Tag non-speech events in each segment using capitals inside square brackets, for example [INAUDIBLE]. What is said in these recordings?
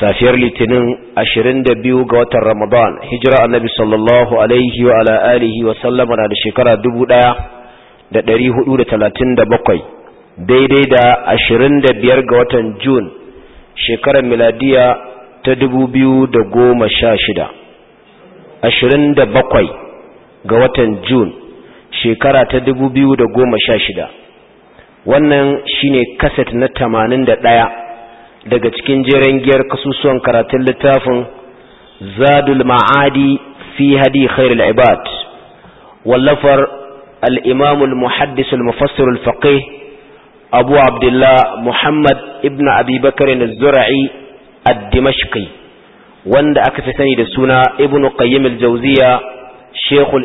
safiyar litinin 22 ga watan ramadan hijira annabi sallallahu alaihi wa ala alihi wa sallama na da shekara 1437 daidai da 25 ga watan jun shekarar miladiya ta 2016 27 ga watan jun shekara ta 2016 wannan shine kaset na 81 daga cikin jiran giyar kasusuwan karatun littafin zadul ma'adi fi hadi khairul ibad wallafar al-imam al-muhaddis al-mufassir abu abdullah muhammad ibn abubakar bakr zurai ad wanda aka fi sani da suna ibn qayyim al-jawziya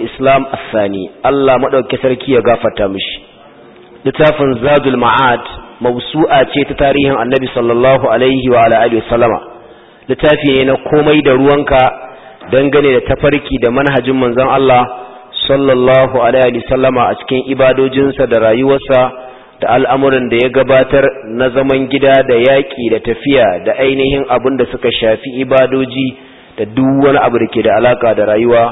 islam a Sani Allah maɗauki sarki ya gafata mishi littafin zadul ma'ad Mausu'a ce ta tarihin annabi sallallahu alaihi wa ala alihi littafi ne na komai da ruwanka dangane da tafarki da manhajin manzon Allah sallallahu alaihi salama a cikin ibadojinsa da rayuwarsa da al'amuran da ya gabatar na zaman gida da yaƙi da tafiya da ainihin abin da suka shafi ibadoji da duk wani abu da ke da alaƙa da rayuwa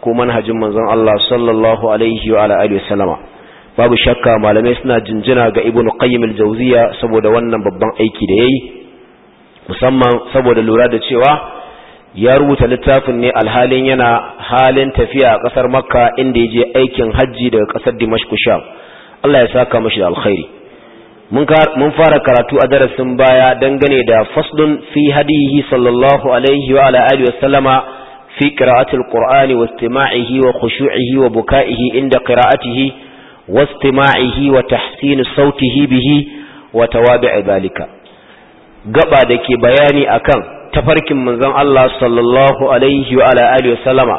ko manhajin manzon Allah sallallahu alaihi wa alihi babu shakka malamai suna jinjina ga ibn qayyim al-jawziya saboda wannan babban aiki da yayi musamman saboda lura da cewa ya rubuta littafin ne alhalin yana halin tafiya a kasar makka inda ya je aikin hajji daga kasar dimashq sham Allah ya saka mashi da alkhairi mun fara karatu a darasin baya dangane da faslun fi hadihi sallallahu alaihi wa ala alihi wa fi qira'atil qur'ani wa wa khushu'ihi wa buka'ihi inda qira'atihi واستماعه وتحسين صوته به وتوابع ذلك gaba da ke bayani akan tafarkin manzon Allah sallallahu alaihi wa ala alihi wasallama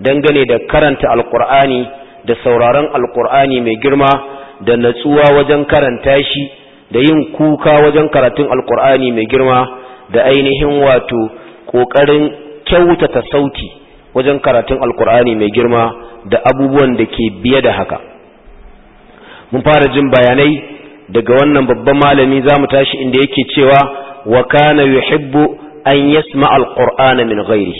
dangane da karanta alqur'ani da sauraron alqur'ani mai girma da natsuwa wajen karanta shi da yin kuka wajen karatun alqur'ani mai girma da ainihin wato kokarin kyautata sauti wajen karatun alqur'ani mai girma da abubuwan da ke biye da haka mun fara jin bayanai daga wannan babban malami za mu tashi inda yake cewa wa kana yuhibbu an yasma alqur'ana min ghairi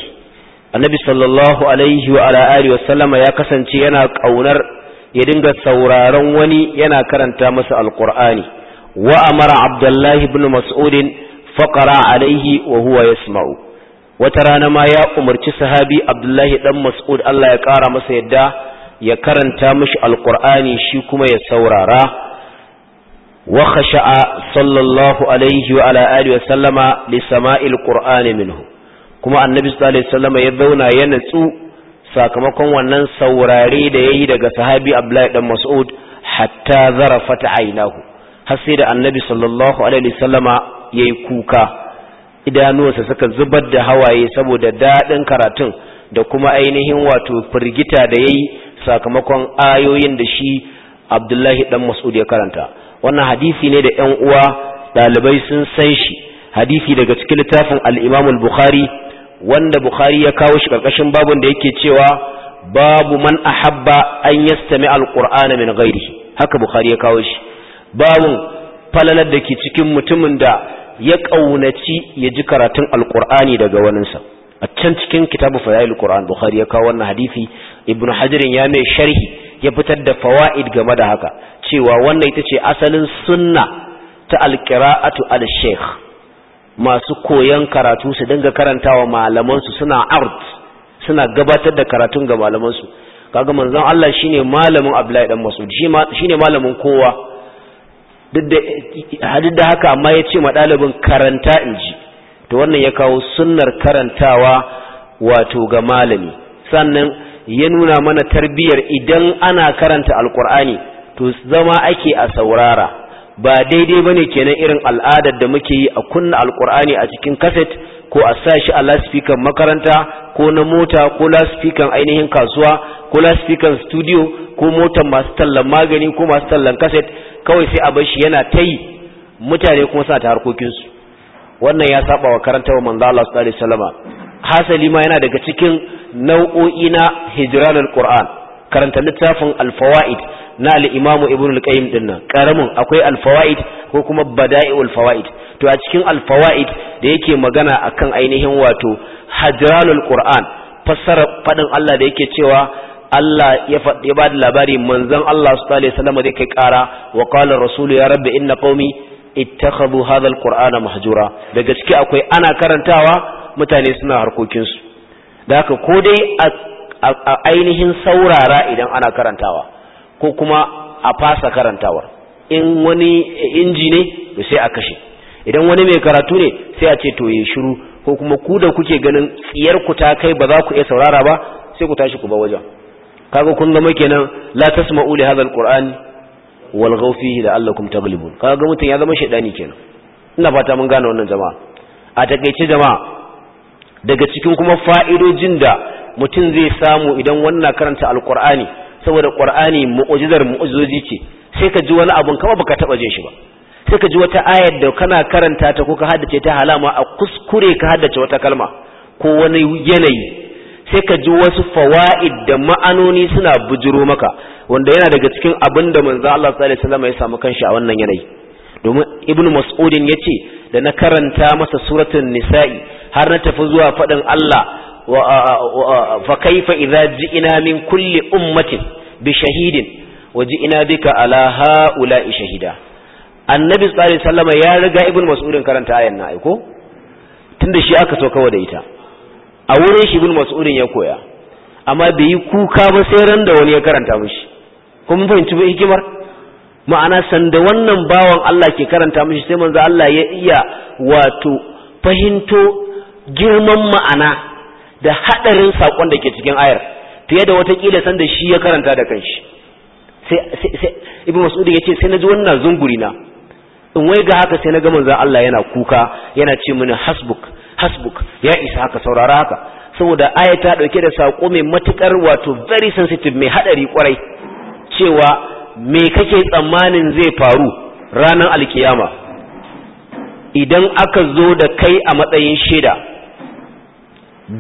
annabi sallallahu alaihi wa ala alihi wasallama ya kasance yana kaunar ya dinga sauraron wani yana karanta masa alqur'ani wa amara abdullahi ibn mas'ud faqara alaihi wa huwa yasma'u wata rana ma ya umarci sahabi abdullahi dan mas'ud Allah ya kara masa yadda ya karanta mashi alkur'ani shi kuma ya saurara wa khasha'a sallallahu alaihi wa ala alihi wa sallama li sama'il qur'ani minhu kuma annabi sallallahu alaihi wasallama ya zauna ya natsu sakamakon wannan saurare da yayi daga sahabi Abdullahi dan Mas'ud hatta zarafat aynahu har sai da annabi sallallahu alaihi wasallama yayi kuka idanuwarsa suka zubar da hawaye saboda dadin karatun da kuma ainihin wato firgita da yayi sakamakon ayoyin da shi abdullahi dan mas'ud ya karanta wannan hadisi ne da yan uwa dalibai sun san shi hadisi daga cikin littafin al-imam al-bukhari wanda bukhari ya kawo shi karkashin babun da yake cewa babu man ahabba an yastami al-qur'ana min ghairihi haka bukhari ya kawo shi babun falalar da ke cikin mutumin da ya kaunaci ya ji karatun al-qur'ani daga waninsa a can cikin kitabu fadailu qur'an bukhari ya kawo wannan hadisi Ibn hajirin ya mai sharhi ya fitar da fawaid game da haka cewa wannan ita ce asalin sunna ta Alkiraatu al-sheikh masu koyon karatu su dinga karantawa malaman suna art suna gabatar da karatun ga malaman su kaga manzon Allah shine malamin Abdullahi dan Mas'ud shine malamin kowa duk da haka amma ya ce ma ɗalibin karanta inji ji to wannan ya kawo sunnar karantawa wato ga malami sannan ya nuna mana tarbiyar idan ana karanta alkur'ani to zama ake a saurara ba daidai bane kenan irin al'adar da muke yi a kunna alkur'ani a cikin kaset ko a sa shi a lasfikan makaranta ko na mota ko lasfikan ainihin kasuwa ko lasfikan studio ko motar masu tallan magani ko masu tallan kaset kawai sai a bashi yana ta yi mutane kuma suna ta harkokinsu wannan ya saba wa karanta wa manzo Allah sallallahu alaihi hasali ma yana daga cikin nau'o'i na hijranul qur'an karanta littafin alfawa'id na al-imamu ibnu al-qayyim dinnan karamin akwai alfawa'id ko kuma bada'iul fawaid to a cikin alfawa'id da yake magana akan ainihin wato hijranul qur'an fassara fadin Allah da yake cewa Allah ya faɗi ba da labari manzon Allah sallallahu alaihi wasallam zai kai ƙara wa qala rasulu ya rabbi inna qaumi ittakhadhu hadha alqur'ana mahjura daga ciki akwai ana karantawa mutane suna harkokinsu. da haka ko dai a ainihin saurara idan ana karantawa ko kuma a fasa karantawar in wani inji ne to sai a kashe idan wani mai karatu ne sai a ce to ya shiru ko kuma ku da kuke ganin tsiyar ku ta kai ba za ku iya saurara ba sai ku tashi ku ba wajen kaga kun zama kenan la tasma'u li hadha alquran wal ghawfihi la'allakum taghlibun kaga mutun ya zama shedani kenan ina fata mun gane wannan jama'a a takeice jama'a daga cikin kuma fa'idojin da mutum zai samu idan wannan karanta alkur'ani saboda qur'ani mu'jizar mu'jizoji ce sai ka ji wani abun kama baka taba jin shi ba sai ka ji wata ayar da kana karanta ta ko ka haddace ta halama a kuskure ka haddace wata kalma ko wani yanayi sai ka ji wasu fawa'id da ma'anoni suna bujiro maka wanda yana daga cikin abin da manzo Allah sallallahu alaihi wasallam ya samu kanshi a wannan yanayi domin ibnu mas'udin yace da na karanta masa suratun nisa'i har na tafi zuwa faɗin Allah fa kaifa idza ji'ina min kulli ummatin bi shahidin wa ji'ina bika ala haula'i shahida annabi sallallahu alaihi ya riga ibn mas'udin karanta ayan na aiko tunda shi aka so kawai da ita a wurin shi ibn mas'udin ya koya amma bai yi kuka ba sai ran da wani ya karanta mishi kuma fahimci ba hikimar ma'ana sanda wannan bawan Allah ke karanta mishi sai manzo Allah ya iya wato fahimto girman ma'ana da hadarin sakon da ke cikin ayar fiye da watakila sanda shi ya karanta da kanshi sai sai ibnu mas'ud ya ce sai naji wannan zunguri na in wai ga haka sai na ga manzo Allah yana kuka yana ce mini hasbuk hasbuk ya isa haka saurara haka saboda aya ta dauke da sako mai matukar wato very sensitive mai hadari kwarai cewa me kake tsammanin zai faru ranar alkiyama idan aka zo da kai a matsayin shaida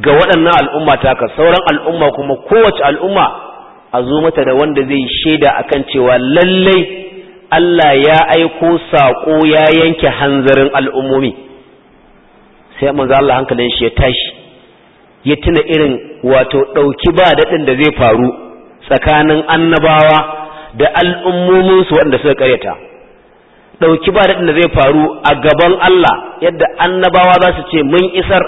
ga waɗannan al'umma taka sauran al'umma kuma kowace al'umma a zo mata da wanda zai shaida a kan cewa lallai Allah ya aiko saƙo ya yanke hanzarin al'ummomi sai manzo Allah hankalin shi ya tashi ya tuna irin wato ɗauki ba daɗin da zai faru tsakanin annabawa da al'ummominsu waɗanda suka karyata ɗauki ba daɗin da zai faru a gaban Allah yadda annabawa za su ce mun isar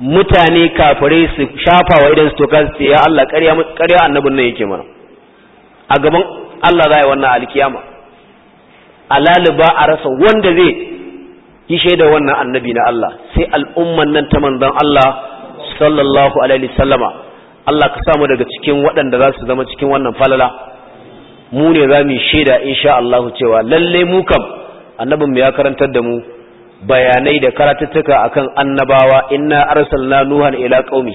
mutane kafirai su shafa wa idan su toka su ce ya Allah ƙarya annabin nan yake mana a gaban Allah za a yi wannan alkiyama a laliba a rasa wanda zai yi shaida wannan annabi na Allah sai al'umman nan ta manzon Allah sallallahu alaihi sallama Allah ka samu daga cikin waɗanda za su zama cikin wannan falala mu ne za mu shaida insha Allah cewa lalle mu kam annabin mu ya karantar da mu bayanai da karatuttuka akan annabawa inna arsalna nuhan ila qaumi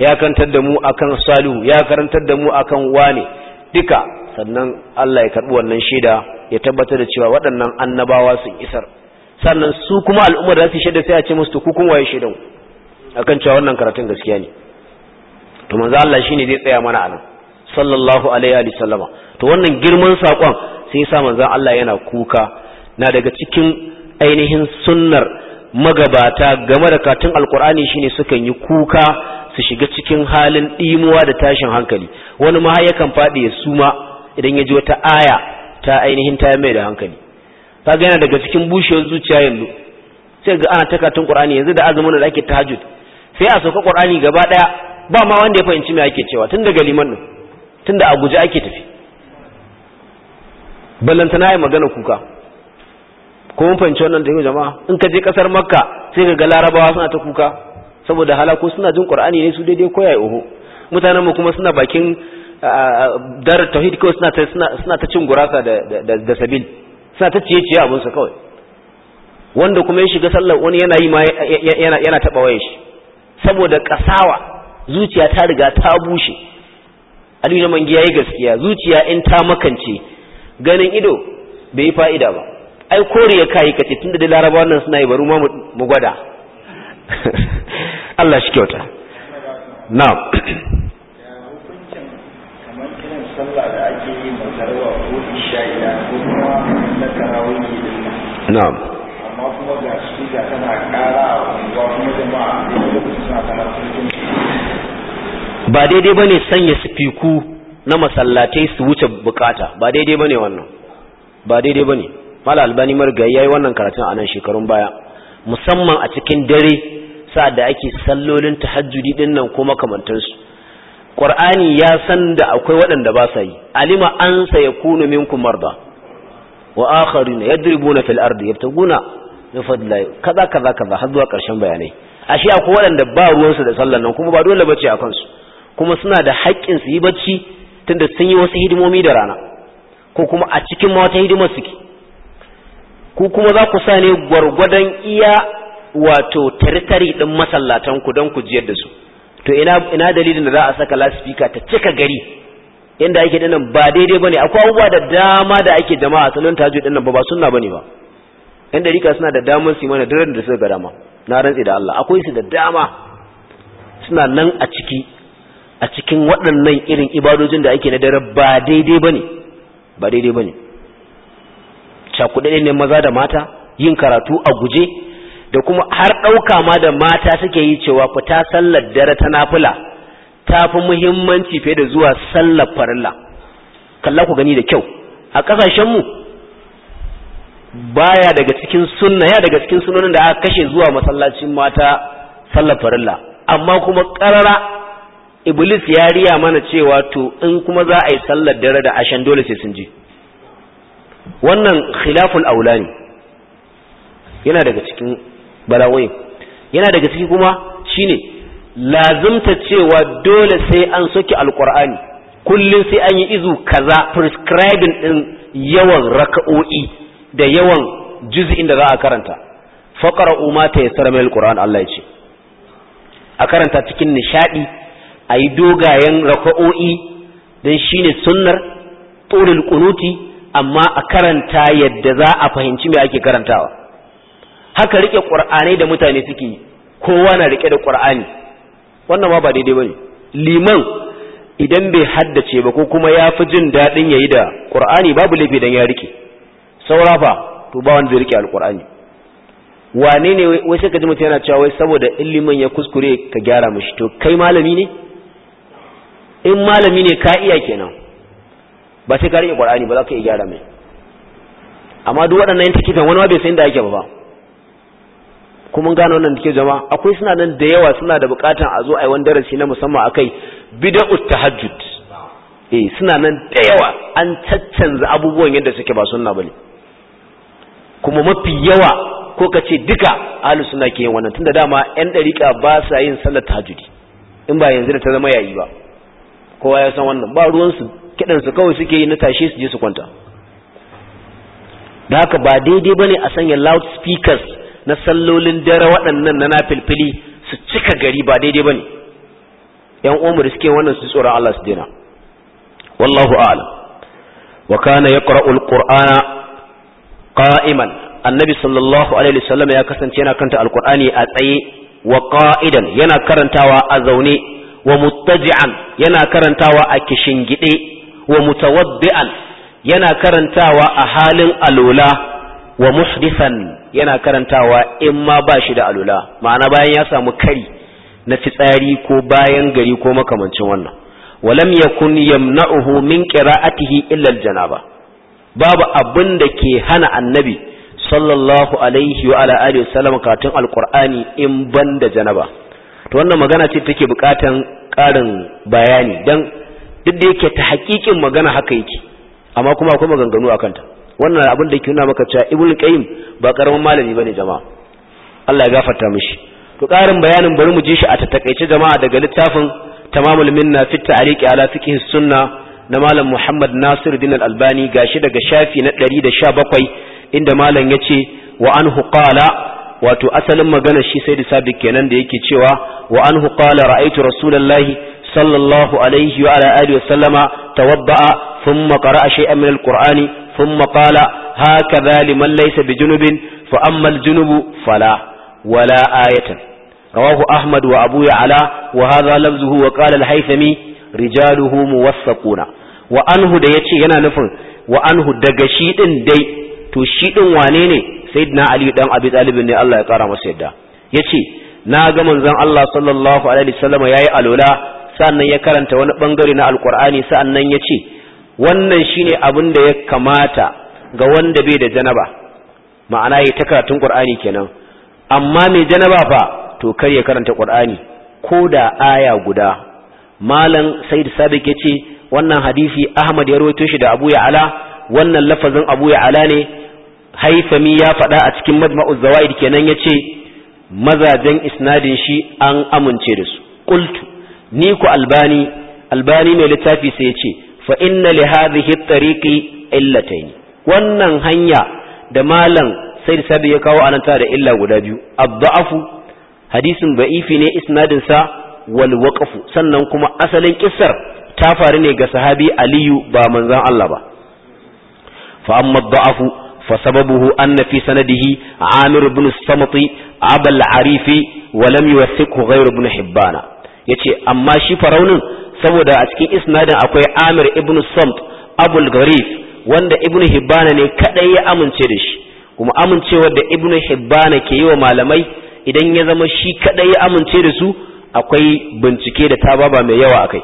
ya karantar da mu akan salihu ya karantar da mu akan wane duka sannan Allah ya karbi wannan shaida ya tabbatar da cewa waɗannan annabawa sun isar sannan su kuma al'ummar da su shaida sai a ce musu ku kun waye shaidan akan cewa wannan karatun gaskiya ne to manzo Allah shine zai tsaya mana a nan. sallallahu alaihi wa sallama to wannan girman saƙon sai ya sa manzon Allah yana kuka na daga cikin ainihin sunnar magabata game da katun alkur'ani shine sukan yi kuka su shiga cikin halin ɗimuwa da tashin hankali wani ma yakan faɗi ya suma idan ya ji wata aya ta ainihin ta mai da hankali kaga yana daga cikin bushewar zuciya yanzu sai ga ana ta katun qur'ani yanzu da azumin da ake tahajjud sai a sauka qur'ani gaba daya ba ma wanda ya fahimci me ake cewa tun daga liman nan, tun da a guje ake tafi na yi magana kuka ko mun fahimci wannan da yau jama'a in ka je kasar makka sai ka ga larabawa suna ta kuka saboda halako suna jin qur'ani ne su daidai koyaye oho mutanen mu kuma suna bakin dar tauhid ko suna ta suna ta cin gurasa da da sabil suna ta ciye ciye abun sa kawai wanda kuma ya shiga sallar wani yana yi ma yana yana taba waye shi saboda kasawa zuciya ta riga ta bushe Ali Jamangi yayi gaskiya zuciya in ta makance ganin ido bai yi fa'ida ba ai koriya kayi kace tunda da laraba wannan suna yi bari ma mu gwada [LAUGHS] Allah shi kyauta na'am na'am amma kuma ga shi ga tana ƙara wa kuma jama'a da su suna ba daidai bane sanya sifiku na masallatai su wuce bukata ba daidai bane wannan ba daidai bane mala albani marga yayi wannan karatun a shekarun baya musamman a cikin dare sa'ad da ake sallolin tahajjudi dinnan nan ko makamantansu qur'ani ya san da akwai waɗanda ba sa yi alima an sayakunu minkum marda wa akharin yadribuna fil ardi yabtaguna min fadli kaza kaza kaza har zuwa karshen bayanai ashe akwai waɗanda ba ruwansu da sallan nan kuma ba dole bace a kansu kuma suna da haƙƙin su yi bacci tunda sun yi wasu hidimomi da rana ko kuma a cikin wata hidimar suke ku kuma za ku sa ne gwargwadon iya wato tare-tare din masallatan ku don ku jiyar da su to ina dalilin da za a saka lasifika ta cika gari inda ake dinnan ba daidai bane akwai abubuwa da dama da ake jama'a sanin tajo dinnan ba ba sunna bane ba yan dariƙa suna da damar su mana daren da suka ga dama na rantsi da Allah akwai su da dama suna nan a ciki a cikin waɗannan irin ibadojin da ake na dare ba daidai bane ba daidai bane cakudade ne maza da mata yin karatu a guje da kuma har ɗauka ma da mata suke yi cewa fita sallar dare ta nafila ta fi muhimmanci fiye da zuwa sallar farilla kalla ku gani da kyau a mu baya daga cikin sunna ya daga cikin sunanin da aka kashe zuwa masallacin mata sallar farilla amma kuma ƙarara iblis ya riya mana cewa to in kuma za a yi sallar dare da ashen dole sai sun je wannan khilaful aula ne yana daga cikin balawai, yana daga ciki kuma shine lazimta cewa dole sai an soki alkur'ani kullum sai an yi izu kaza prescribing din yawan raka'o'i da yawan juz'in da za a karanta faqra'u umata ya sarame alkur'an Allah ya ce a karanta cikin nishadi a yi dogayen raka'o'i don shi ne sunnar ɗorin ƙunuti amma a karanta yadda za a fahimci mai ake karantawa haka rike ƙwar'anai da mutane suke kowa na rike da ƙwar'ani wannan ma ba daidai ba ne liman idan bai haddace ba ko kuma ya fi jin daɗin ya yi da ƙwar'ani babu laifi don ya rike saurafa to ba zai rike alƙwar'ani wane ne wai sai ji mutum yana cewa wai saboda ilimin ya kuskure ka gyara mashi to kai malami ne in malami ne ka iya kenan ba sai ka rike qur'ani ba za ka iya gyara mai amma duk waɗannan kifin wani ma bai san da yake ba ba kuma nan wannan dake jama'a akwai suna nan da yawa suna da bukatan a zo a yi wani darasi na musamman akai bid'atut tahajjud eh suna nan da yawa an caccanza abubuwan yadda suke ba sunna bane kuma mafi yawa ko ka ce duka ahlus sunna ke yin wannan tunda dama yan dariƙa ba sa yin sallar tahajjudi in ba yanzu da ta zama yayi ba kowa ya san wannan ba ruwansu kiɗansu kawai suke yi na tashe su je su kwanta da haka ba daidai ba ne a sanya loudspeakers na sallolin dare waɗannan na nafilfili su cika gari ba daidai ba ne ‘yan umar suke wannan su tsoron Allah su dina wallahu a'lam wa kana ya ƙara'ul ƙur'ana ƙa'iman annabi sallallahu alaihi wasallam ya kasance yana kanta alƙur'ani a tsaye wa ƙa'idan yana karantawa a zaune wa muttaji'an yana karantawa a kishingide wa mutawaddi'an yana karantawa a halin alula wa muhdifan yana karantawa in ma ba shi da alula ma'ana bayan ya samu kari na fitsari ko bayan gari ko makamancin wannan walam yakun yamna'uhu min qira'atihi illa janaba babu abin da ke hana annabi sallallahu alaihi wa ala alihi wasallam karatun alqur'ani in banda janaba to wannan magana ce take bukatan ƙarin bayani dan duk da yake ta haƙiƙin magana haka yake amma kuma akwai maganganu a kanta wannan abin da ke nuna maka cewa ibn qayyim ba karamin malami bane jama'a Allah ya gafarta mishi to ƙarin bayanin bari mu ji shi a takaice jama'a daga littafin tamamul minna fi ta'liqi ala fiqh sunna na malam Muhammad Nasir Din Al-Albani gashi daga shafi na 117 inda malam yace wa anhu qala wato asalin magana shi sai da sabiq kenan da yake cewa wa anhu qala ra'aytu rasulullahi sallallahu alaihi wa ala alihi wa sallama tawadda'a thumma qara'a shay'an min alqur'ani thumma qala hakadha liman laysa junubin fa amma aljunubu fala wala ayatan rawahu ahmad wa abu ya'ala wa hadha lafzuhu wa qala al-haythami rijaluhu muwaffaquna wa anhu da yace yana nufin wa anhu daga shi din dai to shi din wane ne sayyidina ali dan abi talib ne Allah ya kara masa yadda yace na ga manzon Allah sallallahu alaihi wasallam yayi alola sannan ya karanta wani bangare na alqur'ani sannan yace wannan shine abin da ya kamata ga wanda bai da janaba ma'ana yayi ta karatun ƙur'ani kenan amma mai janaba fa to kar ya karanta qur'ani ko da aya guda malam sayyid ya ce wannan hadisi ahmad ya rawaito shi da abu ya'ala wannan lafazin abu ya'ala ne haifami ya faɗa a cikin majma'uz zawaid kenan yace mazajen isnadin shi an amince da su qultu ni ku albani albani mai littafi sai ce fa inna li hadhihi at-tariqi illatayn wannan hanya da malam sai sabi ya kawo anan da illa guda biyu abda'afu hadisin ba'ifi ne isnadin sa wal waqfu sannan kuma asalin kissar ta faru ne ga sahabi aliyu ba manzon Allah ba fa amma da'afu فسببه أن في سنده عامر بن الصمط عبد العريف ولم يوثقه غير بن حبان يتي أما شي فرون a أتكي إسنادا akwai عامر بن الصمط أبو الغريف وند ابن حبان ne kadai ya amince da shi kuma amincewar da ibn hibban ke yi wa malamai idan ya zama shi kadai ya amince da su akwai bincike da tababa mai yawa akai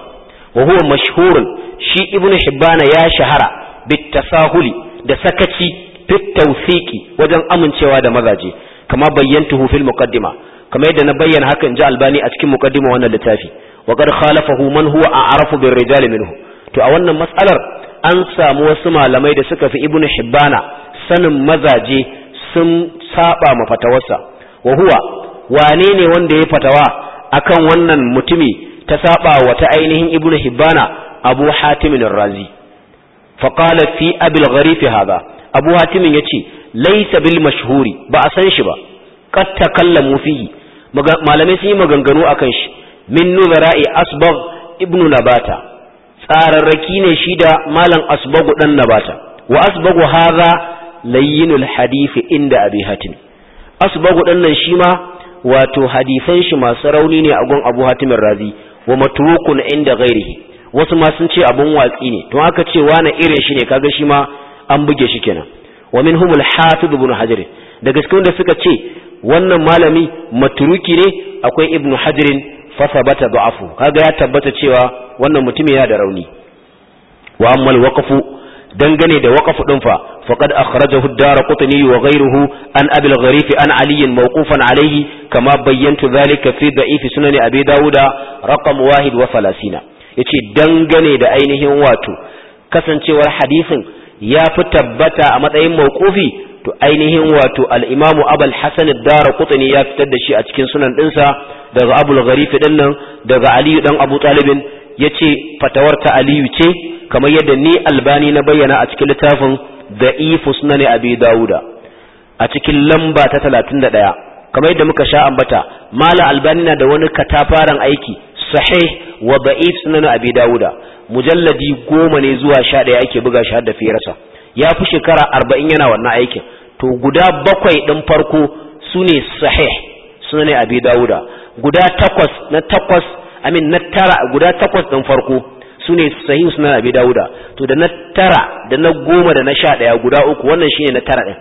wa huwa mashhurun shi ibn Hibbana ya shahara bit tasahuli da sakaci fit wajen amincewa da mazaje kama bayyantuhu fil muqaddima kama yadda na bayyana haka inji albani a cikin muqaddima wannan littafi wa qad khalafahu man huwa a'rafu bir rijali minhu to a wannan matsalar an samu wasu malamai da suka fi ibnu hibbana sanin mazaje sun saba ma fatawarsa wa huwa wane ne wanda ya fatawa akan wannan mutumi ta saba wa ta ainihin ibnu hibbana abu hatimin razi faqala fi abil gharif hadha abu hatimin ya ce laisa bil mashhuri ba a san shi ba katta takallamu fihi malamai sun yi maganganu akan shi min nuzara'i asbab ibnu nabata tsararraki ne shi da malam asbagu dan nabata wa asbagu hadha layyinul hadith inda abi hatim asbagu dan nan shi ma wato hadisan shi masu rauni ne a gun abu hatimin razi wa matrukun inda ghairihi wasu ma sun ce abun watsi ne don aka ce wani irin shi ne kaga shi ma an buge shi kenan wa minhum al-hafiz ibn hajar da gaske wanda suka ce wannan malami maturuki ne akwai ibn hajar fa sabata da'afu kaga ya tabbata cewa wannan mutumin yana da rauni wa amma waqfu dangane da waqfu din fa faqad akhrajahu ad-darqutni wa ghayruhu an abi al-gharif an ali mawqufan alayhi kama bayyantu dhalika fi da'if sunan abi dauda raqam wahid wa 30 yace dangane da ainihin wato kasancewar hadisin ya fi tabbata a matsayin mawqufi to ainihin wato al abal Abul dara ad ya fitar da shi a cikin sunan ɗinsa daga Abul Gharif din daga Aliyu dan Abu ya ce fatawar ta Aliyu ce kamar yadda ni Albani na bayyana a cikin littafin Da'ifus Sunan Abi Dawuda a cikin lamba ta ɗaya kamar yadda muka sha ambata Mala Albani na da wani katafaren aiki sahih wa da'if Sunan Abi Dawuda mujalladi goma ne zuwa sha ɗaya ake buga shi da firarsa ya fi shekara arba'in yana wannan aikin to guda bakwai ɗin farko su ne sahih su ne abi dawuda guda takwas na takwas amin na tara guda takwas ɗin farko su ne sahih ne abi dawuda to da na tara da na goma da na sha ɗaya guda uku wannan shi ne na tara ɗin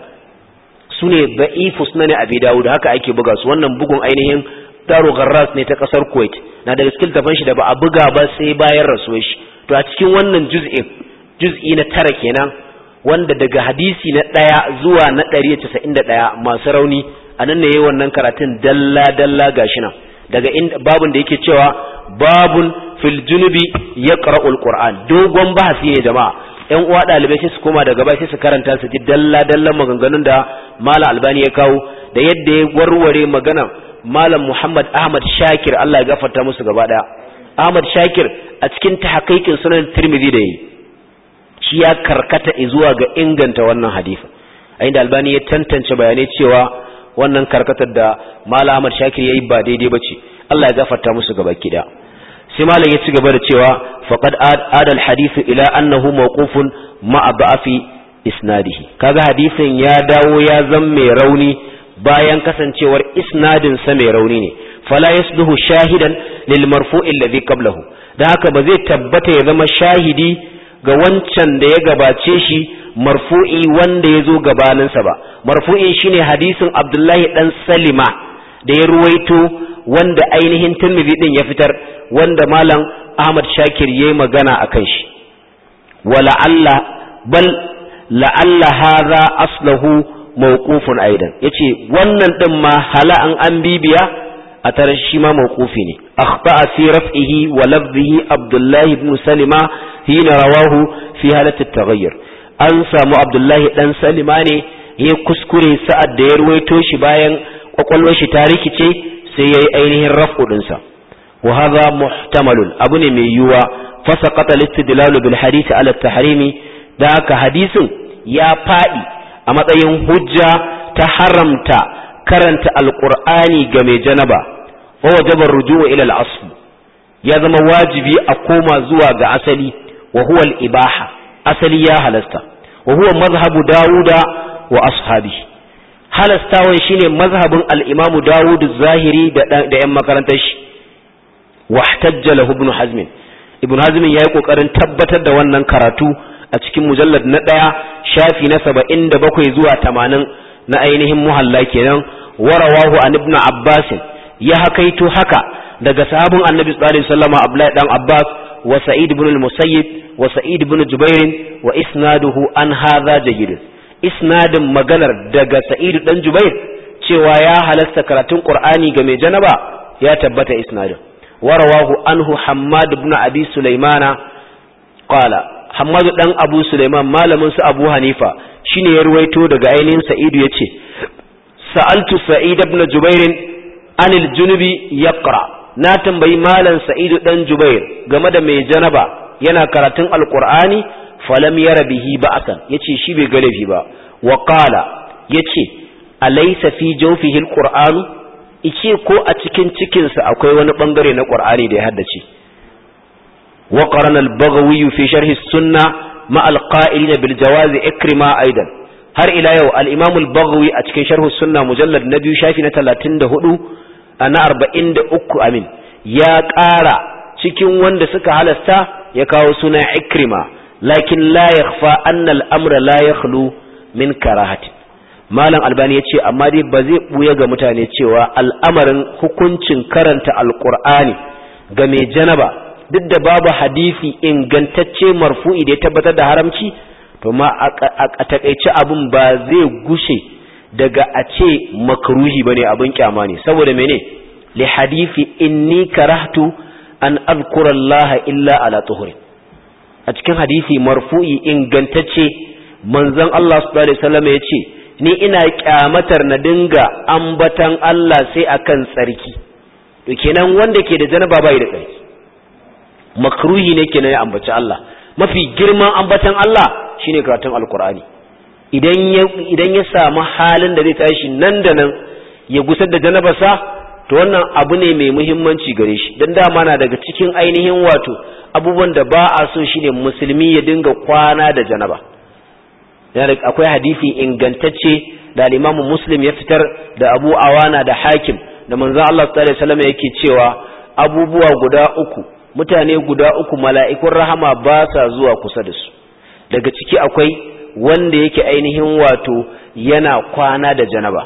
su ne ba'ifu su ne abi dawuda haka ake buga su wannan bugun ainihin daro garras ne ta kasar kuwait na da cikin tafan shi da ba a buga ba sai bayan rasuwar shi to a cikin wannan juz'in juz'i na tara kenan wanda daga hadisi na ɗaya zuwa na ɗari casa'in da ɗaya masu rauni a nan ne yi wannan karatun dalla dalla gashi nan daga inda babun da yake cewa babun fil junubi ya ƙara'ul ƙuran dogon bahasi ne jama'a yan uwa ɗalibai sai su koma daga baya sai su karanta su ji dalla dalla maganganun da mala albani ya kawo da yadda ya warware magana malam muhammad ahmad shakir allah ya gafarta musu gaba ɗaya Ahmad Shakir a cikin tahqiqin sunan Tirmidhi da yi shi ya karkata zuwa ga inganta wannan hadisi a inda Albani ya tantance bayanai cewa wannan karkatar da Malam Ahmad Shakir yayi ba daidai bace Allah ya gafarta musu gaba kida sai malam ya ci gaba da cewa faqad adal hadith ila annahu mawqufun ma'a ba'fi isnadihi kaga hadisin ya dawo ya zama mai rauni bayan kasancewar isnadin sa mai rauni ne fala yasluhu shahidan lil marfu'il ladhi qablahu Da haka ba zai tabbata ya zama shahidi ga wancan da ya gabace shi marfu'i wanda ya zo gabaninsa ba marfu'i shine hadisin abdullahi dan salima da ya ruwaito wanda ainihin tirmidhi din ya fitar wanda malam ahmad shakir yayi magana akan shi wala alla bal la alla hadha aslahu mawqufun aidan yace wannan din ma hala an an bibiya a tare shi ma mawqufi ne akhta fi raf'ihi wa lafzihi abdullahi ibn salima hina rawahu fi halati taghayyur an samu abdullahi dan salima ne ya kuskure sa'ad da ya ruwaito shi bayan kwakwalwar shi ta rikice sai yayi ainihin raf'u dinsa wa hadha muhtamalun abu ne mai yuwa fasaqata al-istidlal bil hadith ala at-tahrimi da aka hadisin ya fadi a matsayin hujja ta haramta karanta alkur'ani ga mai janaba wa wajaba ruju'u ila al-asl ya zama wajibi a koma zuwa ga asali wa huwa ibaha asali ya halasta wa huwa mazhabu dawuda wa ashabi halastawan shine mazhabin al-imamu dawud zahiri da yan makarantar shi wa ihtajja lahu ibn hazm ibn hazm yayi kokarin tabbatar da wannan karatu a cikin mujallad na ɗaya shafi na saba'in da bakwai zuwa tamanin na ainihin muhalla kenan warawahu an ibn abbasin ya hakaito haka daga sahabin annabi sallallahu alaihi wasallam Abdullahi dan Abbas wa Sa'id ibn al-Musayyib wa Sa'id ibn Jubair wa isnaduhu an hadha jayyid isnadin maganar daga Sa'id dan Jubair cewa ya halasta karatun Qur'ani ga mai janaba ya tabbata isnadin warawahu anhu Hammad ibn Abi Sulaimana qala Hammad dan Abu Sulaiman malamin su Abu Hanifa shine ya ruwaito daga ainihin Sa'id yace sa'altu Sa'id ibn Jubair anil junubi yaqra na tambayi malam sa'idu ɗan jubair game da mai janaba yana karatun Alƙur'ani. falam yara bihi Ya yace shi bai ga laifi ba wa qala yace alaysa fi jawfihi alqur'an ice ko a cikin cikinsa akwai wani ɓangare na ƙur'ani da ya haddace wa qarana al-baghawi fi sharh as ma al-qa'ilina bil ikrima aidan har ila yau alimamul imam baghawi a cikin sharh sunna mujallar mujallad na biyu shafi na talatin da hudu. na arba'in da uku amin ya ƙara cikin wanda suka halasta ya kawo suna ikrima lakin la fa annal amra la yakhlu min karahatin malam albani ya ce amma dai ba zai ɓuya ga mutane cewa al'amarin hukuncin karanta alƙur'ani ga mai janaba duk da babu hadisi ingantacce marfu'i da ya tabbatar da haramci to ma a takaice abin ba zai gushe daga a ce makruhi bane abin kyama ne saboda mene li hadisi inni karahtu an azkura Allah illa ala tuhuri a cikin hadisi marfu'i ingantacce manzon Allah sallallahu alaihi wasallam ya ce ni ina kyamatar na dinga ambatan Allah sai akan tsarki to kenan wanda ke da janaba bai da tsarki makruhi ne kenan ya ambaci Allah mafi girman ambatan Allah shine karatun alqur'ani idan ya samu halin da zai tashi nan da nan ya gusar da janabarsa to wannan abu ne mai muhimmanci gare shi don dama na daga cikin ainihin wato abubuwan da ba a so shine musulmi ya dinga kwana da janaba akwai hadisi ingantacce da limamin muslim ya fitar da abu awana da hakim da manzan Allah sallallahu alaihi wasallam yake cewa abubuwa guda uku mutane guda uku mala'ikun rahama ba sa zuwa kusa da su daga ciki akwai wanda yake ainihin wato yana kwana da janaba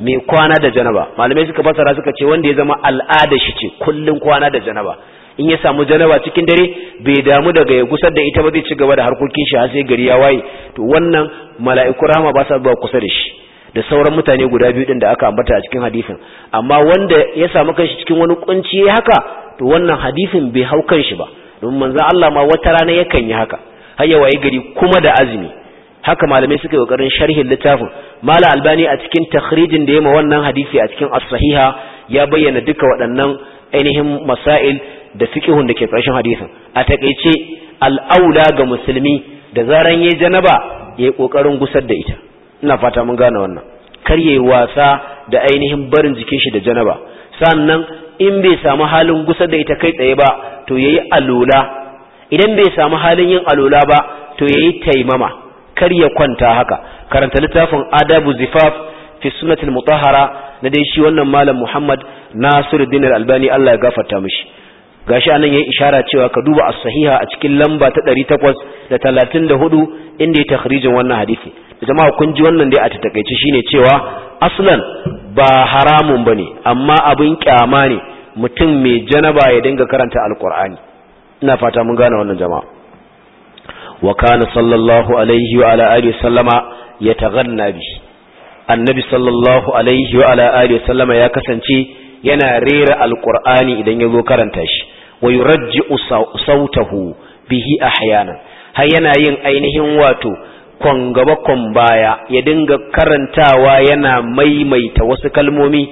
mai kwana da janaba malamai suka fasara suka ce wanda ya zama al'ada shi ce kullun kwana da janaba in ya samu janaba cikin dare bai damu daga ya gusar da ita ba zai ci gaba da harkokin shi har sai gari ya waye to wannan mala'iku rahama ba sa ba kusa da shi da sauran mutane guda biyu din da aka ambata a cikin hadisin amma wanda ya samu kanshi cikin wani kunci haka to wannan hadisin bai hau kanshi ba don manzo Allah ma wata rana yakan yi haka har ya waye gari kuma da azumi haka malamai suka yi kokarin sharhin littafin mala albani a cikin takhrijin da ma wannan hadisi a cikin as-sahiha ya bayyana duka waɗannan ainihin masail da fiqhun da ke karshen hadisin a takeice al-aula ga musulmi da zaran yayi janaba yayi kokarin gusar da ita ina fata mun gane wannan kar yayi wasa da ainihin barin jikin shi da janaba sannan in bai samu halin gusar da ita kai tsaye ba to yayi alula idan bai samu halin yin alula ba to yayi taimama kar ya kwanta haka karanta littafin adabu zifaf fi sunnatul mutahhara na dai shi wannan malam Muhammad Nasiruddin Al-Albani Allah ya gafarta mishi gashi anan yi ishara cewa ka duba as-sahiha a cikin lamba ta da 834 inda ya takhrijin wannan hadisi jama'a kun ji wannan dai a takaice shine cewa aslan ba haramun bane amma abin kyama ne mutum mai janaba ya dinga karanta alqur'ani ina fata mun gane wannan jama'a وكان صلى الله عليه وعلى آله وسلم يتغنى به النبي صلى الله عليه وعلى آله وسلم يا كسنتي yana rera Alƙur'ani idan ya zo karanta shi wa yurajji sautahu bihi ahyana har yana yin ainihin wato kon gaba kon baya ya dinga karantawa yana maimaita wasu kalmomi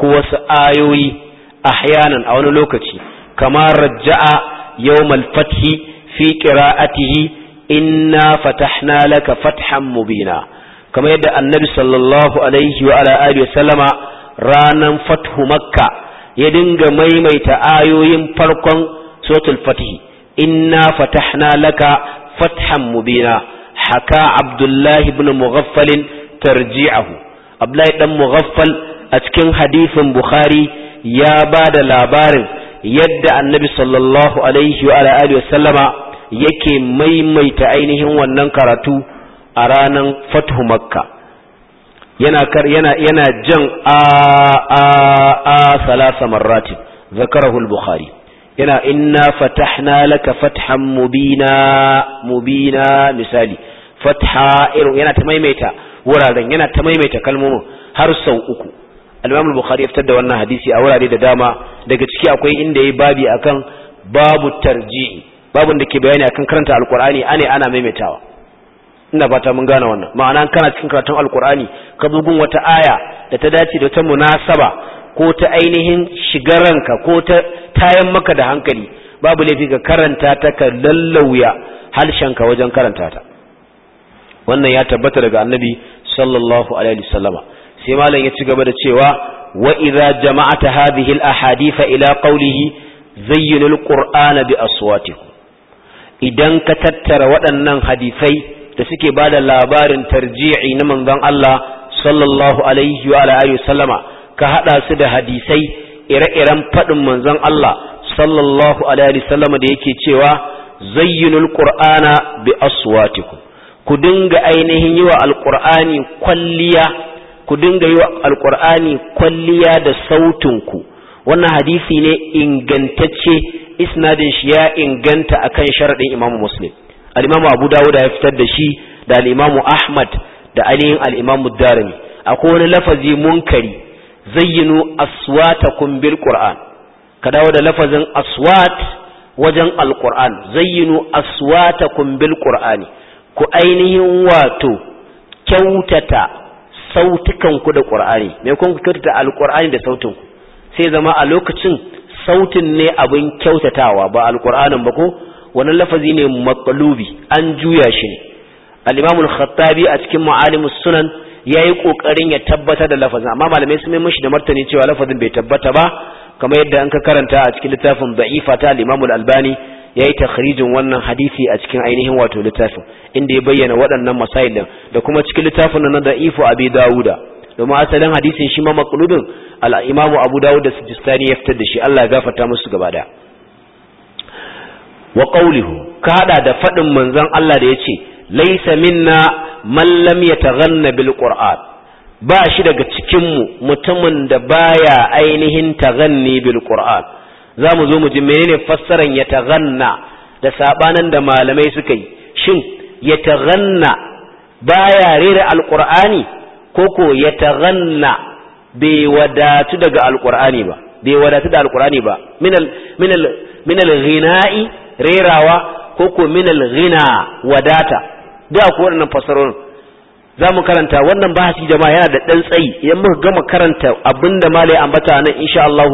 ko wasu ayoyi ahyanan a wani lokaci kama rajja'a yawmal fathi fi qira'atihi inna fatahna laka fathan mubina kamar yadda annabi sallallahu alaihi wa ala alihi sallama ranan fathu makka ya dinga maimaita ayoyin farkon suratul fatih inna fatahna laka fathan mubina haka abdullahi ibn mughaffal tarji'ahu abdullahi dan mughaffal a cikin hadisin bukhari ya ba da labarin yadda annabi sallallahu alaihi wa ala alihi sallama yake maimaita ainihin wannan karatu a ranan fathu makka yana yana yana jan a a a salasa marratin zakarahu al-bukhari yana inna fatahna laka fathan mubina mubina misali fatha irin yana ta maimaita wuraren yana ta maimaita kalmomin har sau uku al-imam bukhari ya fitar da wannan hadisi a wurare da dama daga ciki akwai inda yayi babi akan babu tarji'i babin da ke bayani akan karanta alkur'ani ane ana maimaitawa ina fata mun gane wannan ma'ana kana cikin karatun alkur'ani ka zo gun wata aya da ta dace da ta munasaba ko ta ainihin shigaranka ko ta tayan maka da hankali babu laifi ka karanta ta ka lallauya harshenka wajen karanta ta wannan ya tabbata daga annabi sallallahu alaihi wasallama sai malam ya ci gaba da cewa wa idza jama'ata hadhihi al ila qawlihi zayyinul qur'ana bi aswatikum idan ka tattara waɗannan hadisai da suke ba da labarin tarji'i na manzon Allah sallallahu alaihi wa alihi wasallama ka hada su da hadisai ire-iren faɗin manzon Allah sallallahu alaihi wasallama da yake cewa zayyinul qur'ana bi aswatikum ku dinga ainihin yi wa alqur'ani kwalliya ku dinga yi wa alqur'ani kwalliya da sautinku wannan hadisi ne ingantacce isnadin shi ya inganta akan sharadin Imam Muslim al-Imam Abu Dawud ya fitar da shi da al-Imam Ahmad da ainihin al-Imam darimi akwai wani lafazi munkari zayyinu aswatakum bil Qur'an ka dawo da lafazin aswat wajen al-Qur'an zayyinu aswatakum bil qur'an ku ainihin wato kyautata sautukan ku da Qur'ani me kun kyautata al-Qur'ani da sautin ku sai zama a lokacin sautin ne abin kyautatawa ba alqur'anin ba ko wannan lafazi ne makalubi an juya shi ne al khattabi a cikin ma'alimus sunan yayi ƙoƙarin ya tabbatar da lafazin amma malamai sun mashi da martani cewa lafazin bai tabbata ba kamar yadda an ka karanta a cikin littafin da'ifa ta al albani ya yi takhrijin wannan hadisi a cikin ainihin wato littafin inda ya bayyana waɗannan masayin da kuma cikin littafin nan da'ifu abi dauda domin asalin hadisin shi ma maqlubin al-Imam Abu Dawud da Sijistani ya fitar da shi Allah ya gafarta musu gaba da wa ka hada da fadin manzon Allah da yace laysa minna mallam lam yataghanna bil Qur'an ba shi daga cikin mu mutumin da baya ainihin taghanni bil Qur'an zamu zo mu ji menene fassaran yataghanna da sabanan da malamai suka yi shin yataghanna baya rera alkur'ani. koko ya taghanna bai wadatu daga alqur'ani ba bai wadatu da alkur'ani ba minal minal ghina'i rerawa koko minal ghina wadata da ku wannan fasarorin za mu karanta wannan bahasi jama'a yana da ɗan tsayi idan muka gama karanta abinda malai ambata nan insha Allah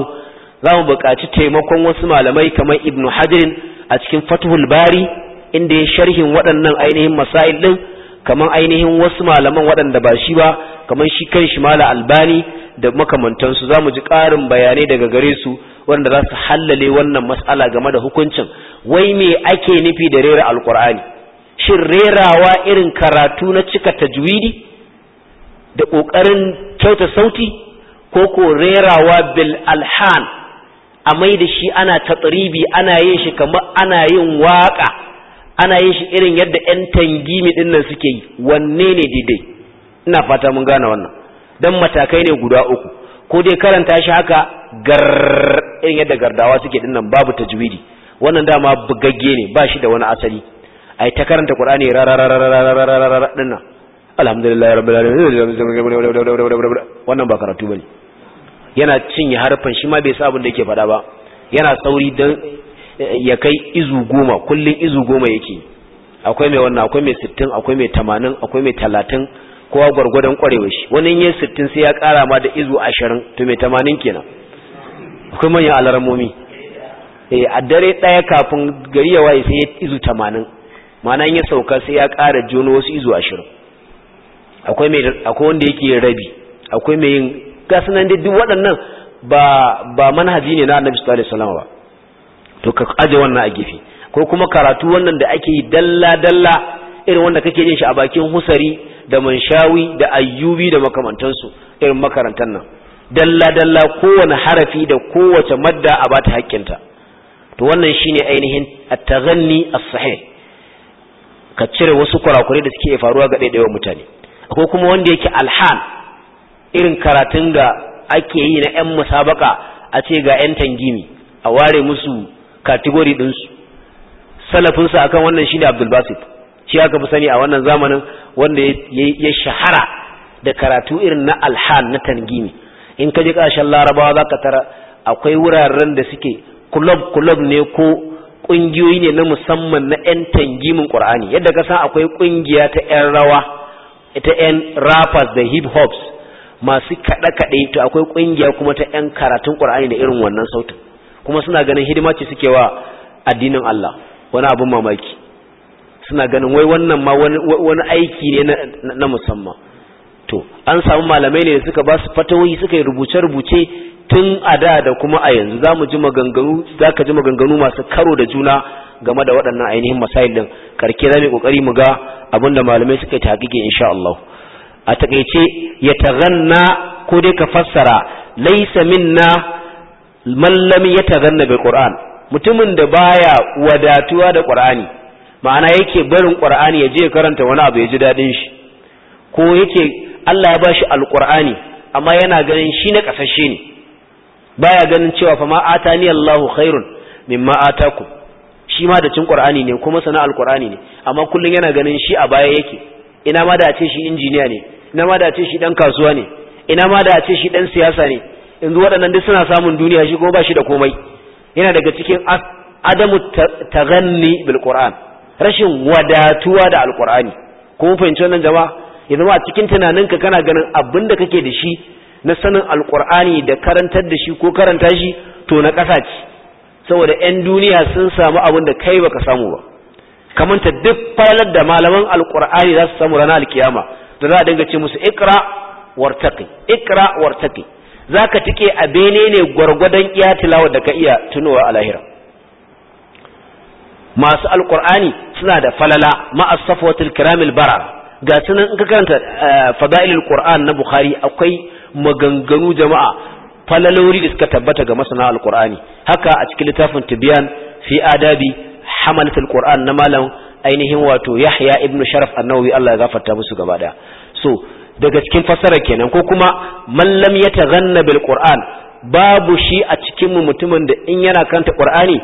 za mu buƙaci taimakon wasu malamai kamar ibnu hajarin a cikin fatuhul bari inda ya sharhin waɗannan ainihin masail ɗin. kamar ainihin wasu malaman waɗanda ba shi ba kamar shi kan shi mala albani da makamantansu za mu ji ƙarin bayanai daga gare su wanda za su hallale wannan matsala game da hukuncin wai me ake nufi da rera alkur'ani shin rerawa irin karatu na cika tajwidi da ƙoƙarin kyauta sauti ko ko rerawa bil alhan a mai da shi ana tatribi ana yin shi kamar ana yin waƙa ana yin shi irin yadda 'yan tangimi ɗin nan suke yi wanne ne daidai ina fata mun gane wannan don matakai ne guda uku ko dai karanta shi haka gar irin yadda gardawa suke ɗin nan babu tajwidi wannan dama bugagge ne ba shi da wani asali ai ta karanta sauri dan ya kai izu goma kullum izu goma yake akwai mai wannan akwai mai sittin akwai mai tamanin akwai mai talatin kowa gwargwadon kwarewa shi wani ya sittin sai ya kara ma da izu ashirin to mai tamanin kenan akwai manyan alarmomi eh, a dare ɗaya kafin gari ya waye sai ya izu tamanin ma'ana ya sauka sai ya kara jono wasu izu ashirin akwai wanda yake yin rabi akwai mai yin gasu nan duk waɗannan ba manhaji ne na annabi sallallahu alaihi wasallam ba to ka aje wannan a gefe ko kuma karatu wannan da ake yi dalla dalla irin wanda kake jin shi a bakin husari da manshawi da ayyubi da makamantansu irin makarantar nan dalla dalla kowane harafi da kowace madda a ba bata hakkinta to wannan shine ainihin at-taghanni as-sahih ka cire wasu kurakure da suke faruwa ga daidaiwa mutane akwai kuma wanda yake alhan irin karatun da ake yi na ƴan musabaka a ce ga ƴan tangimi a ware musu kategori ɗinsu salafinsa akan wannan shine abdul basit shi aka fi sani a wannan zamanin wanda ya shahara da karatu irin na alhan na tangimi in ka ji ƙarshen larabawa za ka tara akwai wuraren da suke kulob-kulob ne ko ƙungiyoyi ne na musamman na 'yan tangimin ƙur'ani yadda ka san akwai ƙungiya ta 'yan rawa ta 'yan rappers da hip hops masu kaɗe-kaɗe to akwai ƙungiya kuma ta 'yan karatun ƙur'ani da irin wannan sautin kuma suna ganin hidima ce suke wa addinin Allah wani abin mamaki suna ganin wai wannan ma wani aiki ne na musamman to an samu malamai ne da suka ba su fatawoyi suka yi rubuce-rubuce tun a da da kuma a yanzu za mu ji maganganu za ka ji maganganu masu karo da juna game da waɗannan ainihin masail din karke za mu kokari mu ga abin da malamai suka taƙiƙe insha Allah a takeice ya taganna ko dai ka fassara laysa minna mallami ya tazanna bil qur'an mutumin da baya wadatuwa da qur'ani ma'ana yake barin qur'ani ya je karanta wani abu ya ji dadin shi ko yake Allah ya bashi alqur'ani amma yana ganin shi na kasashe ne baya ganin cewa fa ma atani Allahu khairun mimma ataku shi ma da cin qur'ani ne kuma sana alqur'ani ne amma kullun yana ganin shi a baya yake ina ma da ce shi injiniya ne ina ma da ce shi dan kasuwa ne ina ma da ce shi dan siyasa ne yanzu waɗannan duk suna samun duniya shi kuma ba shi da komai yana daga cikin adamu taganni bil qur'an rashin wadatuwa da alqur'ani kuma fahimci wannan jama'a yanzu zama a cikin tunaninka kana ganin abin da kake da shi na sanin alqur'ani da karantar da shi ko karanta shi to na ƙasa ce saboda 'yan duniya sun samu abin da kai baka samu ba kamanta duk falalar da malaman alqur'ani za su samu ranar alkiyama da za a dinga ce musu ikra wartaqi ikra wartaqi za ka tike a bene ne gwargwadon iya tilawa da ka iya tunowa a lahira masu alkur'ani suna da falala ma'as kiramil bara ga sunan in ka karanta eh, fada'ilul qur'an na bukhari akwai maganganu jama'a falalori da suka tabbata ga masana alkur'ani haka a cikin littafin tibyan fi adabi hamalatul qur'an na malam ainihin wato yahya ibnu sharaf annawi Allah ya gafarta musu gaba daya so daga cikin fassara kenan ko kuma mallam ya taghanna bil qur'an babu shi a cikin mu mutumin da in yana karanta qur'ani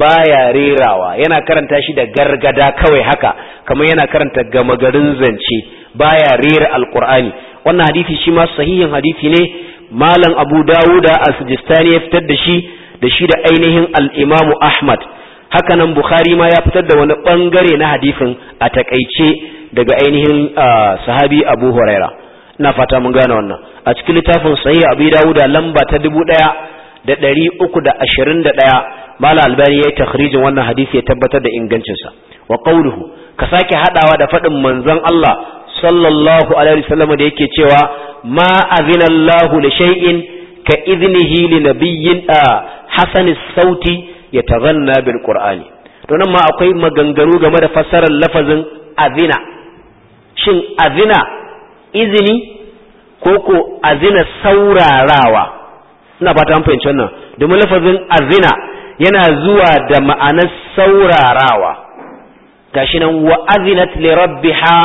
baya rerawa yana karanta shi da gargada kawai haka kamar yana karanta gama garin zance baya rera alqur'ani wannan hadisi shi ma sahihin hadisi ne malam abu dawuda as-sijistani ya fitar da shi da shi da ainihin al-imam ahmad haka nan bukhari ma ya fitar da wani bangare na hadisin a takaice daga ainihin ah, sahabi abu huraira ina fata mun gane wannan a cikin littafin sahih abi dawuda lamba ta 1321 mala albani yayi takhrijin wannan hadisi ya tabbatar da ingancin sa wa qawluhu ka sake hadawa da fadin manzon Allah sallallahu alaihi wasallam da yake cewa ma azina Allahu li shay'in ka idnihi li nabiyyin hasan sauti yatazanna bil qur'ani to nan ma akwai maganganu game da fassarar lafazin azina shin azina izini ko ko azina saurarawa ina fata an fahimci wannan domin lafazin azina yana zuwa da ma'anar saurarawa gashi nan wa azinat li rabbiha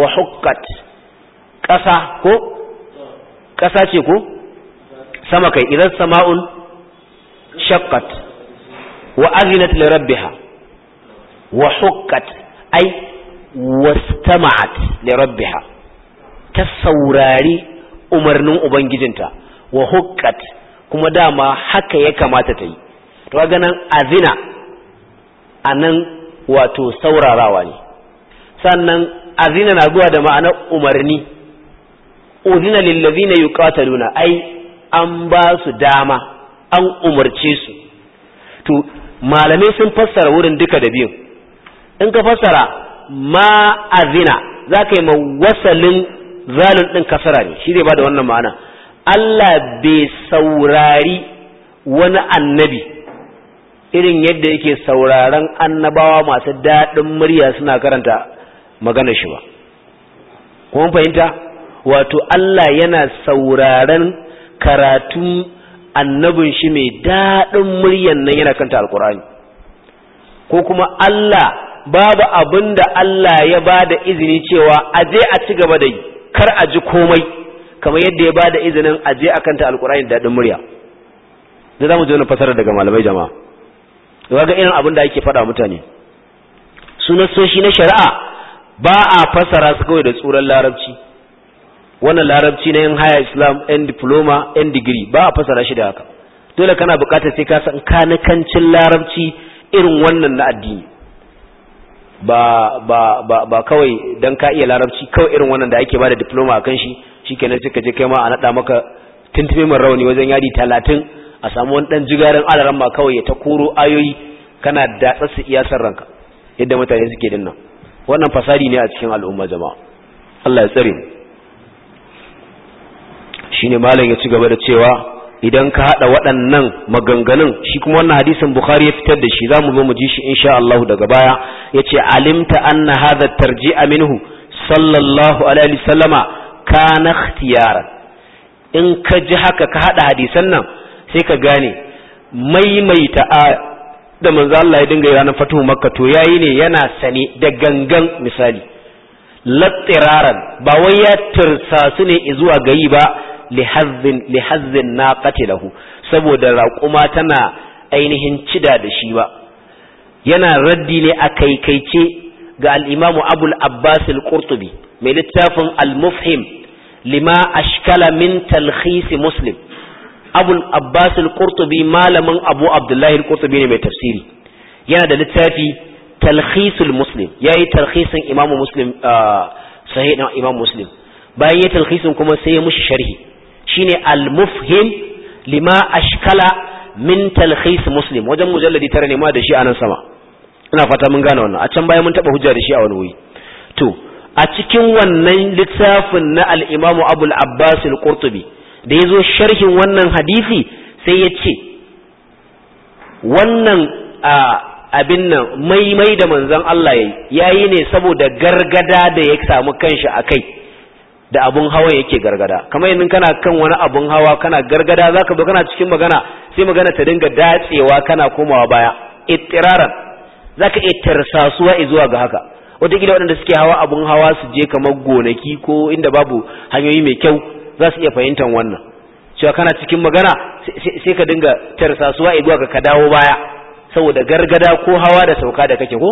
wa hukkat ƙasa ko ƙasa ce ko sama kai idan sama'un shakkat wa azinat li rabbiha wa hukkat ai wastama'at li rabbiha ta saurari umarnin ubangijinta wa hukkat kuma dama haka ya kamata ta yi to ga nan azina anan wato saurarawa ne sannan azina na zuwa da ma'anar umarni uzina ta yuqataluna ai an ba su dama an umarce su to malamai sun fassara wurin duka da biyu in ka fassara ma azina zaka yi ma wasalin zalun din kasara ne shi zai ba da wannan ma'ana Allah bai saurari wani annabi irin yadda yake sauraron annabawa masu daɗin murya suna karanta magana shi ba kuma fahimta wato Allah yana sauraron karatun annabin shi mai daɗin muryan nan yana kanta alkur'ani ko kuma Allah babu abinda Allah ya ba da izini cewa a je a ci gaba da yi kar a ji komai kamar yadda ya ba da izinin a je akan ta alqur'ani da dadin murya da zamu ji wannan fasara daga malamai jama'a kaga irin abin da ake faɗa mutane sunan shi na shari'a ba a fasara su kawai da tsuran larabci wannan larabci na yan haya islam yan diploma yan digiri ba a fasara shi da haka dole kana bukatar sai ka san kanikancin larabci irin wannan na addini ba ba ba ba kawai dan ka iya larabci kawai irin wannan da ake bada diploma akan shi shikenan sai ka je kai ma a nada maka tuntube mai rauni wajen yadi 30 a samu wani dan jigarin alaran ma kawai ya ta koro ayoyi kana da iya iyasar ranka yadda mutane suke dinnan wannan fasadi ne a cikin al'umma jama'a Allah ya tsare Shi shine malam ya ci gaba da cewa idan ka haɗa waɗannan maganganun shi kuma wannan hadisin bukhari ya fitar da shi za mu zo mu ji shi insha Allah daga baya yace alimta anna hadha tarji'a minhu sallallahu alaihi wasallama kana ikhtiyara in ka ji haka ka haɗa hadisan nan sai ka gane maimaita a da manzo Allah ya dinga yi ranar fatuhu makka to yayi ne yana sane da gangan misali lattiraran ba wai ya tirsasu ne zuwa gayi ba lihazzin na lahu saboda raƙuma tana ainihin cida da shi ba yana raddi ne a kaikaice ga al'imamu abul abbas al-qurtubi mai littafin al-mufhim lima ashkala min talhisi muslim abul abbas al-qurtubi malamin abu abdullahi al-qurtubi ne mai tafsiri yana da littafi talhisul muslim ya yi talhisin imamu muslim ah, sahih na imam muslim bayan ya talhisin kuma sai ya mushi sharhi shine al-mufhim lima ashkala min talkhis muslim wajen mujalladi tare ne ma da shi anan sama ina fata mun gane wannan a can baya mun taba hujja da shi a wani wuri to a cikin wannan littafin na al-imam abul abbas al-qurtubi da yazo sharhin wannan hadisi sai ya ce wannan abin nan maimai da manzon Allah yayi yayi ne saboda gargada da ya samu kanshi akai da abun hawa yake gargada kamar yanzu kana kan wani abun hawa kana gargada zaka zo kana cikin magana sai magana ta dinga datsewa kana komawa baya ittiraran zaka iya tarsasuwa zuwa ga haka wataƙila waɗanda suke hawa abun hawa su je kamar gonaki ko inda babu hanyoyi mai kyau za su iya fahimtar wannan cewa kana cikin magana sai ka dinga tarsasuwa zuwa ga ka dawo baya saboda gargada ko hawa da sauka da kake ko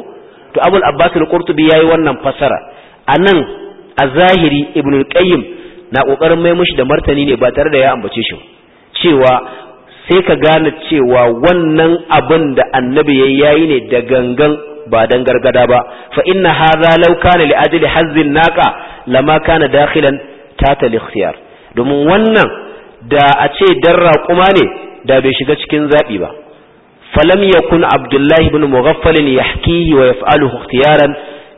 to abul abbas al-qurtubi yayi wannan fasara anan a zahiri ibn al-qayyim na kokarin mai mushi da martani ne ba tare da ya ambace shi cewa sai ka gane cewa wannan abin da annabi yayi yayi ne da gangan ba dan gargada ba fa inna hadha law kana li ajli hazzin naqa lama kana dakhilan tata al-ikhtiyar domin wannan da a ce dan raƙuma ne da bai shiga cikin zabi ba falam yakun abdullahi ibn mughaffal yahkihi wa yaf'aluhu ikhtiyaran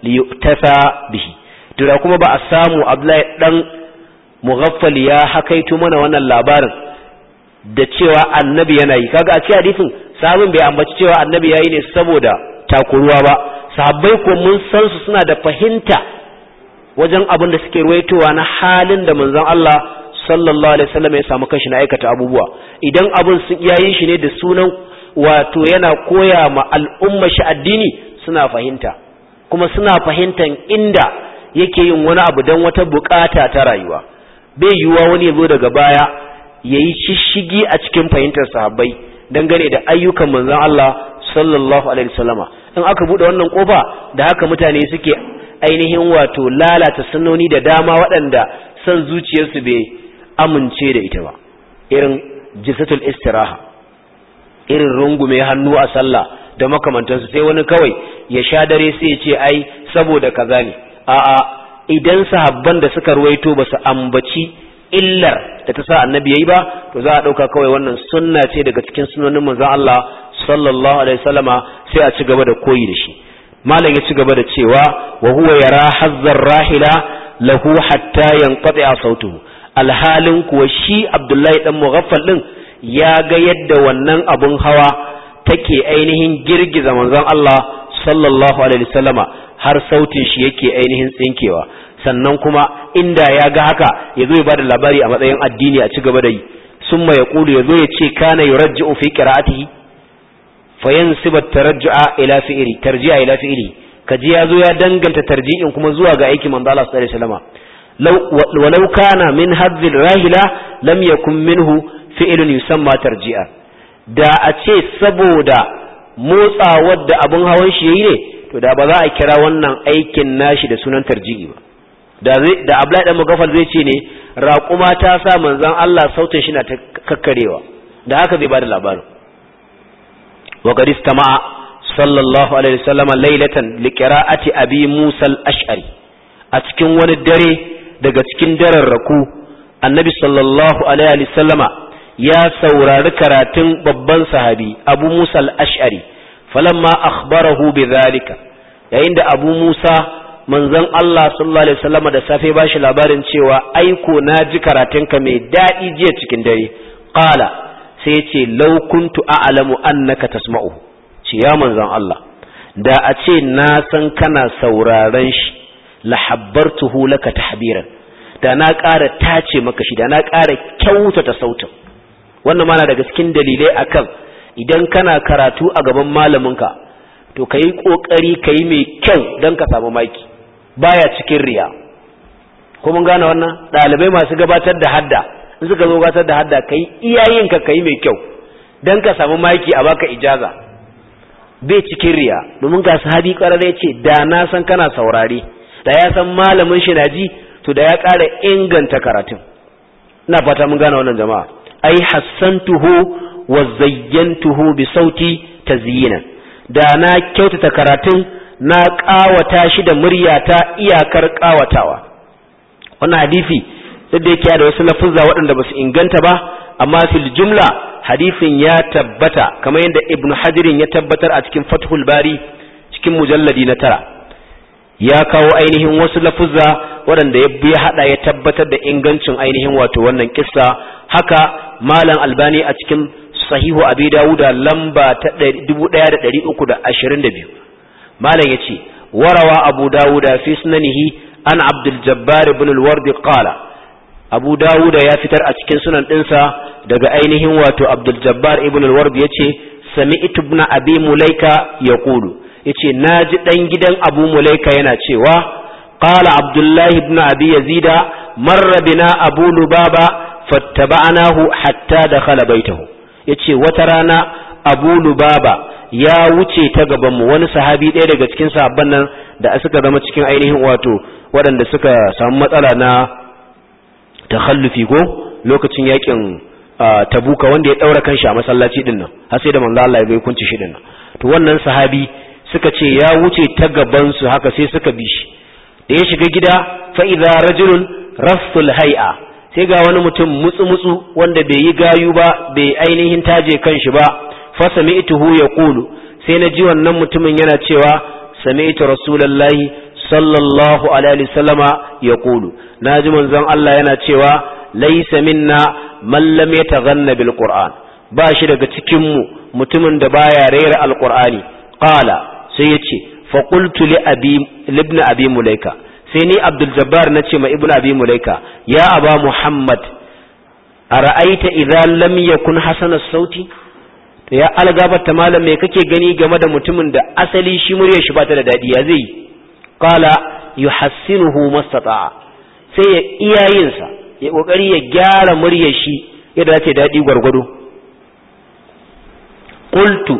liyuktasa bihi Jira kuma ba a samu abdullahi dan mughaffali ya hakaito mana wannan labarin da cewa annabi yana yi kaga a cikin hadisin sahabin bai ambaci cewa annabi yayi ne saboda takuruwa ba sahabbai ko mun san su suna da fahimta wajen abin da suke ruwaitowa na halin da manzon Allah sallallahu alaihi wasallam ya samu kashi na aikata abubuwa idan abin su yayin shi ne da sunan wato yana koya ma al'umma shi addini suna fahimta kuma suna fahimtan inda yake yin wani abu don wata bukata ta rayuwa bai yiwuwa wani ya zo daga baya ya yi shishigi a cikin fahimtar sahabbai dangane da ayyukan manzon Allah sallallahu alaihi wasallama in aka buɗe wannan ƙofa da haka mutane suke ainihin wato lalata sanoni da dama waɗanda son zuciyarsu bai amince da ita ba irin jisatul istiraha irin rungume hannu a sallah da makamantansu sai wani kawai ya sha dare sai ya ce ai saboda kaza ne a'a idan sahabban da suka ruwaito ba su ambaci illar da ta sa annabi yayi ba to za a dauka kawai wannan sunna ce daga cikin sunnonin manzon Allah sallallahu alaihi wasallama sai a ci gaba da koyi da shi malam ya ci gaba da cewa wa huwa yara hazzar rahila lahu hatta yanqati'a sautuhu alhalin kuwa shi Abdullahi dan Mughaffal din ya ga yadda wannan abun hawa take ainihin girgiza manzon Allah sallallahu alaihi wasallama har sautin shi yake ainihin tsinkewa sannan kuma inda ya ga haka ya zo ya ba da labari a matsayin addini a ci gaba da yi sun ya kulu ya zo ya ce kana yurajji'u fi qira'atihi fayansibu tarajju'a ila fi'iri tarji'a ila fi'li kaji ya zo ya danganta tarji'in kuma zuwa ga aiki manzo Allah sallallahu alaihi wasallam walau kana min hadhil rahila lam yakun minhu fi'lun yusamma tarji'a da a ce saboda motsawar da abun hawan shi yayi ne to da ba za a kira wannan aikin nashi da sunan tarji'i ba da zai da Abdullahi dan zai ce ne raquma ta sa manzon Allah sautin shi na ta kakkarewa da haka zai bada labarin wa qad istama'a sallallahu alaihi wasallam laylatan liqira'ati abi Musa al-Ash'ari a cikin wani dare daga cikin daren raku, annabi sallallahu alaihi wasallama ya saurari karatun babban sahabi abu Musa al-Ash'ari falamma akhbarahu bidhalika yayin da Abu Musa manzon Allah sallallahu alaihi wasallam da safe shi labarin cewa aiko na ji karatunka mai daɗi jiya cikin dare qala sai ya ce law kuntu a'lamu annaka tasma'u ce ya manzon Allah da a ce na san kana sauraron shi la habbartuhu laka tahbiran da na ƙara tace maka shi da na ƙara kyautata sautin wannan mana daga cikin dalilai akan idan kana karatu a gaban malaminka to ka yi ƙoƙari ka yi mai kyau don ka samu maki baya cikin riya ko gane wannan ɗalibai masu gabatar da hadda in suka zo gabatar da hadda ka yi iyayenka ka yi mai kyau don ka samu maki a baka ijaza bai cikin riya domin ga sahabi ƙwararre ce da na san kana saurari. da ya san malamin shi na ji to da ya ƙara inganta karatun ina fata mun gane wannan jama'a ai hassantuhu wa zayyantuhu bi sauti tazyina da na kyautata karatun na kawata shi da muryata iyakar kawatawa. wannan hadisi duk da yake da wasu lafuzza waɗanda ba su inganta ba amma fil jumla hadisin ya tabbata kamar yadda ibnu hadirin ya tabbatar a cikin fathul bari cikin mujalladi na tara ya kawo ainihin wasu lafuzza waɗanda ya bi hada ya tabbatar da ingancin ainihin wato wannan kissa haka malam albani a cikin sahihu abi dawuda lamba ta 1322 malam yace warawa abu dawuda fi sunanihi an abdul jabbar ibn al-ward qala abu dawuda ya fitar a cikin sunan dinsa daga ainihin wato abdul jabbar ibn al-ward yace sami'tu ibn abi mulaika yaqulu yace naji dan gidan abu mulaika yana cewa قال عبد الله abi أبي يزيد مر بنا أبو لبابة hatta حتى دخل Ya ce wata rana Abu Lubaba ya wuce ta gabanmu wani sahabi ɗaya daga cikin sahabban nan da suka zama cikin ainihin wato waɗanda suka samu matsala na takhallufi ko lokacin yakin tabuka wanda ya ɗaura kan a masallaci ɗin nan har sai da manzo Allah ya bai kunci shi din to wannan sahabi suka ce ya wuce ta gaban su haka sai suka bi shi da ya shiga gida fa idza rajulun rafsul hay'a sai ga wani mutum mutsu-mutsu wanda bai yi gayu ba bai ainihin taje kanshi ba fa ya kulu. sai na ji wannan mutumin yana cewa sami'tu rasulullahi sallallahu alaihi kulu. Na ji manzon Allah yana cewa laysa minna man lam yataghanna bil qur'an ba shi daga cikin mu mutumin da baya rera alqur'ani qala sai yace fa qultu li abi libna abi mulaika sai ni abdul jabbar na ce ma ibnu abi mulaika ya aba muhammad ara'aita idza lam yakun hasana sauti to ya ta malam me kake gani game da mutumin da asali shi muryar shi bata da dadi ya zai qala yuhassinuhu mastata'a sai ya sa ya kokari ya gyara muryar shi yadda zai dadi gwargwado qultu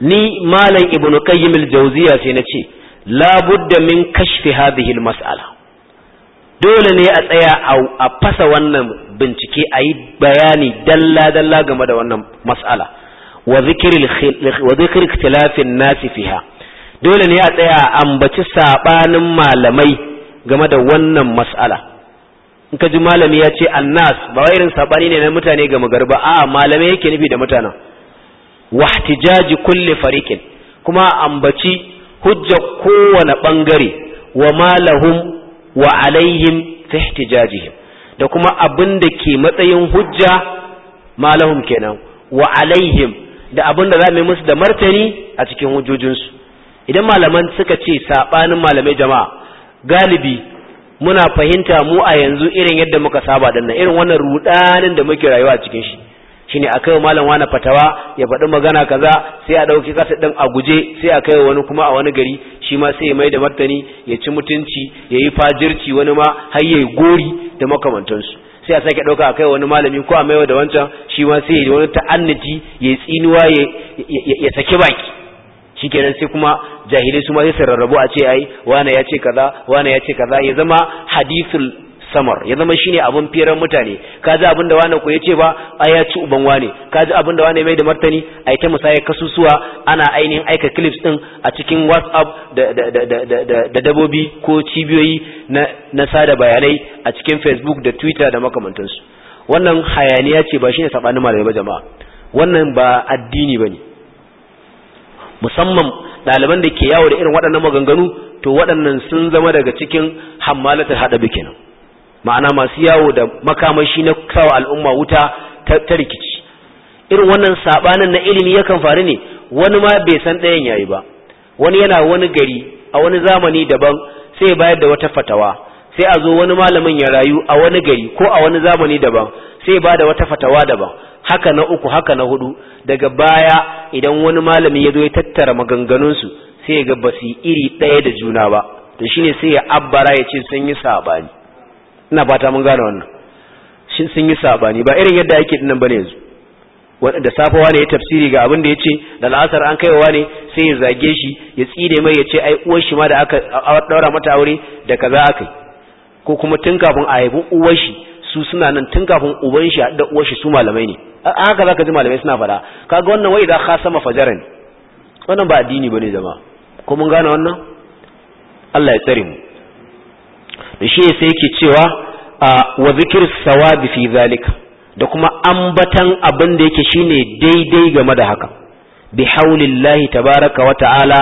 ni malam ibnu qayyim al-jawziya sai na ce labudda min kashfi hadhihi mas'ala dole ne a tsaya a fasa wannan bincike a yi bayani dalla-dalla game da wannan mas'ala wa zikir ikhtilafin nasi fiha dole ne a tsaya a ambaci sabanin malamai game da wannan mas'ala in ka ji malami ya ce annas ba wai irin sabani ne na mutane ga magarba a malamai yake nufi da mutanen wahtijaji kulli fariqin kuma ambaci hujja kowane ɓangare wa malahum wa alaihim fi ihtijajihim da kuma abin da ke matsayin hujja malahum kenan wa alaihim da abin da za mu musu da martani a cikin hujjojinsu idan malaman suka ce sabanin malamai jama'a galibi muna fahimta mu a yanzu irin yadda muka saba danna irin wannan rudanin da muke rayuwa a cikin shi shine a kai malam wani fatawa ya faɗi magana kaza sai a ɗauki kasa ɗin a guje sai a kai wani kuma a wani gari shi ma sai ya mai da martani ya ci mutunci ya yi fajirci wani ma har ya gori da makamantansu sai a sake ɗauka a kai wani malami ko a maiwa da wancan shi ma sai ya wani ta'annati ya yi tsinuwa ya saki baki kenan sai kuma jahilai su ma sai su rarrabu a ce ai wani ya ce kaza wani ya ce kaza ya zama hadithul samar ya zama shine abun firan mutane kaji abin da wani ko yace ba a ya ci uban wani kaji abin da wani mai da martani ai ta musaya kasusuwa ana ainihin aika clips din a cikin WhatsApp da da dabobi ko cibiyoyi na sada bayanai a cikin Facebook da Twitter da makamantansu wannan hayaniya ce ba shine sabanin malamai ba jama'a wannan ba addini bane musamman ɗaliban da ke yawo da irin waɗannan maganganu to waɗannan sun zama daga cikin hammalatar haɗa bikinan ma'ana masu yawo da makamashi na kawo al'umma wuta ta rikici irin wannan sabanin na ilimi yakan faru ne wani ma bai san ɗayan yayi ba wani yana wani gari a wani zamani daban sai bayar da wata fatawa sai a zo wani malamin ya rayu a wani gari ko a wani zamani daban sai ba da wata fatawa daban haka na uku haka na hudu daga baya idan wani malami ya zo ya tattara maganganunsu sai ya ga basu iri ɗaya da juna ba to shine sai ya abbara ya ce sun yi sabani ina fata mun gane wannan shin sun yi sabani ba irin yadda ake dinnan bane yanzu wanda safawa ne ya tafsiri ga abin da ya ce da al'asar an kaiwa ne sai ya zage shi ya tsire mai ya ce ai uwar shi ma da aka daura mata aure da kaza akai ko kuma tun kafin a haifi uwar shi su suna nan tun kafin uban shi da uwar shi su malamai ne a haka zaka ji malamai suna fada kaga wannan wai da khasama fajaran wannan ba addini bane jama'a ko mun gane wannan Allah ya tsare mu shi sai yake cewa wa zikir sawabi fi zalika da kuma ambatan abin da yake shine daidai game da haka bi haulillahi tabaraka wa ta'ala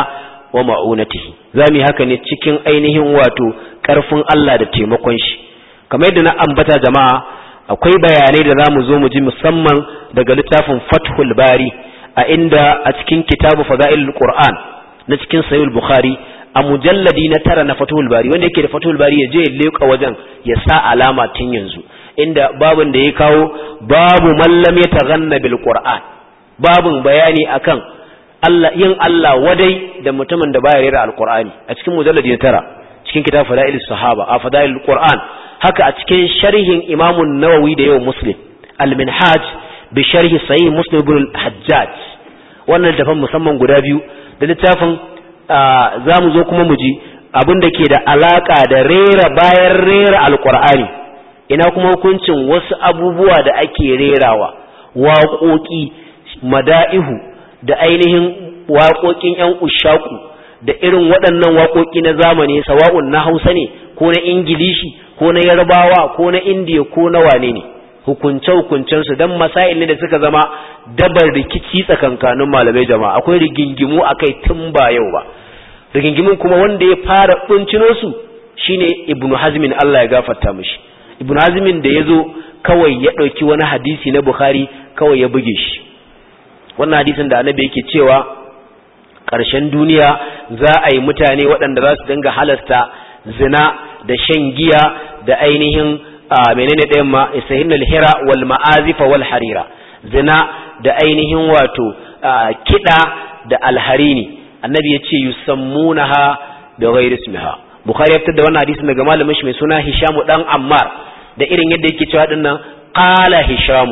wa ma'unatihi zamu haka ne cikin ainihin wato karfin Allah da taimakon shi kamar yadda na ambata jama'a akwai bayanai da zamu zo mu ji musamman daga littafin Fathul Bari a inda a cikin kitabu Fadailul Qur'an na cikin Sahih Bukhari a mujalladi na tara na fatuhul bari wanda yake da fatuhul bari ya je ya leka wajen ya sa alama tun yanzu inda babun da ya kawo babu mallam ya taganna bil qur'an babun bayani akan Allah yin Allah wadai da mutumin da baya rera alqur'ani a cikin mujalladi na tara cikin kitab fada'il sahaba a fada'il qur'an haka a cikin sharhin imam an-nawawi da yau muslim al-minhaj bi sharhi sahih muslim ibn al-hajjaj wannan littafin musamman guda biyu da littafin za mu zo kuma mu ji abin da ke da alaƙa da rera bayan rera Alƙur'ani, ina kuma hukuncin wasu abubuwa da ake rerawa waƙoƙi mada'ihu da ainihin waƙoƙin 'yan ushaku da irin waɗannan waƙoƙi na zamani sawa'un na hausa ne ko na ingilishi ko na yarbawa ko na indiya ko na wane ne hukunce-hukuncensu don masayin ne da suka zama dabar rikici tsakankanin malamai jama'a akwai rigingimu a kai tun ba yau ba rigingimun kuma wanda ya fara ɓuncino su shine ibnu hazmin allah ya gafarta mishi ibnu hazmin da ya zo kawai ya ɗauki wani hadisi na bukhari kawai ya buge shi wannan hadisin da annabi yake cewa ƙarshen duniya za a yi mutane waɗanda za su dinga halasta zina da shan giya da ainihin a ah, menene ɗayan ma isahinna alhira wal ma'azifa wal harira zina da ainihin wato ah, kiɗa da alharini annabi ya ce yusammunaha da ghairi ismiha bukhari ya fitar da wannan hadisin daga malamin shi mai suna hisham dan ammar da irin yadda yake cewa nan qala hisham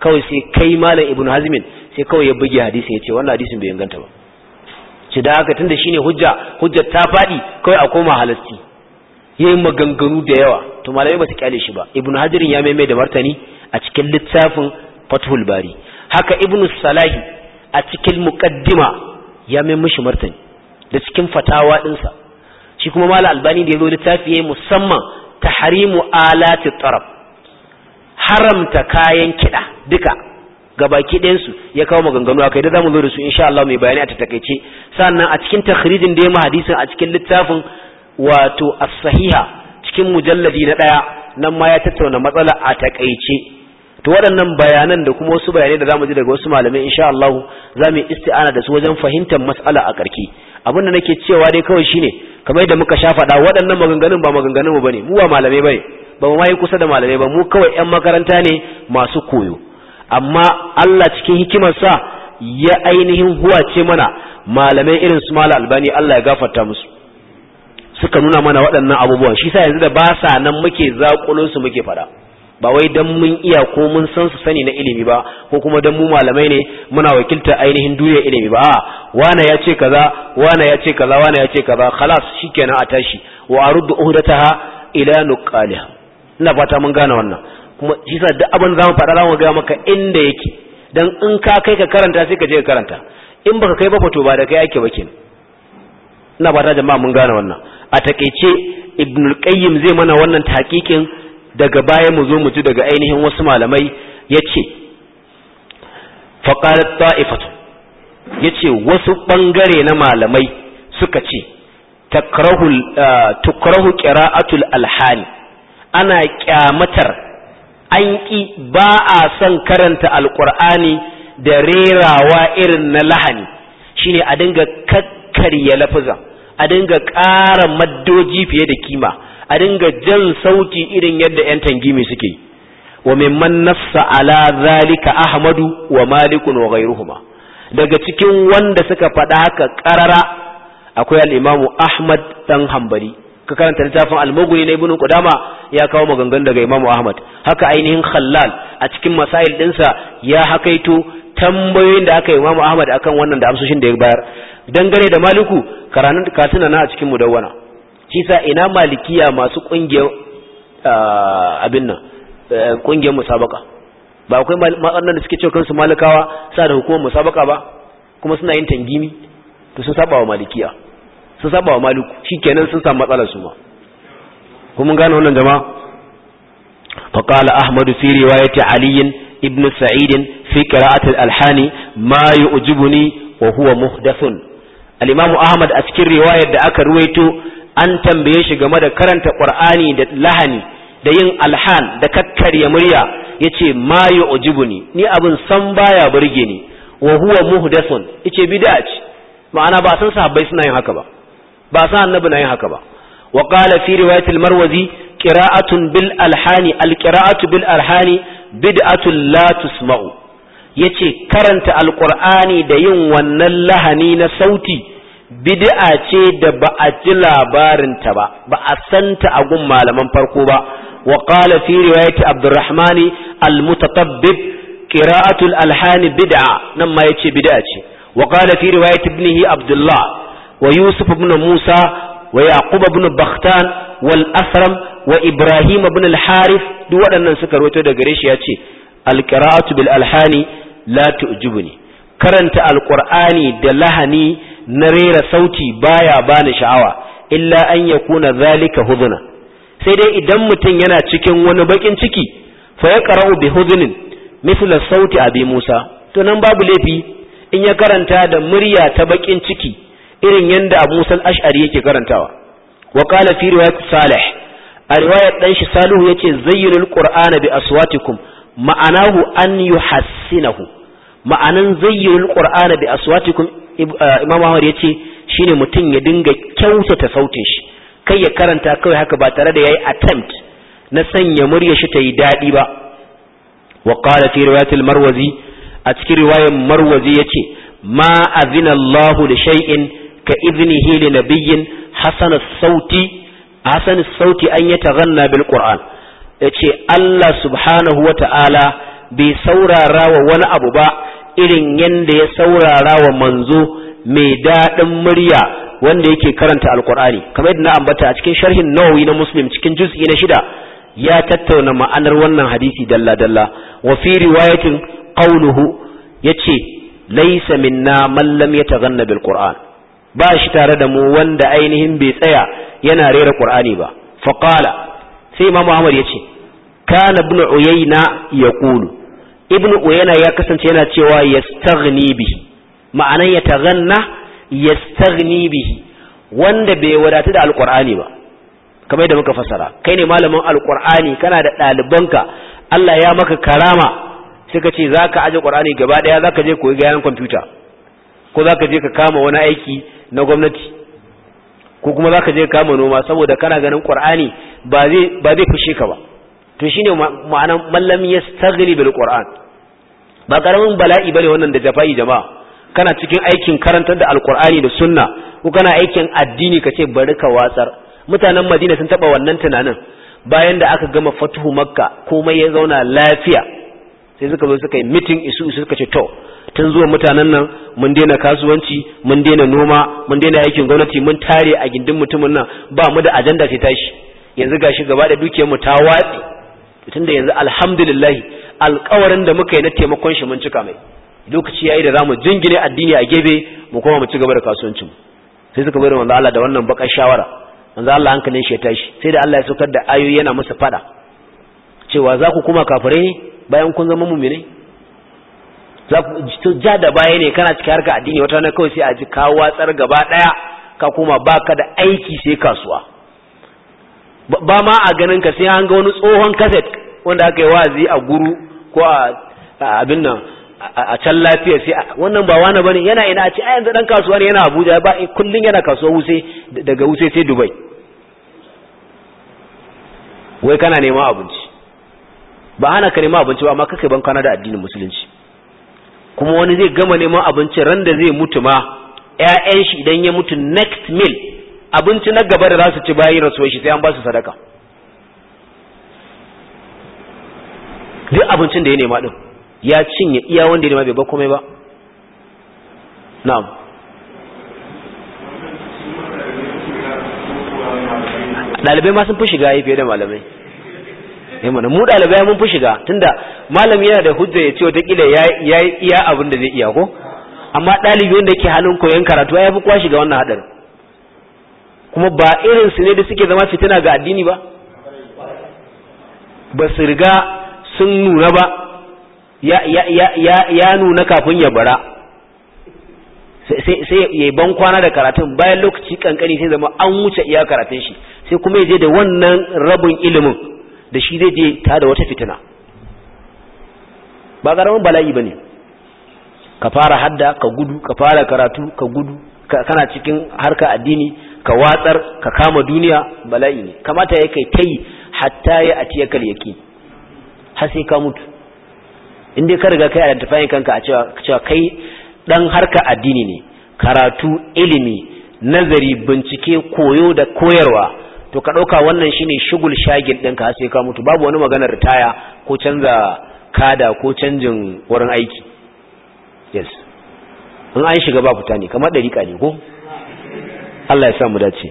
kawai sai kai malam ibnu hazmin sai kawai ya buge hadisin ya ce wannan hadisin bai inganta ba ci da haka tunda shine hujja hujja ta faɗi kawai a koma halasti yayin maganganu da yawa to malamai ba su kyale shi ba ibnu hajirin ya maimai da martani a cikin littafin fathul bari haka ibnu salahi a cikin muqaddima ya mai mishi martani da cikin fatawa dinsa shi kuma malam albani da yazo littafi yayin musamman tahrimu alati tarab haramta kayan kida duka gabaki ɗayan su ya kawo maganganu akai da zamu zo da su insha Allah mai bayani a takaice sannan a cikin takhrijin da ya mu hadisin a cikin littafin wato as-sahiha cikin mujalladi na daya nan ma ya tattauna matsala a takeice to waɗannan bayanan da kuma wasu bayanai da zamu ji daga wasu malamai insha Allah zamu isti'ana da su wajen fahimtar mas'ala a karki abinda nake cewa dai kawai shine kamar yadda muka sha faɗa waɗannan maganganun ba maganganun mu bane mu ba malamai bane ba mu yi kusa da malamai ba mu kawai ƴan makaranta ne masu koyo amma Allah cikin hikimar sa ya ainihin huwace mana malamai irin su Malam Albani Allah ya gafarta musu suka nuna mana waɗannan abubuwan shi sa yanzu da ba sa nan muke zakulo su muke fada ba wai dan mun iya ko mun san su sani na ilimi ba ko kuma dan mu malamai ne muna wakilta ainihin duniyar ilimi ba a'a wana ya ce kaza wana ya ce kaza wana ya ce kaza khalas shikenan a tashi wa aruddu uhdataha ila nuqaliha ina fata mun gane wannan kuma shi sa duk abin zamu faɗa zamu ga maka inda yake dan in ka kai ka karanta sai ka je ka karanta in baka kai ba fa to ba da kai ake ba kenan ina fata jama'a mun gane wannan a takaice ibnul qayyim zai mana wannan taqiqin daga baya mu zo mu ji daga ainihin wasu malamai yace qalat ta'ifatu yace wasu bangare na malamai suka ce takrahu ah, tukrahu qira'atul alhan ana kyamatar an ki ba a son karanta alqur'ani da rerawa irin na lahani shine a dinga kakkarya lafazan a dinga ƙara maddoji fiye da kima a dinga jan sauti irin yadda 'yan tangimi suke wa mimman nassa ala zalika ahmadu wa malikun wa ghairuhuma daga cikin wanda suka faɗa haka ƙarara akwai al ahmad dan hanbali ka karanta littafin al na ibn qudama ya kawo maganganun daga imamu ahmad haka ainihin khallal a cikin masail ɗinsa ya hakaito tambayoyin da aka yi Imam Ahmad akan wannan da amsoshin da ya bayar dangane da Maliku karanan katuna na a cikin mudawwana shi sa ina malikiya masu kungiyar abin nan kungiyar musabaka ba akwai da suke cewa kansu malikawa sa da hukumar musabaka ba kuma suna yin tangimi to sun saba wa malikiya sun saba wa maliku shikenan sun samu matsalar su ma kuma gane wannan jama'a Ahmadu أحمد في رواية aliyin ibn Sa'idin fi qira'at alhani ma yu'jibuni wahuwa muhdasun muhdathun al ahmad a cikin riwayar da aka ruwaito an tambaye shi game da karanta ƙur'ani da lahani da yin alhan da kakkarya murya yace ma yu'jibuni ni abin san baya burge ni wahuwa muhdasun muhdathun yace bid'a ce ma'ana ba san sahabbai suna yin haka ba ba san annabi na yin haka ba wa qala fi riwayat al-marwazi qira'atun bil alhani al-qira'atu bil alhani bid'atun la tusma'u yace karanta alqur'ani da yin wannan lahani na sauti bid'a ce da ba a ji labarin ta ba ba a santa a gun malaman farko ba wa qala fi riwayati abdurrahman almutatabbib qira'atul Alhani bid'a nan ma yace bid'a ce wa qala fi riwayati ibnihi abdullah wa yusuf ibn musa wa yaqub ibn bakhtan wal asram wa Ibrahim ibn al harif duk waɗannan suka roto da gare shi yace al-qira'atu bil alhani la tu'jibuni karanta al-qur'ani da lahani na rera sauti baya bani sha'awa illa an yakuna zalika huzuna sai dai idan mutum yana cikin wani bakin ciki fa yaqra'u bi huzunin mithla sauti abi Musa to nan babu laifi in ya karanta da murya ta bakin ciki irin yanda Abu Musa al-Ash'ari yake karantawa wa qala fi riwayat Salih a riwayar dan shi Salihu yace zayyinul qur'ana bi aswatikum ma'anahu an yuhassinahu ma'anan zayyinul qur'ana bi aswatikum uh, imam Ahmad yace shine mutum ya dinga kyautata sautin shi kai ya karanta kawai haka ba tare da yi attempt na sanya muryar shi ta yi daɗi ba wa qala fi riwayatil marwazi a cikin riwayar marwazi yace ma azina Allahu da shay'in ka idnihi li nabiyyin hasana sauti hasan sauti an yi taghanna bil qur'an yace Allah subhanahu wa ta'ala bai saurara wa wani abu ba irin yanda ya saurara wa manzo mai daɗin murya wanda yake karanta alqur'ani kamar yadda na ambata a cikin sharhin nawawi na muslim cikin juz'i na shida ya tattauna ma'anar wannan hadisi dalla dalla wa fi riwayatin qawluhu yace laysa minna man lam yataghanna bil qur'an ba shi tare da mu wanda ainihin bai tsaya yana rera qur'ani ba fa sai sai imamu ya ce kana ibn uyayna kulu. ibn uyayna ya kasance yana cewa yastaghni bi ma'anan ya taganna yastaghni bihi wanda bai wadatu da alqur'ani ba kamar da muka fassara kai ne malamin alqur'ani kana da ɗalibanka Allah ya maka karama sai ka ce zaka aje qur'ani gaba daya zaka je koyi gayan kwamfuta ko za ka je ka kama wani aiki na gwamnati ko kuma za ka je ka kama noma saboda kana ganin ƙwar'ani ba zai fushe ka ba to shine ma'anan mallam ya bil qur'an ba karamin bala'i ba ne wannan da jafa'i jama'a kana cikin aikin karantar da alqur'ani da sunna ko kana aikin addini ka ce bari ka watsar mutanen madina sun taba wannan tunanin bayan da aka gama fatuhu makka komai ya zauna lafiya sai suka zo suka yi meeting isu isu suka ce to tun zuwa mutanen nan mun daina kasuwanci mun daina noma mun daina aikin gwamnati mun tare a gindin mutumin nan ba mu da ajanda sai tashi yanzu gashi gaba da dukiyar mu ta watsi tunda yanzu alhamdulillah alƙawarin da muka yi na taimakon shi mun cika mai lokaci yayi da zamu jingine addini a gebe mu koma mu ci gaba da kasuwancin sai suka bari manzo Allah da wannan bakar shawara manzo Allah hankalin shi ya tashi sai da Allah ya saukar da ayoyi yana musu fada cewa za ku kuma kafirai bayan kun zama mu'minai ja da baya ne kana cikin harka addini wata na kawai sai a ji ka watsar gaba daya ka kuma baka da aiki sai kasuwa ba ma a ganin ka sai an ga wani tsohon kaset wanda aka yi wazi a guru ko a abin nan a can lafiya sai wannan ba wani bane yana ina a ce a yanzu dan kasuwa ne yana Abuja ba kullun yana kasuwa wuse daga wuse sai Dubai wai kana neman abinci ba hana ka neman abinci ba amma kake ban kwana da addinin musulunci kuma wani zai gama neman abinci ran da zai mutu ma yayan shi idan ya mutu next meal abinci na gaba da za su ci bayan rasuwar shi sai an ba su sadaka duk abincin da ya nema din ya cinye iya wanda ya nema bai ba komai ba na'am ɗalibai ma sun fi shiga yi fiye da malamai mana mu dalibai mun fi shiga tunda malami yana da hujja ya ce watakila ya yi iya abin da zai iya ko amma ɗalibi wanda yake halin koyon karatu ya fi kwa shiga wannan haɗarin kuma ba irin su ne da suke zama fitina ga addini ba ba su riga sun nuna ba ya nuna kafin ya bara sai ya ban kwana da karatun bayan lokaci kankani sai zama an wuce iya karatun shi sai kuma ya je da wannan rabin ilimin da shi zai je ta da wata fitina ba ƙaramin bala'i ba ne ka fara hadda ka gudu ka fara karatu ka gudu kana cikin harka addini ka watsar ka kama duniya bala'i ne kamata ya kai ta yi hatta ya ya kalyaki har sai ka mutu in ka riga kai a tafayin kanka a cewa kai dan harka addini ne karatu ilimi nazari bincike koyo da koyarwa to ka ɗauka wannan shine shugul shagil ɗinka sai ka mutu babu wani maganar ritaya ko canza kada ko canjin wurin aiki yes in an shiga ba fita ne kamar ɗariƙa ne ko Allah ya sa mu dace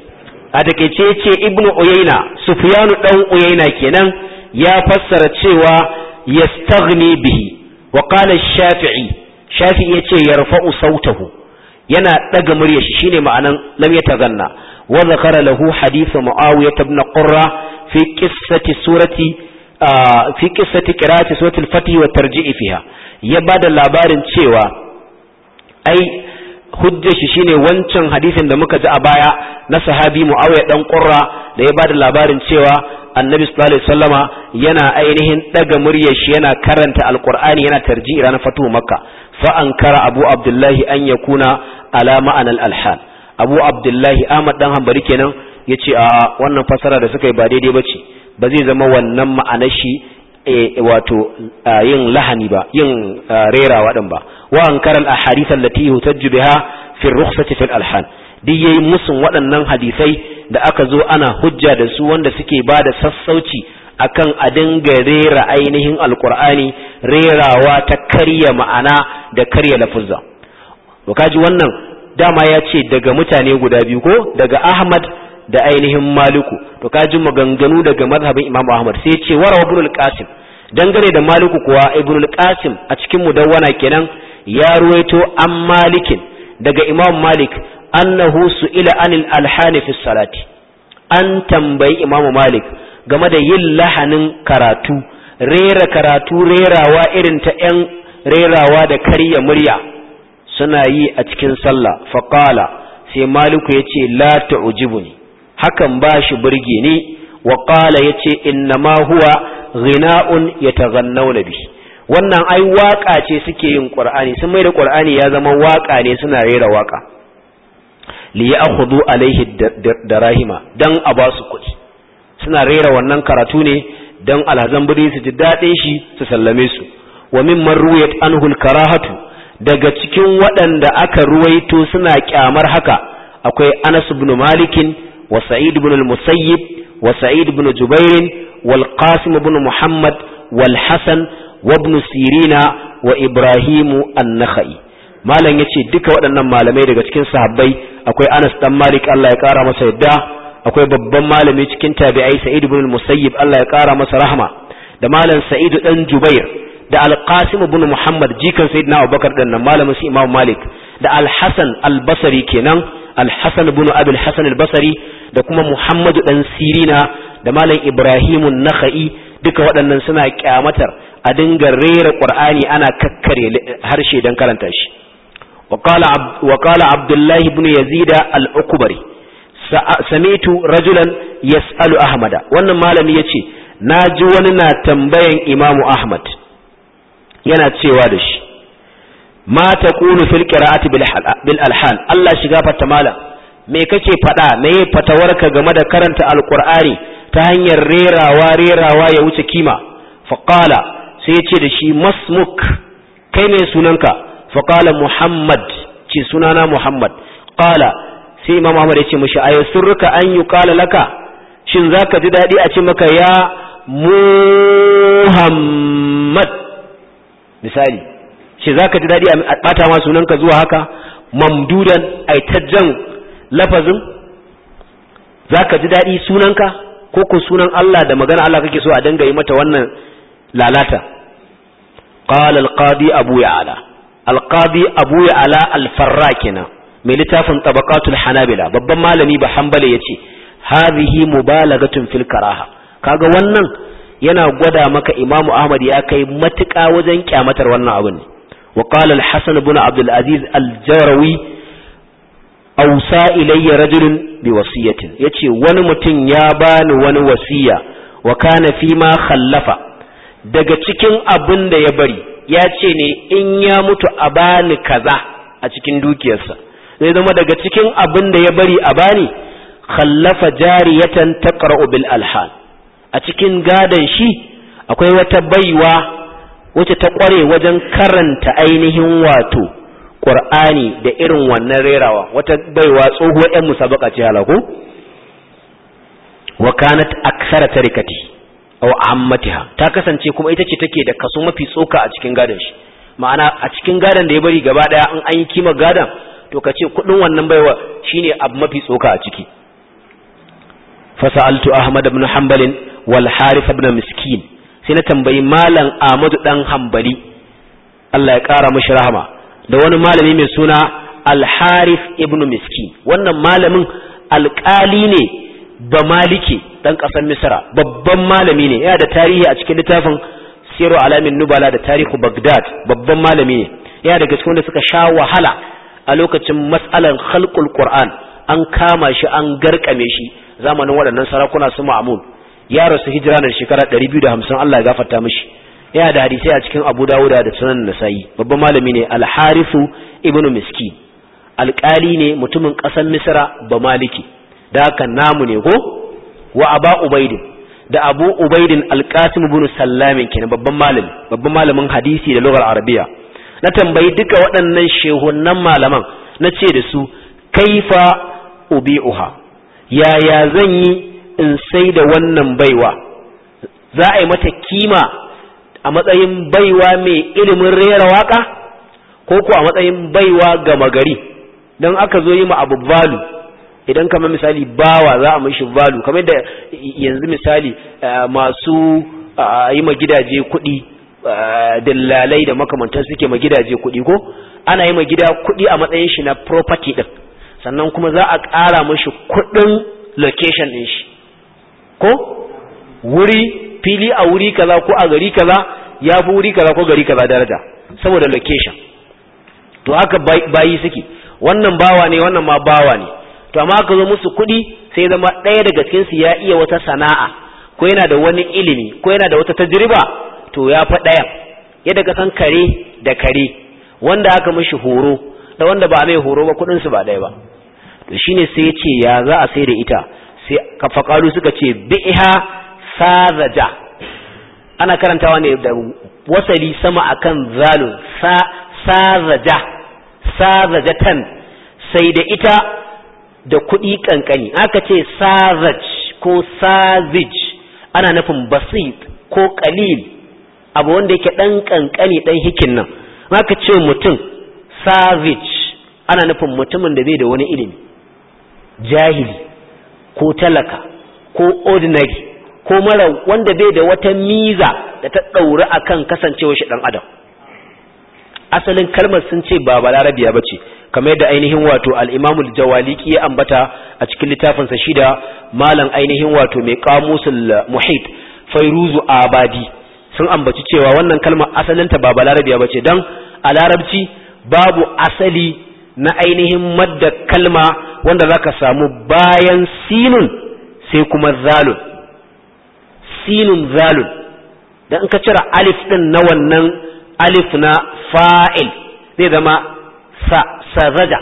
a takeice ce ibnu uyayna sufyanu dan uyayna kenan ya fassara cewa yastaghni bihi wa qala shafi'i shafi'i yace yarfa'u sautahu yana daga muryar shi shine ma'anan lam yataganna wa zakara lahu hadith muawiyah ibn qurra fi qissati surati fi qissati qira'ati surati al-fath wa tarji'i fiha ya bada labarin cewa ai hujjar shi shine wancan hadisin da muka ji a baya na sahabi muawiya dan qurra da ya bada labarin cewa annabi sallallahu alaihi wasallama yana ainihin daga muryar shi yana karanta alqur'ani yana tarji'i ranar fatuhu makka fa ankara abu abdullahi an yakuna ala ma'anal alhal abu abdullahi ahmad dan hambari kenan ya ce a wannan fasara da suka yi ba daidai ba ce ba zai zama wannan ma'anar shi eh, wato yin lahani ba yin rera din ba wa an karal a hadisan latifu ta biha fi rukhsati fil alhan duk yayi musun waɗannan hadisai da aka zo ana hujja da su wanda suke ba da sassauci akan a dinga rera ainihin alkur'ani rerawa ta karya ma'ana da karya lafuzza to kaji wannan dama ya ce daga mutane guda biyu ko daga Ahmad da ainihin Maliku to ji maganganu daga mazhabin Imam Ahmad sai ya ce wara Ibn al-Qasim dangane da Maliku kuwa Ibn al-Qasim a cikin mudawwana kenan ya ruwaito an Malikin daga Imam Malik annahu su'ila anil alhani fi salati an tambayi Imam Malik game da yin lahanin karatu rera karatu rerawa irin ta 'yan rerawa da karya murya suna yi a cikin sallah faƙala sai maliku ya ce la ne hakan ba shi burge ni wa ƙala ya ce ma huwa ghina'un yataghannawna bi wannan ai waka ce suke yin qur'ani sun mai da qur'ani ya zama waka ne suna rera waka li ya'khudhu alaihi darahima dan a ba su kuɗi suna rera wannan karatu ne dan alhazan buri su ji daɗin shi su sallame su wa mimman ruyat anhu al-karahatu daga cikin waɗanda aka ruwaito suna kyamar haka akwai Anas ibn Malik wa Sa'id ibn al-Musayyib wa Sa'id ibn Jubair wal Qasim ibn Muhammad wal Hasan wa ibn Sirina wa Ibrahim an-Nakhai malam yace duka waɗannan malamai daga cikin sahabbai akwai Anas dan Malik Allah ya kara masa yadda akwai babban malami cikin tabi'ai Sa'id ibn al-Musayyib Allah ya kara masa rahma da malam Sa'id dan Jubair da alqasim ibn muhammad jikan sayyidina abubakar din nan malamin su imam malik da Alhassan albasari kenan alhasan ibn abul hasan albasari da kuma muhammadu dan sirina da malam ibrahimun nakhai duka waɗannan suna kyamatar a dinga rera qur'ani ana kakkare harshe dan karanta shi Wakala abdullahi ibn yazid al-ukbari samitu rajulan yas'alu ahmada wannan ce na ji wani na tambayan imamu ahmad yana cewa da shi ma taqulu fil qira'ati bil alhan Allah shiga fata malam me kake fada meye fatawarka game da karanta alqur'ani ta hanyar rerawa rerawa ya wuce kima faqala sai yace da shi masmuk kai ne sunanka faqala muhammad ce sunana muhammad qala sai imam ahmad yace mishi ayo surruka an yuqala laka shin zaka ji dadi a ce maka ya muhammad misali shi za ka ji daɗi a ɓata sunanka zuwa haka mamdudan aitajjan lafazin za ka ji daɗi sunanka ko ko sunan Allah da magana Allah kake so a danga yi mata wannan lalata qala al-qadi abu ya'la al abu ya'la al kenan mai littafin tabaqatul hanabila babban malami ba ya ce hadhihi mubalagatun fil karaha kaga wannan yana gwada maka imamu ahmad ya kai matuƙa wajen kyamatar wannan abin wa qala al-hasan ibn abdul aziz al-jarawi awsa ilayya rajulun bi wasiyatin yace wani mutum ya bani wani wasiya wa kana fi ma khallafa daga cikin abin da ya bari ya ce ne in ya mutu a bani kaza a cikin dukiyarsa zai zama daga cikin abin da ya bari a bani khallafa jariyatan taqra'u bil alhan a cikin gadon shi akwai wata baiwa wacce ta kware wajen karanta ainihin wato Qur'ani da irin wannan rerawa wata baiwa tsohuwar 'yan musabaka ce halako wa kanat aksara tarikati aw ammatiha ta kasance kuma ita ce take da kaso mafi tsoka a cikin gadon shi ma'ana a cikin gadon da ya bari gaba daya in an yi kima gadon to kace kudin wannan baiwa shine abu mafi tsoka a ciki fasa'altu ahmad ibn hambalin wal harith ibn miskin sai na tambayi malam ahmad dan hambali Allah ya kara mishi rahama da wani malami mai suna al harith ibn miskin wannan malamin alƙali ne ba maliki ɗan ƙasar misra babban malami ne yana da tarihi a cikin littafin siru alamin nubala da tarihu bagdad babban malami ne yana daga cikin wanda suka sha wahala a lokacin matsalar khalqul ƙur'an an kama shi an garkame shi zamanin waɗannan sarakuna su ma'amun ya rasu hijira na shekara 250 Allah ya gafarta mishi yana da hadisai a cikin Abu wuda da Sunan Nasa'i babban malami ne al Ibnu ibn Miski alƙali ne mutumin ƙasar Misra ba maliki da haka namu ne ko wa Aba Ubaidin da Abu Ubaidin Al-Qasim Sallamin kenan babban malami babban malamin hadisi da lugar Arabiya na tambayi duka waɗannan shehunan malaman na ce da su kaifa ubi'uha yaya zan yi in sai da wannan baiwa za a yi mata kima a matsayin baiwa mai ilimin rera waka ko ko a matsayin baiwa gama gari don aka zo yi ma abu balu. idan kamar misali bawa za a mashi balu kamar da yanzu misali eh, masu eh, yi ma gidaje kuɗi eh, dillalai da makamantar suke ma gidaje kuɗi ko ana yi ma gida kuɗi a matsayin shi na property din sannan kuma za a ƙara mashi kuɗin location ɗin shi ko wuri fili a wuri kaza ko a gari kaza ya fi wuri kaza ko gari kaza daraja saboda location to haka bayi suke wannan bawa ne wannan ma bawa ne to amma aka zo musu kuɗi sai zama ɗaya daga cikinsu ya iya wata sana'a ko yana da wani ilimi ko yana da wata tajriba to ya fi ɗayan yadda ka san kare da kare wanda aka mashi horo da wanda ba mai horo ba kuɗinsu ba ɗaya ba to shine sai yace ya za a sai da ita sai kafaqalu suka ce biha sazaja ana karantawa ne da wasali sama akan zalun sa sazaja sazajatan sai da ita da kudi kankani aka ce sazaj ko sazij ana nufin basit ko qalil abu wanda yake dan kankani dan hikin nan aka ce mutum sazij ana nufin mutumin da bai da wani ilimi jahili ko talaka ko ordinary ko mara wanda bai da wata miza da ta ɗauri akan kasancewar shi ɗan adam asalin kalmar sun ce ba balarabiya ba ce kamar yadda ainihin wato al'imamul jawaliki ya ambata a cikin littafinsa shida malam ainihin wato mai kamusul muhit fairuzu abadi sun ambaci cewa wannan kalmar asalinta ba balarabiya ba ce don a larabci babu asali na ainihin madda kalma wanda zaka samu bayan sinun sai kuma zalun sinun zalun da in ka cire alif din na wannan alif na fa'il zai zama sa sazaja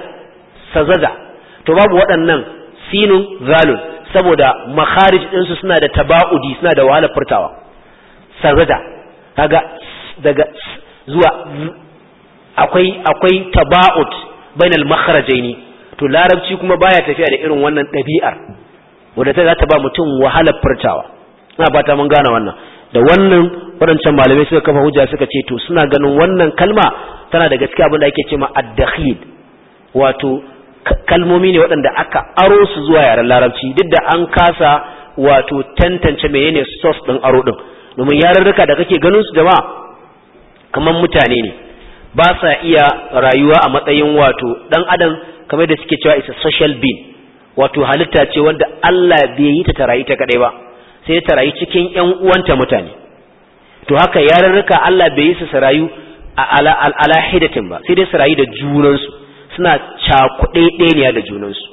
sazaja to babu waɗannan sinun zalun saboda makharij ɗinsu suna da taba'udi suna da wahala furtawa sazaja kaga daga zuwa akwai akwai taba'ud al makhrajaini to larabci kuma baya tafiya da irin wannan ɗabi'ar wanda ta za ba mutum wahalar furtawa ina ta mun gane wannan da wannan waɗancan malamai suka kafa hujja suka ce to suna ganin wannan kalma tana da gaskiya abin da ake cewa ad-dakhil wato kalmomi ne waɗanda aka aro su zuwa yaren larabci duk da an kasa wato tantance menene source din aro din domin yarurruka da kake ganin su jama'a kamar mutane ne ba sa iya rayuwa a matsayin wato dan adam kamar da suke cewa isa social being wato halitta ce wanda Allah bai yi ta tarayi ta kadai ba sai ta rayu cikin ƴan uwanta mutane to haka yarurruka Allah bai yi su sarayu ala ala hidatin ba sai dai sarayi da junansu suna cakuɗe da junansu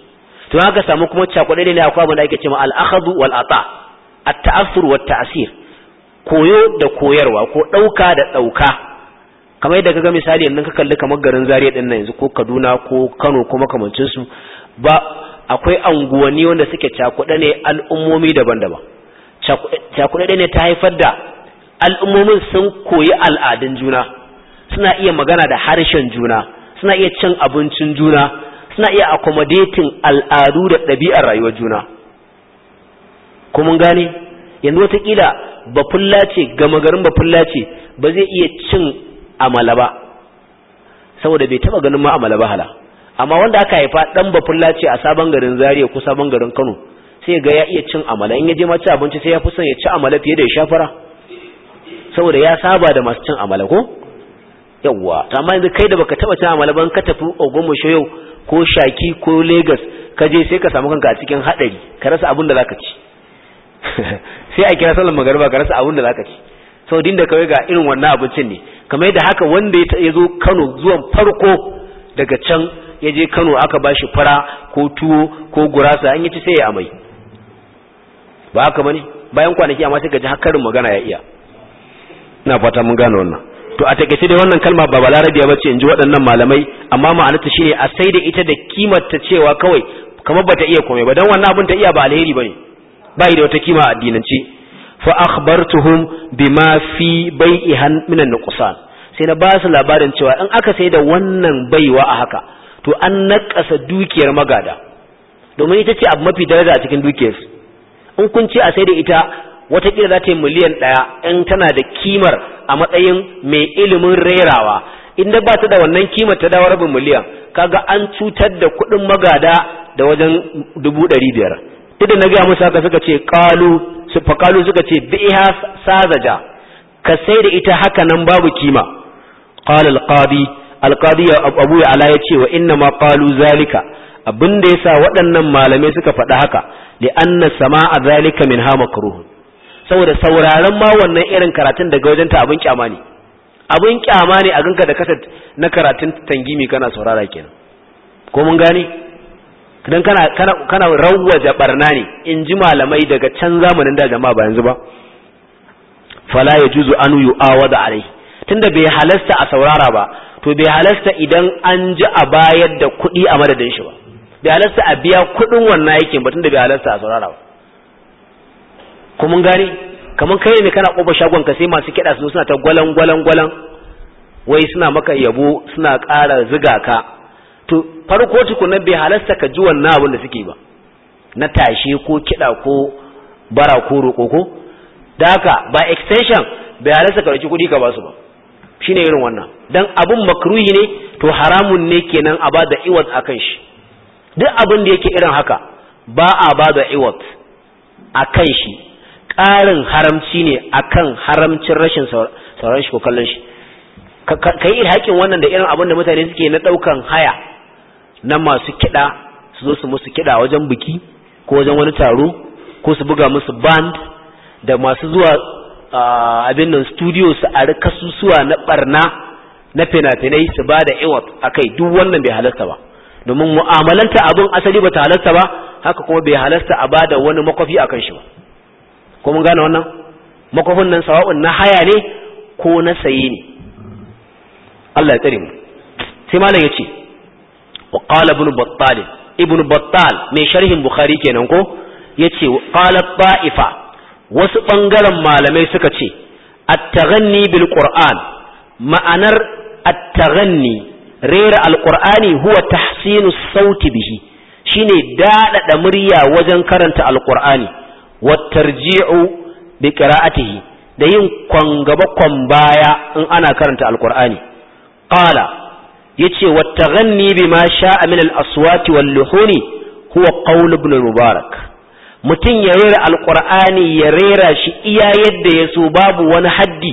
to haka samu kuma cakuɗe ne akwai abin da ake cewa al-akhadhu wal ata at-ta'assur wat ta'sir koyo da koyarwa ko ɗauka da dauka kamar yadda kaga misali yanzu ka kalli kamar garin Zaria din yanzu ko Kaduna ko Kano ko makamancin su ba akwai anguwanni wanda suke cakuɗe ne al'ummomi daban-daban cakuɗe ne ta haifar da al'ummomin sun koyi al'adun juna suna iya magana da harshen juna suna iya cin abincin juna suna iya accommodating al'adu da ɗabi'ar rayuwar juna ko mun gane yanzu watakila bafulla ce gama garin bafulla ce ba zai iya cin amala ba saboda bai taba ganin ma amala ba hala amma wanda aka haifa dan bafulla ce a sabon garin Zariya ko sabon garin Kano sai ga ya iya cin amala in ya je ma ci abinci sai ya fi son ya ci amala fiye da ya shafara saboda ya saba da masu cin amala ko yawwa amma yanzu kai da baka taba cin amala ba ka tafi Ogbomoso yau ko Shaki ko Lagos ka je sai ka samu kanka a cikin hadari ka rasa abin da zaka ci [LAUGHS] sai a kira sallan magariba ka rasa abin da zaka ci saboda inda da kawai ga irin wannan abincin ne kamar da haka wanda ya zo Kano zuwan farko daga can ya je Kano aka ba shi fara ko tuwo ko gurasa an yi ci sai ya amai ba haka bane bayan kwanaki amma sai ka ji hakarin magana ya iya ina fata mun gane wannan to a takeice dai wannan kalma ba balarabiya ce in ji waɗannan malamai amma ma'anarta shine a sai da ita da ta cewa kawai kamar bata iya komai ba dan wannan abin ta iya ba alheri bane bai da wata kima a addinance fa akhbartuhum bima fi bai'ihan min nuqsan sai na ba su labarin cewa in aka sai da wannan baiwa a haka to an naƙasa dukiyar magada domin ita ce abu mafi daraja a cikin dukiyar in kun ce a sai da ita watakila za ta yi miliyan ɗaya in tana da kimar a matsayin mai ilimin rerawa in da ba ta da wannan kimar ta dawo rabin miliyan kaga an cutar da kuɗin magada da wajen dubu ɗari biyar duk da na gaya musu haka suka ce ƙalu su fakalu suka ce biha sazaja ka sai da ita haka nan babu kima qala alqadi alqadi abu ala ya ce wa inna ma qalu zalika abin da yasa waɗannan malamai suka faɗi haka li anna sama'a zalika min minha makruh saboda sauraron ma wannan irin karatun daga wajen ta abin kyama ne abin kyama ne a ganka da kasat na karatun tangimi kana saurara kenan ko mun gane dan kana kana kana rawwaja barna ne in ji malamai daga can zamanin da jama'a ba yanzu ba fala yajuzu an yu'awada alai tunda bai halasta a saurara ba to bai halasta idan an ji a bayar da kuɗi a madadin shi ba bai halasta a biya kuɗin wannan aikin ba tunda bai halasta a saurara ba ko mun gane kamar kai ne kana koba shagon ka sai masu kiɗa su suna ta gwalan gwalan gwalan wai suna maka yabo suna ƙara ziga ka to farko tukunan bai halasta ka ji wannan abin da suke ba na tashe ko kiɗa ko bara ko roƙo ko da haka ba extension bai halasta ka ɗauki kuɗi ka ba su ba shine irin wannan dan abun makruhi ne to haramun ne kenan a bada iwat akan shi duk abin da yake irin haka ba a bada iwat akan shi ƙarin haramci ne akan haramcin rashin sauran shi ko kallon shi kai haƙin wannan da irin abin da mutane suke na ɗaukan haya na masu kiɗa su zo su musu kiɗa wajen biki ko wajen wani taro ko su buga musu band da masu zuwa abin nan studio su ari kasusuwa na barna na fina-finai su ba da iwa a kai duk wannan bai halasta ba domin mu'amalanta abin asali ba ta halasta ba haka kuma bai halasta a ba da wani makwafi a kan shi ba ko mun gane wannan makwafin nan sawa'un na haya ne ko na saye ne Allah ya tsare mu sai malam ya ce wa qala ibn battal ibn mai sharhin bukhari kenan ko yace qala wasu ɓangaren malamai suka ce at-taghanni bil qur'an ma'anar at rera al huwa tahsinu sauti bihi shine daɗaɗa murya wajen karanta alƙur'ani tarji'u bi qira'atihi da yin kwangaba baya in ana karanta alƙur'ani qala yace wattaghanni bima sha'a min al-aswati wal luhuni huwa qawl ibn mubarak mutum ya rera alqur'ani ya rera shi iya yadda ya so babu wani haddi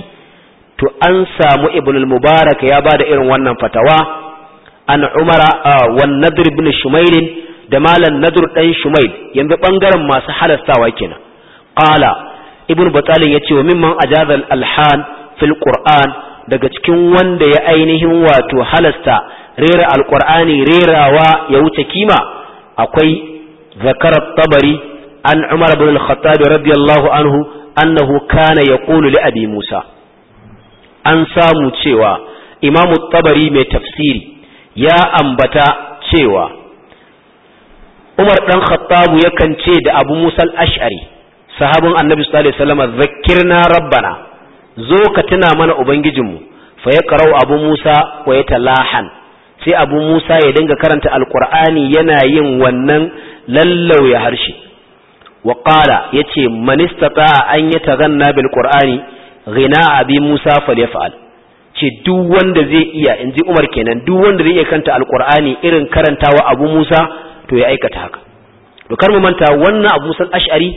to an samu ibn mubarak ya bada irin wannan fatawa an umara wan nadr ibn shumail da malan nadr dan shumail yanzu bangaren masu halastawa kenan qala ibn batalin yace wa mimman ajazal alhan fil qur'an daga cikin wanda ya ainihin wato halasta rera Alƙur'ani rerawa ya wuce kima akwai zakarar tabari an umar bin al-khattab radiyallahu anhu annahu kana yaqulu li abi musa an samu cewa imamu tabari mai tafsiri ya ambata cewa umar dan khattabu yakan ce da abu musa al-ash'ari sahabin annabi sallallahu alaihi wasallam zakkirna rabbana zo ka tuna mana ubangijinmu fa ya abu musa wa talahan sai abu musa ya dinga karanta alƙur'ani yana yin wannan lallauya harshe wa ya yace man istata'a an yataganna bil qur'ani ghina abi musa falyaf'al ce duk wanda zai iya inji umar kenan duk wanda zai iya karanta alƙur'ani irin karantawa abu musa to ya aikata haka to kar mu manta wannan abu musa ash'ari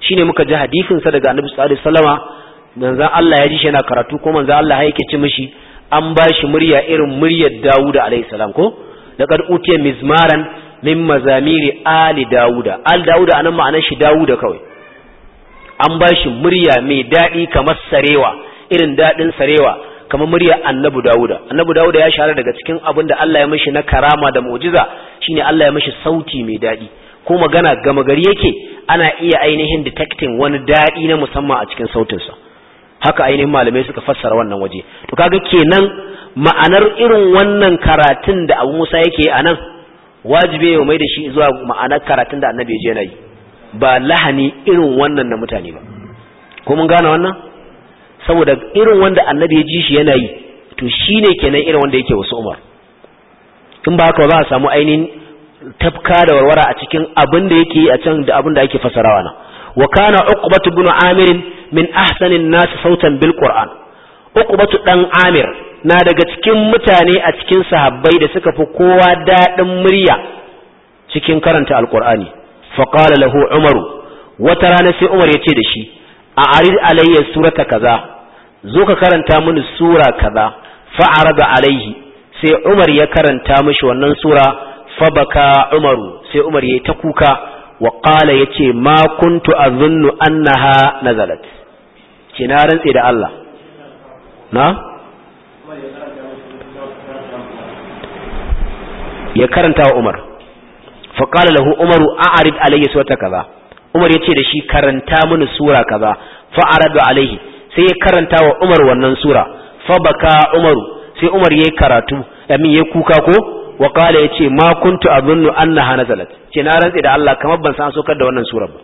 shine muka ji hadisin sa daga annabi sallallahu alaihi wasallama manzan Allah ya ji shi yana karatu ko manzan Allah ya yake ci mishi an ba shi murya irin muryar Dawuda alayhi salam ko laqad utiya mizmaran min mazamiri ali Dawuda al Dawuda anan ma'anar shi Dawuda kawai an ba shi murya mai dadi kamar sarewa irin dadin sarewa kamar murya annabi Dawuda annabi Dawuda ya share daga cikin abin da Allah ya mishi na karama da mu'jiza shine Allah ya mishi sauti mai dadi ko magana gama gari yake ana iya ainihin detecting wani dadi na musamman a cikin sautinsa haka ainihin malamai suka fassara wannan waje to kaga kenan ma'anar irin wannan karatun da Abu Musa yake a nan wajibi ya mai da shi zuwa ma'anar karatun da Annabi ya je nayi ba lahani irin wannan na mutane ba ko mun gane wannan saboda irin wanda Annabi ya ji shi yana yi to shine kenan irin wanda yake wasu Umar in ba haka ba a samu ainihin tafka da warwara a cikin abin da yake a can da abin da ake fasarawa na wa kana uqbatu ibn amirin min ahsanin nasu sautan bilkur'an, uku batu dan amir na daga cikin mutane a cikin sahabbai da suka fi kowa daɗin murya cikin karanta Alkur'ani. fa lahu umaru wata rana sai umar ya ce da shi a arid alayya surata kaza zo ka karanta mini sura kaza fa arada alayhi sai umar ya karanta mishi wannan sura fa baka umaru sai umar ya ta kuka wa qala yace ma kuntu azunnu annaha nazalat ce na rantse da Allah na ya karanta wa Umar fa qala lahu Umaru a'rid alayhi surata kaza Umar yace da shi karanta mini sura kaza fa aradu alayhi sai ya karanta wa Umar wannan sura fa Umaru sai Umar yayi karatu amin yayi kuka ko wa qala yace ma kuntu azunnu annaha nazalat ce na rantsi da Allah kamar ban san sokar da wannan sura ba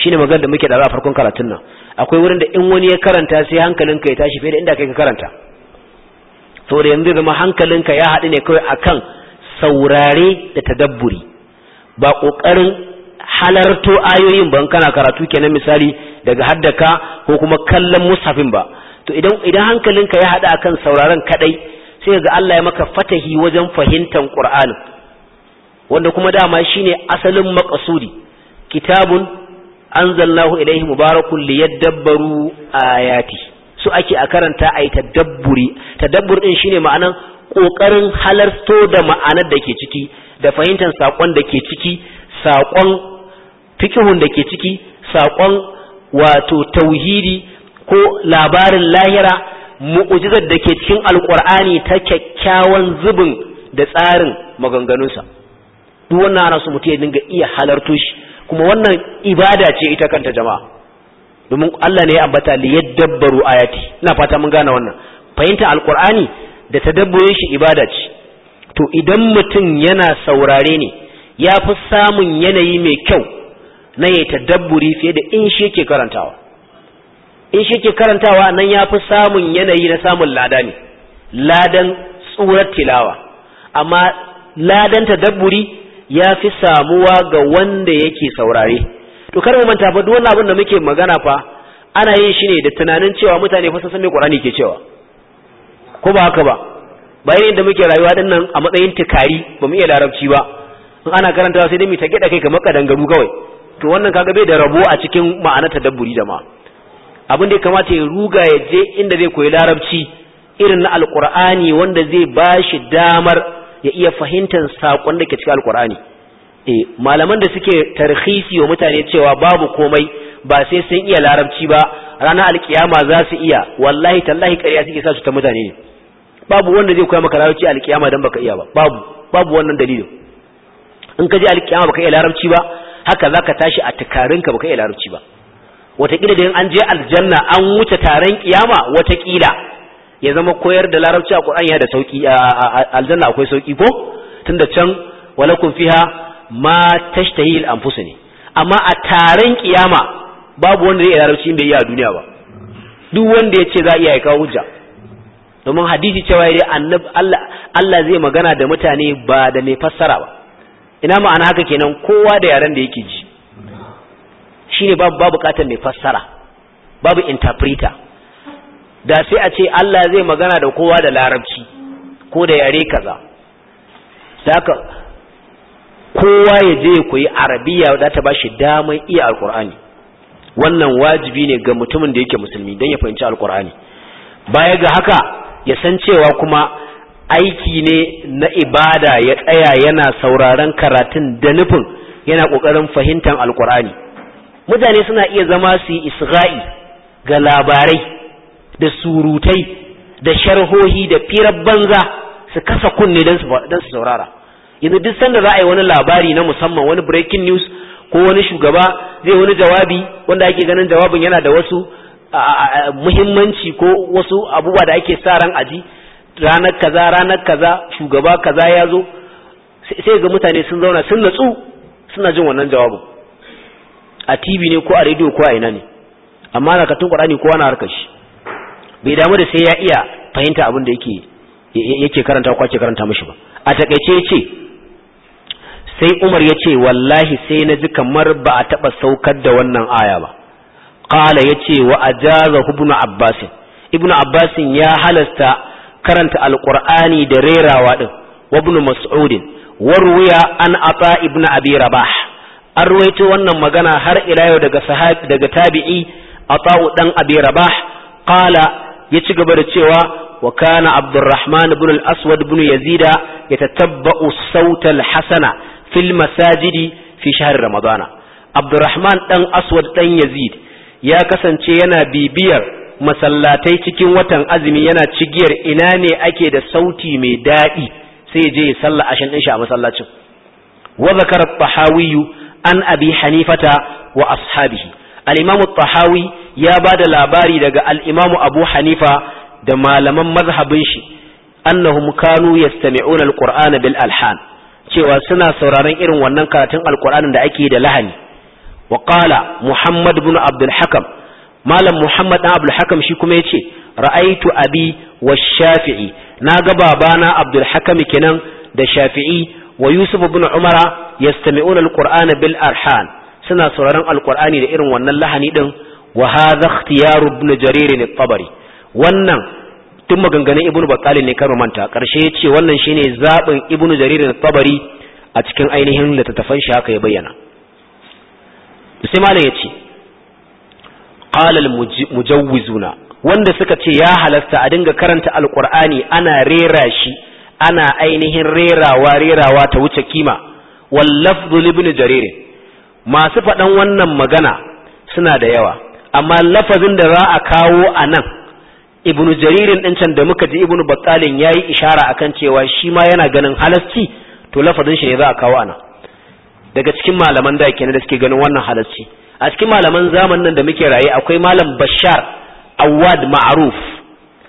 shine magana da muke da a farkon karatun nan akwai wurin da in wani ya karanta sai hankalinka ya tashi fiye da inda kai ka karanta saboda yanzu zama hankalinka ya haɗu ne kawai akan saurare da tadabburi ba ƙoƙarin halarto ayoyin ban kana karatu kenan misali daga haddaka ko kuma kallon mushafin ba to idan idan hankalinka ya haɗu akan sauraron kaɗai sai ga Allah ya maka fatahi wajen fahimtar Qur'ani wanda kuma dama shine asalin maqsudi kitabun anzalnahu ilaihi mubarakun liyadabbaru ayati su ake a karanta a yi tadabburi tadabbur din shine ma'anan kokarin halarto da ma'anar dake ciki da fahimtar sakon da ciki sakon fikihun da ciki sakon wato tauhidi ko labarin lahira mu'ujizar da ke cikin alkur'ani ta kyakkyawan zubin da tsarin maganganunsa duk wannan ana so mutum ya dinga iya halarto shi kuma wannan ibada ce ita kanta jama'a domin Allah ne ya ambata li yadabbaru ayati ina fata mun gane wannan fahimta alqur'ani da tadabburin shi ibada ce to idan mutum yana saurare ne ya fi samun yanayi mai kyau na ya tadabburi fiye da in shi yake karantawa in shi yake karantawa nan ya fi samun yanayi na samun lada ne ladan tsurar tilawa amma ladan tadabburi ya fi samuwa ga wanda yake saurare to kar mu manta fa duk wannan abin da muke magana fa ana yin shi ne da tunanin cewa mutane fa san me Qur'ani ke cewa ko ba haka ba bayan da muke rayuwa din nan a matsayin tikari ba mu iya larabci ba in ana karantawa sai dai mu ta gida kai kamar kadangaru kawai to wannan kaga bai da rabo a cikin ma'anar tadabburi jama'a abin da ya kamata ya ruga ya je inda zai koyi larabci irin na alqur'ani wanda zai bashi damar ya iya fahimtar sakon da ke cikin alkur'ani eh malaman da suke tarhisi wa mutane cewa babu komai ba sai sun iya larabci ba ranar alkiyama za su iya wallahi tallahi ƙarya suke sa su ta mutane ne babu wanda zai koya maka larabci alkiyama don baka iya ba babu babu wannan dalilin in ka je alkiyama baka iya larabci ba haka za ka tashi a tukarinka baka iya larabci ba Wataƙila da an je aljanna an wuce taron ƙiyama Wataƙila. ya zama koyar da larabci a Qur'ani ya da sauki aljanna akwai sauki ko tunda can walakum fiha ma tashtahi al-anfus ne amma a taron kiyama babu wanda zai larabci bai yi a duniya ba duk wanda ya ce za iya ya kawo hujja domin hadisi cewa dai annab Allah Allah zai magana da mutane ba da mai fassara ba ina ma'ana haka kenan kowa da yaren da yake ji shine babu babu katan mai fassara babu interpreter da sai a ce Allah zai magana da kowa da larabci ko da yare kaza saka kowa ya je ya koyi arabiya da ta bashi daman iya alkur'ani wannan wajibi ne ga mutumin da yake musulmi don ya fahimci alkur'ani baya ga haka ya san cewa kuma aiki ne na ibada ya tsaya yana sauraron karatun da nufin yana kokarin fahimtar alkur'ani mutane suna iya zama su yi isra'i ga labarai da surutai da sharhohi da firar banza su kasa kunne don su saurara yanzu duk sanda za a yi wani labari na musamman wani breaking news ko wani shugaba zai wani jawabi wanda ake ganin jawabin yana da wasu muhimmanci ko wasu abubuwa da ake sa ran aji ranar kaza ranar kaza shugaba kaza ya zo sai ga mutane sun zauna sun natsu suna jin wannan jawabin a tv ne ko a rediyo ko a ina ne amma na katun ƙwarani kowa na harkar shi bai damu da sai ya iya fahimta abin da yake yake karanta ko ake karanta mishi ba a takeice yace sai Umar yace wallahi sai na ji kamar ba a taba saukar da wannan aya ba qala yace wa ajaza ibn abbas ibn abbas ya halasta karanta alqur'ani da rerawa din wa ibn mas'ud an ata ibn abi rabah an ruwaito wannan magana har ila yau daga sahabi daga tabi'i ata'u dan abi rabah qala ya ci gaba da cewa wa kana abdurrahman ibn al-aswad ibn yazida tatabba'u sautal al-hasana fil masajidi fi shahr ramadana abdurrahman dan aswad dan yazid ya kasance yana bibiyar masallatai cikin watan azumi yana cigiyar ina ne ake da sauti mai daɗi sai ya je ya salla ashin din shi a masallacin wa zakara tahawiyu an abi hanifata wa ashabihi alimamu tahawi ya ba da labari daga alimamu abu hanifa da malaman mazhabin shi annahum kanu yastami'una al bil alhan cewa suna sauraron irin wannan karatun alqur'anin da ake da lahani wa muhammad bin abdul hakam malam muhammad ibn abdul hakam shi kuma yace ra'aitu abi wa shafi'i na ga babana abdul hakam kenan da shafi'i wa yusuf ibn umara ya al-qur'ana bil arhan suna sauraron alkur'ani da irin wannan lahani din wa hadha ikhtiyaru ibn jarir al-tabari wannan tun maganganun ibnu bakali ne kar manta karshe yace wannan shine zabin ibnu jarir al-tabari a cikin ainihin littattafan shi haka ya bayyana sai malam yace qala al-mujawwizuna wanda suka ce ya halasta a dinga karanta alkur'ani ana rera shi ana ainihin rerawa rerawa ta wuce kima wallafdhu ibn jarir masu faɗan wannan magana suna da yawa amma lafazin da za a kawo a nan ibnu jaririn ɗin can da muka ji ibnu battalin ya yi ishara a kan cewa shi ma yana ganin halasci to lafazin shi ne za a kawo a nan daga cikin malaman da ne da suke ganin wannan halasci a cikin malaman zamanin nan da muke raye akwai malam bashar awad ma'aruf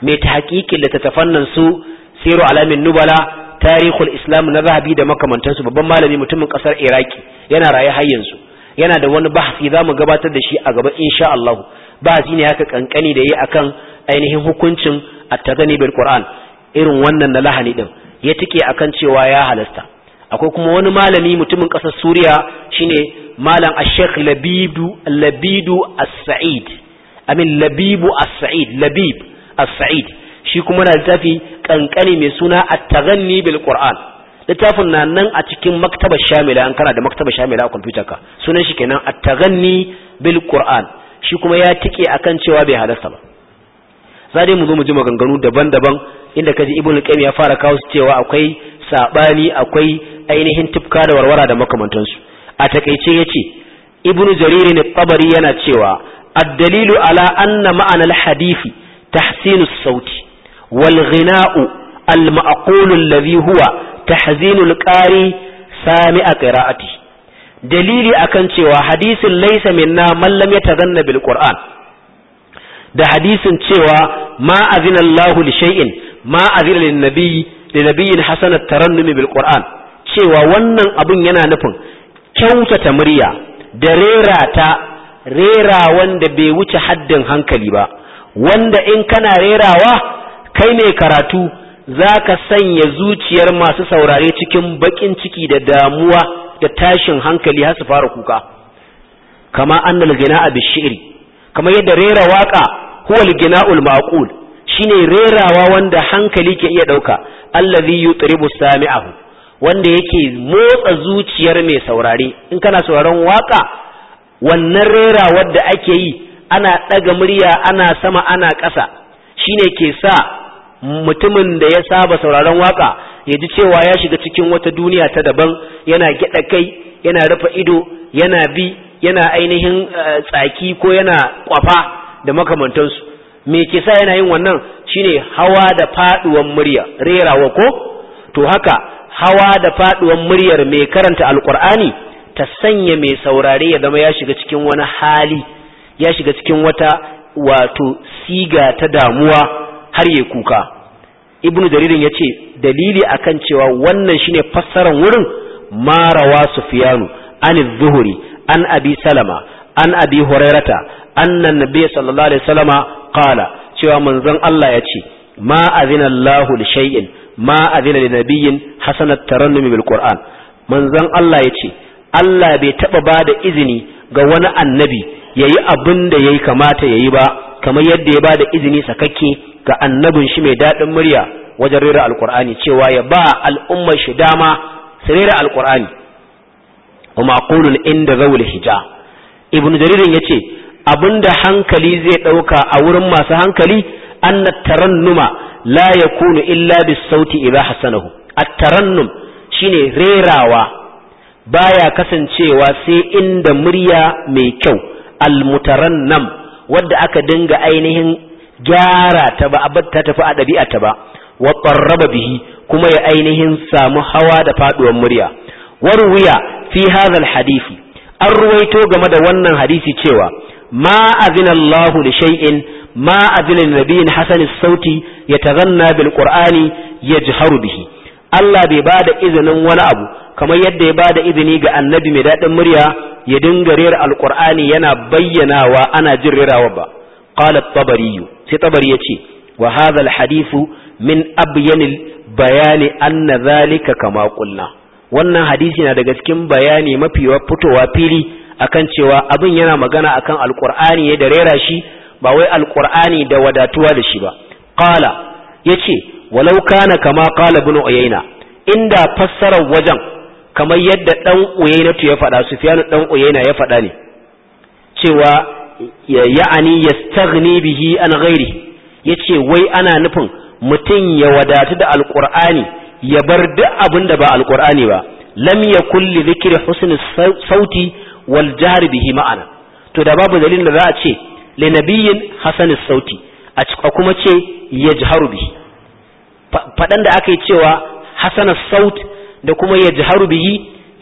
mai ta hakikin ta nan su siru alamin nubala tarihul islam na zahabi da makamantansu babban malami mutumin kasar iraki yana raye har yanzu yana da wani bahasi za mu gabatar da shi a gaba insha Allah bahasi ne haka kankani da yi akan ainihin hukuncin at-tazani bil Qur'an irin wannan na lahani din ya tike akan cewa ya halasta akwai kuma wani malami mutumin ƙasar Suriya shine malam Ash-Sheikh Labidu Labidu As-Sa'id amin Labibu As-Sa'id Labib As-Sa'id shi kuma na littafi kankani mai suna at-tazani bil Qur'an littafin na nan a cikin maktaba shamila an kana da maktaba shamila a kwamfutar ka sunan shi kenan a taganni bil qur'an shi kuma ya tike akan cewa bai halasta ba za dai mu zo mu ji maganganu daban-daban inda kaji ibn qayyim ya fara kawo su cewa akwai sabani akwai ainihin tufka da warwara da makamantansu a takeice yace ibn jarir ne tabari yana cewa ad-dalilu ala anna ma'anar hadifi hadisi tahsinu sauti wal ghina'u al-ma'qul alladhi huwa tahzinul qari sami'a qira'ati dalili akan cewa hadisin laysa minna man lam yatazanna bil qur'an da hadisin cewa ma azina Allahu li shay'in ma azina lin nabiy li tarannum bil qur'an cewa wannan abun yana nufin kyautata murya da rera ta rera wanda bai wuce haddin hankali ba wanda in kana rerawa kai ne karatu za ka sanya zuciyar masu saurare cikin baƙin ciki da damuwa da tashin hankali har su fara kuka kama annal gina a bishiri kamar yadda rera waƙa huwal gina'ul maqul shine rerawa wanda hankali ke iya ɗauka allazi yutribu sami'ahu wanda yake motsa zuciyar mai saurare in kana sauraron waƙa wannan rera wadda ake yi ana ɗaga murya ana sama ana ƙasa shine ke sa mutumin da ya saba sauraron waka ya ji cewa ya shiga cikin wata duniya ta daban yana gyada kai yana rufe ido yana bi yana ainihin eh, tsaki ko yana kwafa da makamantansu me ke sa yana yin wannan shine hawa da faduwan murya rerawa ko to haka hawa da faduwan muryar mai karanta alkur'ani ta sanya mai saurare ya zama ya shiga cikin wani hali ya shiga cikin wata wato siga ta damuwa har ya kuka ibnu jaririn ya ce dalili akan cewa wannan shine fassarar wurin marawa sufiyanu an zuhuri an abi salama an abi hurairata annan nabiy sallallahu alaihi wasallama qala cewa manzon Allah ya ce ma azina Allahu li shay'in ma azina li nabiyyin hasanat tarannum bil qur'an manzon Allah ya ce Allah bai taba bada izini ga wani annabi yayi abin da yayi kamata yayi ba kamar yadda ya bada izini sakakke ga annabin shi mai daɗin murya wajen rera alkur'ani cewa ya ba al'ummar shi dama su rera alkur'ani wa maqulun inda zawul hija ibnu jaririn yace abinda hankali zai dauka a wurin masu hankali anna tarannuma la yakunu illa bis sauti idha hasanahu at-tarannum shine rerawa baya kasancewa sai inda murya mai kyau al-mutarannam wanda aka dinga ainihin gyara ta ba abar ta tafi a ɗabi'a ta ba wa qarraba bihi kuma ya ainihin samu hawa da faɗuwar murya wuya fi hazal hadisi an ruwaito game da wannan hadisi cewa ma azina Allahu li shay'in ma azina nabiyyin hasan sauti yatazanna bil qur'ani yajharu bihi Allah bai bada izinin wani abu kamar yadda ya ba da izini ga annabi mai daɗin murya ya dinga rera alqur'ani yana bayyanawa ana jin rerawa ba qala at-tabari sai tabari ya ce wa hadha alhadithu min abyanil bayani anna zalika kama qulna wannan hadisi na daga cikin bayani mafi fitowa fili akan cewa abin yana magana akan alqur'ani da rera shi ba wai alqur'ani da wadatuwa da shi ba qala yace walau kana kama qala ibn uyayna inda fassarar wajen kamar yadda dan uyaynatu ya faɗa sufyanu dan uyayna ya faɗa ne cewa ya'ani yastaghni bihi an ghairi yace wai ana nufin mutum ya wadatu da alqur'ani ya bar duk abin da ba alqur'ani ba lam yakul li dhikri husni sauti wal jahr bihi ma'ana to da babu dalilin da za a ce li nabiyyin hasani sauti a kuma ce yajharu bihi fadan da aka yi cewa hasana saut da kuma yajharu bihi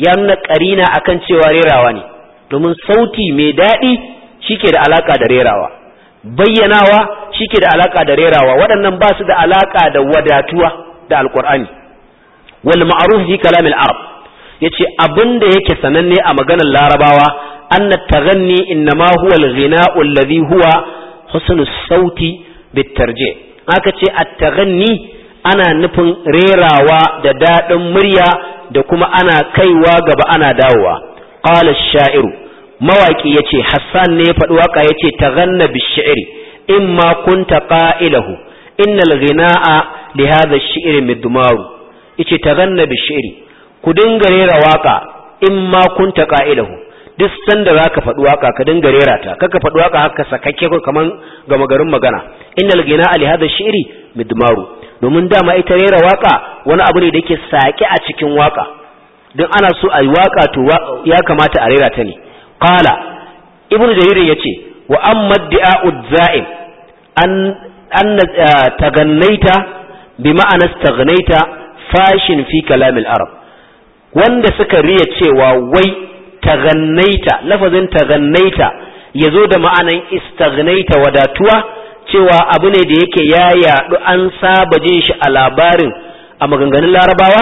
ya nuna karina akan cewa rerawa ne domin sauti mai daɗi shike da alaka da rerawa bayyanawa shike da alaka da rerawa waɗannan ba su da alaka da wadatuwa da alƙur'ani wal ma'ruf fi kalam Ya ce yace da yake sananne a maganar larabawa anna taganni innama huwa al ghina'u alladhi huwa husnu sauti bit aka ce at-taghanni ana nufin rerawa da daɗin murya da kuma ana kaiwa gaba ana dawowa qala shairu mawaki ce Hassan ne ya faɗi waƙa ya ce waka yace taghanna bish-shi'ri imma kunta qailahu innal ghinaa li hadha mai dumaru midmaru ce ta ganna shiri ku dinga rera waƙa in ma kun ta ƙa'ilahu duk sanda ka faɗi waƙa ka dinga rera ta kaka faɗi waƙa haka sakakke ko kaman gama garin magana innal ghinaa li hadha ash mai dumaru domin dama ita rera waƙa wani abu ne da yake sake a cikin waƙa don ana so a yi waƙa to ya kamata a rera ta ne qala ibnu jarir yace wa amma di'a'u za'im an an ah, tagannaita bi ma'ana tagannaita fashin fi kalamil arab wanda suka riya cewa wai tagannaita lafazin tagannaita yazo da ma'anan istagnaita wadatuwa cewa abu ne da yake ya yadu an saba jin shi a labarin a maganganun larabawa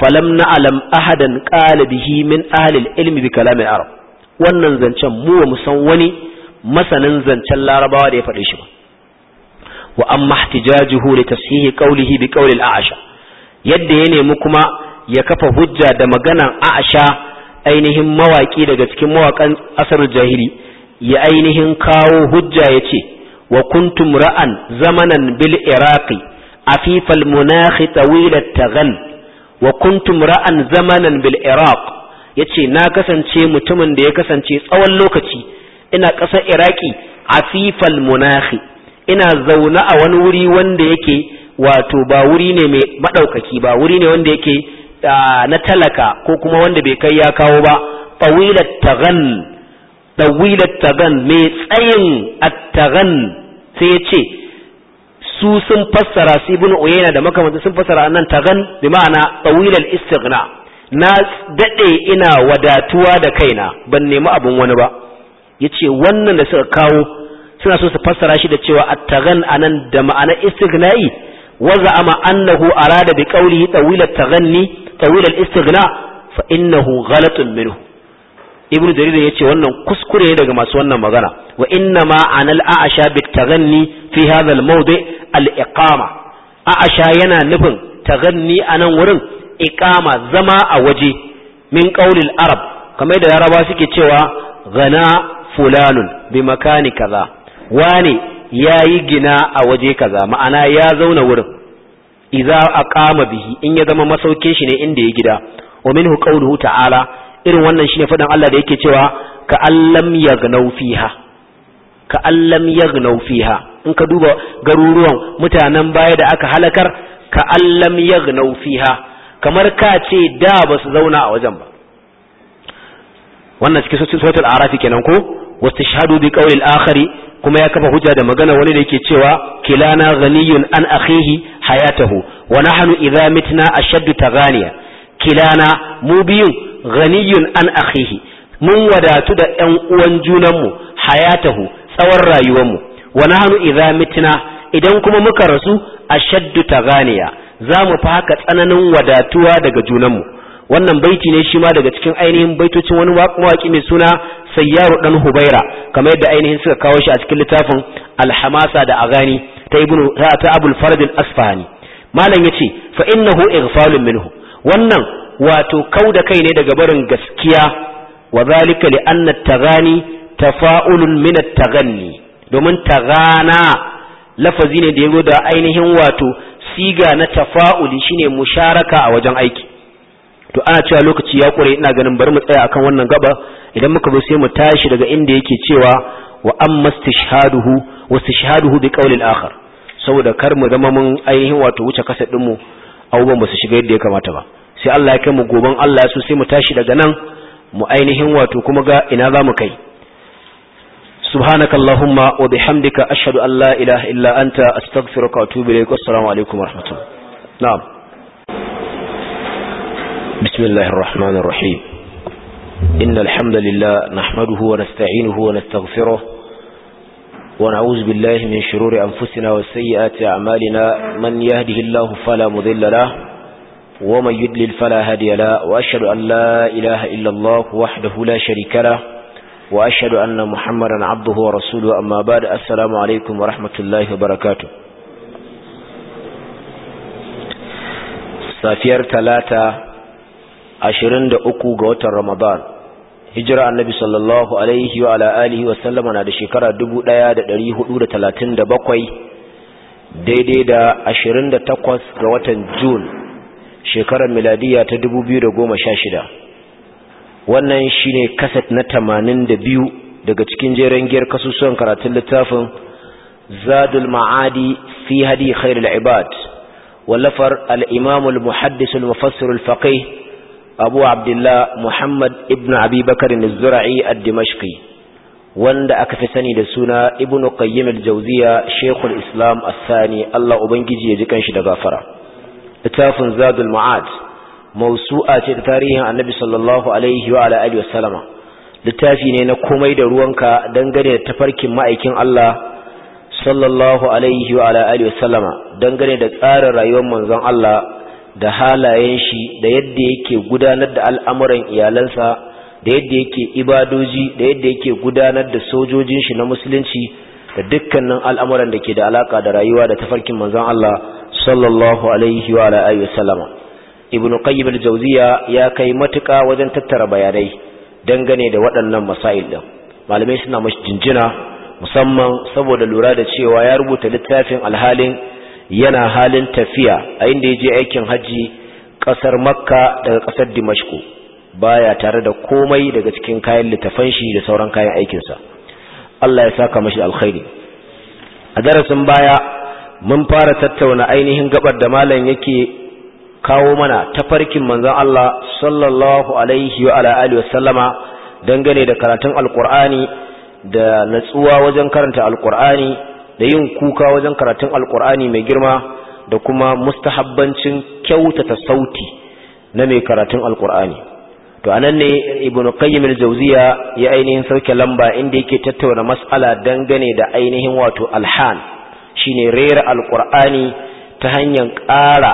falam na alam ahadan qala bihi min ahli ilmi bi kalamil arab wannan zancen mu wa san wani masanin zancen larabawa da ya faɗi shi ba wa amma ihtijajuhu li tasihi qawlihi bi qawli asha yadda ya nemi kuma ya kafa hujja da maganan a'asha ainihin mawaki daga cikin mawakan asar jahili ya ainihin kawo hujja ya ce wa kuntum ra'an zamanan bil iraqi afifal munakhi tawil at wa kuntum ra'an zamanan bil iraq Ya ce na kasance mutumin da ya kasance tsawon lokaci ina ƙasar iraki a fifal munahi ina zaune a wani wuri wanda yake wato ba wuri ne mai maɗaukaki ba wuri ne wanda yake na talaka ko kuma wanda bai kai ya kawo ba tawilat tagan tawilat tagan mai tsayin tagan sai ya ce su sun fassara su ibn uyayna da makamantan sun fassara annan tagan bi ma'ana tawilal istighna na daɗe ina wadatuwa da kaina ban nemi abin wani ba ya ce wannan da suka kawo suna so su fassara shi da cewa attagan a nan da ma'ana istigna'i waza ama annahu arada bi qawlihi tawilat taganni tawilal istigna fa innahu ghalatun minhu ibnu jarir yace wannan kuskure daga masu wannan magana wa inna ma a'asha bi taganni fi hadha al mawdi' al iqama a'asha yana nufin taganni anan wurin iqama zama a waje min qaulil arab kamar da yaraba suke cewa gana fulanun bi makani kaza wane yayi gina a waje kaza ma'ana ya zauna wurin iza a aqama bihi in ya zama masaukin shi ne inda ya gida wa minhu qauluhu ta'ala irin wannan shine faɗin Allah da yake cewa ka allam yagnau fiha ka allam yagnau fiha in ka duba garuruwan mutanen baya da aka halakar ka allam yagnau fiha kamar ka ce da ba su zauna a wajen ba wannan cikin suratul arafi kenan ko wasu shahadu bi qawlil akhari kuma ya kafa hujja da magana wani da yake cewa kilana ganiyun an akhihi hayatahu wa nahnu idha mitna ashaddu taghaniya kilana mu biyun ganiyun an akhihi mun wadatu da ƴan uwan junanmu hayatahu tsawon rayuwarmu wa nahnu idha mitna idan kuma muka rasu ashaddu taghaniya za mu fi haka tsananin wadatuwa daga junanmu wannan baiti ne shi ma daga cikin ainihin baitocin wani mawaƙi mai suna sayyaru ɗan hubaira kamar yadda ainihin suka kawo shi a cikin littafin alhamasa da agani ta ibnu ta abul farad asfahani malam ya ce fa innahu ighfalun minhu wannan wato kau da kai ne daga barin gaskiya wa zalika li anna tagani tafa'ulun min at-taghanni domin tagana lafazi ne da yazo da ainihin wato siga na tafa'uli shine musharaka a wajen aiki to ana cewa lokaci ya kure ina ganin bari mu tsaya akan wannan gaba idan muka zo sai mu tashi daga inda yake cewa wa amma istishhaduhu wa istishhaduhu bi al akhar saboda kar mu zama mun ainihin wato wuce kasar din mu abubuwan ba su shiga yadda ya kamata ba sai Allah ya kai mu goban Allah ya so sai mu tashi daga nan mu ainihin wato kuma ga ina za mu kai سبحانك اللهم وبحمدك أشهد أن لا إله إلا أنت أستغفرك وأتوب إليك والسلام عليكم ورحمة الله نعم بسم الله الرحمن الرحيم إن الحمد لله نحمده ونستعينه ونستغفره ونعوذ بالله من شرور أنفسنا وسيئات أعمالنا من يهده الله فلا مضل له ومن يدلل فلا هادي له وأشهد أن لا إله إلا الله وحده لا شريك له وأشهد أن محمدا عبده ورسوله أما بعد السلام عليكم ورحمة الله وبركاته سافير ثلاثة عشرين دقوق وتر رمضان هجرة النبي صلى الله عليه وعلى آله وسلم أنا دشكرا دبو دايا دريه أولى ثلاثين دبقوي daidai da 28 ga watan Jun shekarar miladiya ta 2016 wannan shine kaset na tamanin da biyu daga cikin jeren giyar kasusuwan karatun littafin zadul ma'adi fi hadi khairul ibad wallafar al-imam al-muhaddis al faqih abu abdullah muhammad ibn abi bakr az-zura'i ad-dimashqi wanda aka fi sani da suna ibn qayyim al-jawziya shaykhul islam as-sani Allah ubangiji ya ji kanshi da gafara littafin zadul ma'ad mausu'a ce ta tarihin annabi sallallahu alaihi wa ala alihi wasallama littafi ne na komai da ruwanka dangane da tafarkin ma'aikin Allah sallallahu alaihi wa ala alihi wasallama dangane da tsarin rayuwar manzon Allah da halayen shi da yadda yake gudanar da al'amuran iyalansa da yadda yake ibadoji da yadda yake gudanar da sojojin shi na musulunci da dukkanin al'amuran da ke da alaka da rayuwa da tafarkin manzon Allah sallallahu alaihi wa ala alihi wasallama ibn qayyim al-jawziya ya kai matuka wajen tattara bayanai dangane da waɗannan masail din malamai suna mashi jinjina musamman saboda lura da cewa ya rubuta littafin alhalin yana halin tafiya a inda ya je aikin hajji ƙasar makka daga ƙasar dimashku baya tare da komai daga cikin kayan littafan shi da sauran kayan aikinsa Allah ya saka mashi alkhairi a darasin baya mun fara tattauna ainihin gabar da malam yake kawo mana tafarkin manzan Allah sallallahu alaihi wa ala dangane da karatun alkur'ani da natsuwa wajen karanta alkur'ani da yin kuka wajen karatun alkur'ani mai girma da kuma mustahabbancin kyautata sauti na mai karatun alkur'ani to anan ne ibnu qayyim al ya ainihin sauke lamba inda yake tattauna mas'ala dangane da ainihin wato alhan shine rera alkur'ani ta hanyar ƙara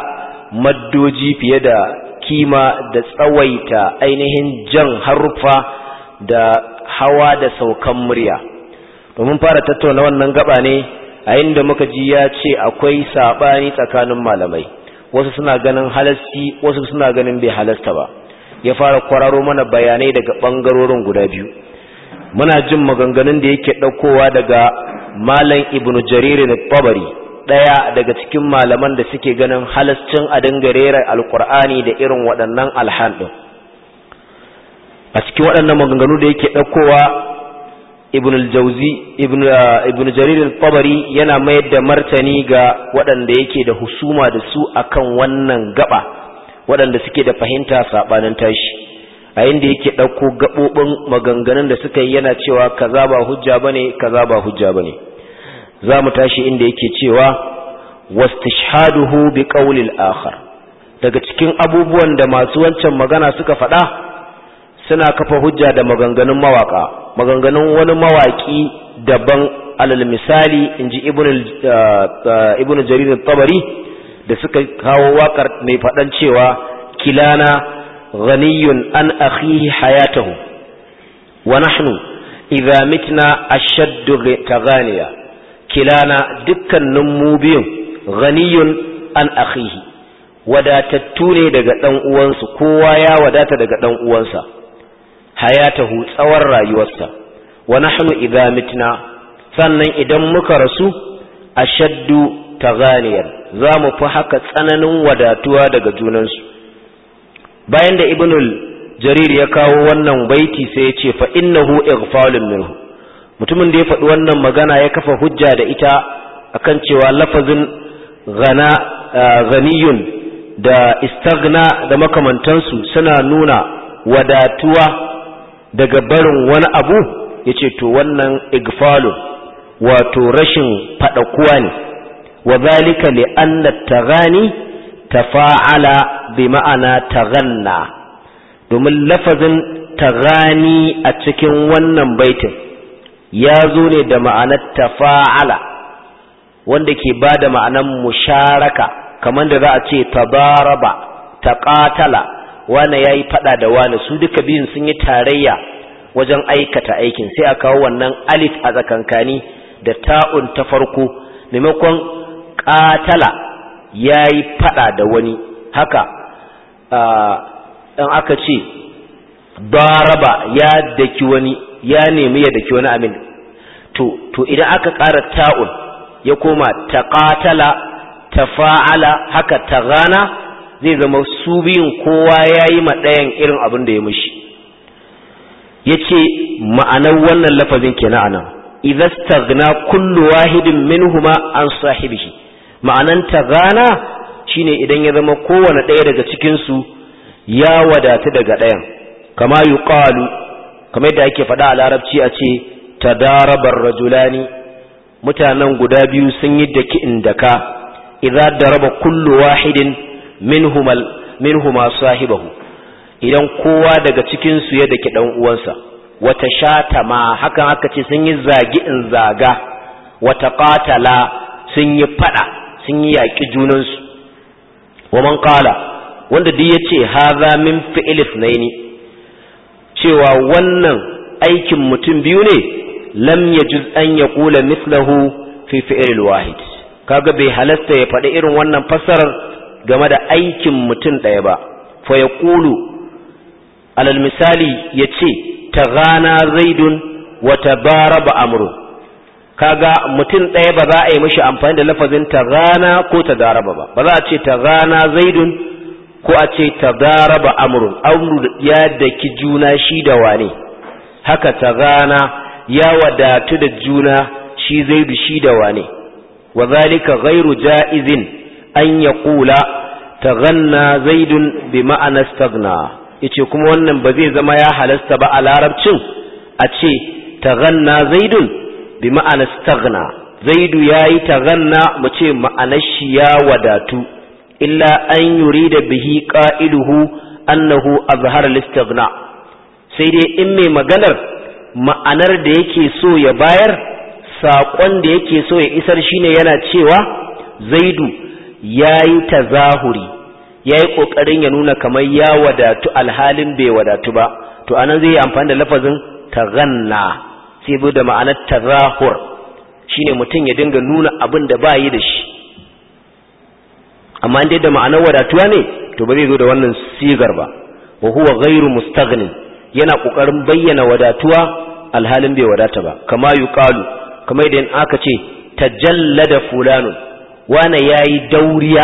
maddoji fiye da kima da tsawaita ainihin jan haruffa da hawa da saukan murya domin fara tattauna wannan gaba ne a inda muka ji ya ce akwai saɓani tsakanin malamai wasu suna ganin halasci wasu suna ganin bai halasta ba ya fara kwararo mana bayanai daga ɓangarorin guda biyu muna jin maganganun da yake ɗaukowa daga malam ibnu jaririn tabari ɗaya daga cikin malaman da suke ganin halascin a dangarera alkur'ani da irin waɗannan alhan ɗin a cikin waɗannan maganganu da yake ɗaukowa uh, ibn jarir al-tabari yana mayar da martani ga waɗanda yake da husuma da su akan wannan gaba waɗanda suke da fahimta saɓanin tashi a inda yake ɗauko gaɓoɓin maganganun da suka yi yana cewa kaza ba hujja bane kaza ba hujja bane za mu tashi inda yake cewa wastishhaduhu bi qawlil akhar daga cikin abubuwan da masu wancan magana suka faɗa suna kafa hujja da maganganun mawaka maganganun wani mawaki daban alal misali inji Ibn uh, uh, ibnu jarir tabari da suka kawo wakar mai faɗan cewa kilana ghaniyun an akhihi hayatahu wa nahnu idza mitna ashaddu taghaniya kilana dukkanin mu biyun ghaniyun an akhihi wadatattu ne daga dan uwansu kowa ya wadata daga dan uwansa hayatahu tsawon rayuwarsa wa nahnu idza mitna sannan idan muka rasu ashaddu ta za zamu fi haka tsananin wadatuwa daga junansu bayan da ibnul jarir ya kawo wannan baiti sai ya ce fa innahu ighfalun minhu mutumin da ya faɗi wannan magana ya kafa hujja da ita akan cewa lafazin gana ganiyun da istagna da makamantansu suna nuna wadatuwa daga barin wani abu ya ce to wannan igfalu wato rashin faɗakuwa ne wa zalika li anna ta tafa'ala bi ma'ana taghanna domin lafazin taghani a cikin wannan baitin ya zo ne da ma'anar tafa'ala wanda ke ba da ma'anar musharaka kamar da za a ce tabaraba taqatala wane yayi fada da wane su duka biyun sun yi tarayya wajen aikata aikin sai a kawo wannan alif a tsakankani da ta'un ta farko maimakon qatala yayi fada da wani haka in aka ce baraba ya daki wani ya nemi ya daki wani amin to to idan aka ƙara ta'un ya koma taqatala tafa'ala haka tagana zai zama su biyun kowa yayi ma ɗayan irin abin da ya mishi yace ma'anar wannan lafazin kenan anan idza staghna kullu wahidin minhuma an sahibihi ma'anan tagana shine idan ya zama kowane ɗaya daga cikin su ya wadatu daga ɗayan kama yuqalu kamar yadda ake faɗa a larabci a ce tadarabar rajulani mutanen guda biyu sun yi daki indaka idza daraba kullu wahidin minhumal minhuma sahibahu idan kowa daga cikinsu ya daki dan uwansa wata shata ma hakan aka ce sun yi zagi in zaga wata qatala sun yi fada sun yi yaƙi junansu wa man qala wanda duk yace hadha min fi'l ithnaini cewa wannan aikin mutum biyu ne lam yajuz an kula mislahu fi fi'l wahid kaga bai halasta ya faɗi irin wannan fassarar game da aikin mutum ɗaya ba fa yaqulu alal misali ta taghana zaidun wa tabaraba amru kaga mutum ɗaya ba za a yi mishi amfani da lafazin rana ko ta tadaraba ba ba za a ce ta taghana zaidun ko a ce tadaraba amrun amru ya daki juna shi da wane haka ta tagana ya wadatu da juna shi zaidu shi da wane wa zalika ghairu jaizin an ya kula ta taganna zaidun bi ma'ana Ya ce kuma wannan ba zai zama ya halasta ba a larabcin a ce ta taganna zaidun bi ma'ana istagna zaidu yayi taganna mu ce ma'anar shi ya wadatu illa an yurida bihi qa'iluhu annahu azhara al-istighna sai dai in mai maganar ma'anar da yake so ya bayar saƙon da yake so ya isar shine yana cewa zaidu yayi tazahuri yayi kokarin ya nuna kamar ya wadatu alhalin bai wadatu ba to anan zai yi amfani da lafazin taganna sai bi da ma'anar tazahur shine mutum ya dinga nuna abin da ba yi da shi amma inda da ma'anar wadatuwa ne to ba zai zo da wannan sigar ba wa huwa ghairu mustaghni yana kokarin bayyana wadatuwa alhalin bai wadata ba kama yuqalu kamar idan aka ce tajallada fulanu wana yayi dauriya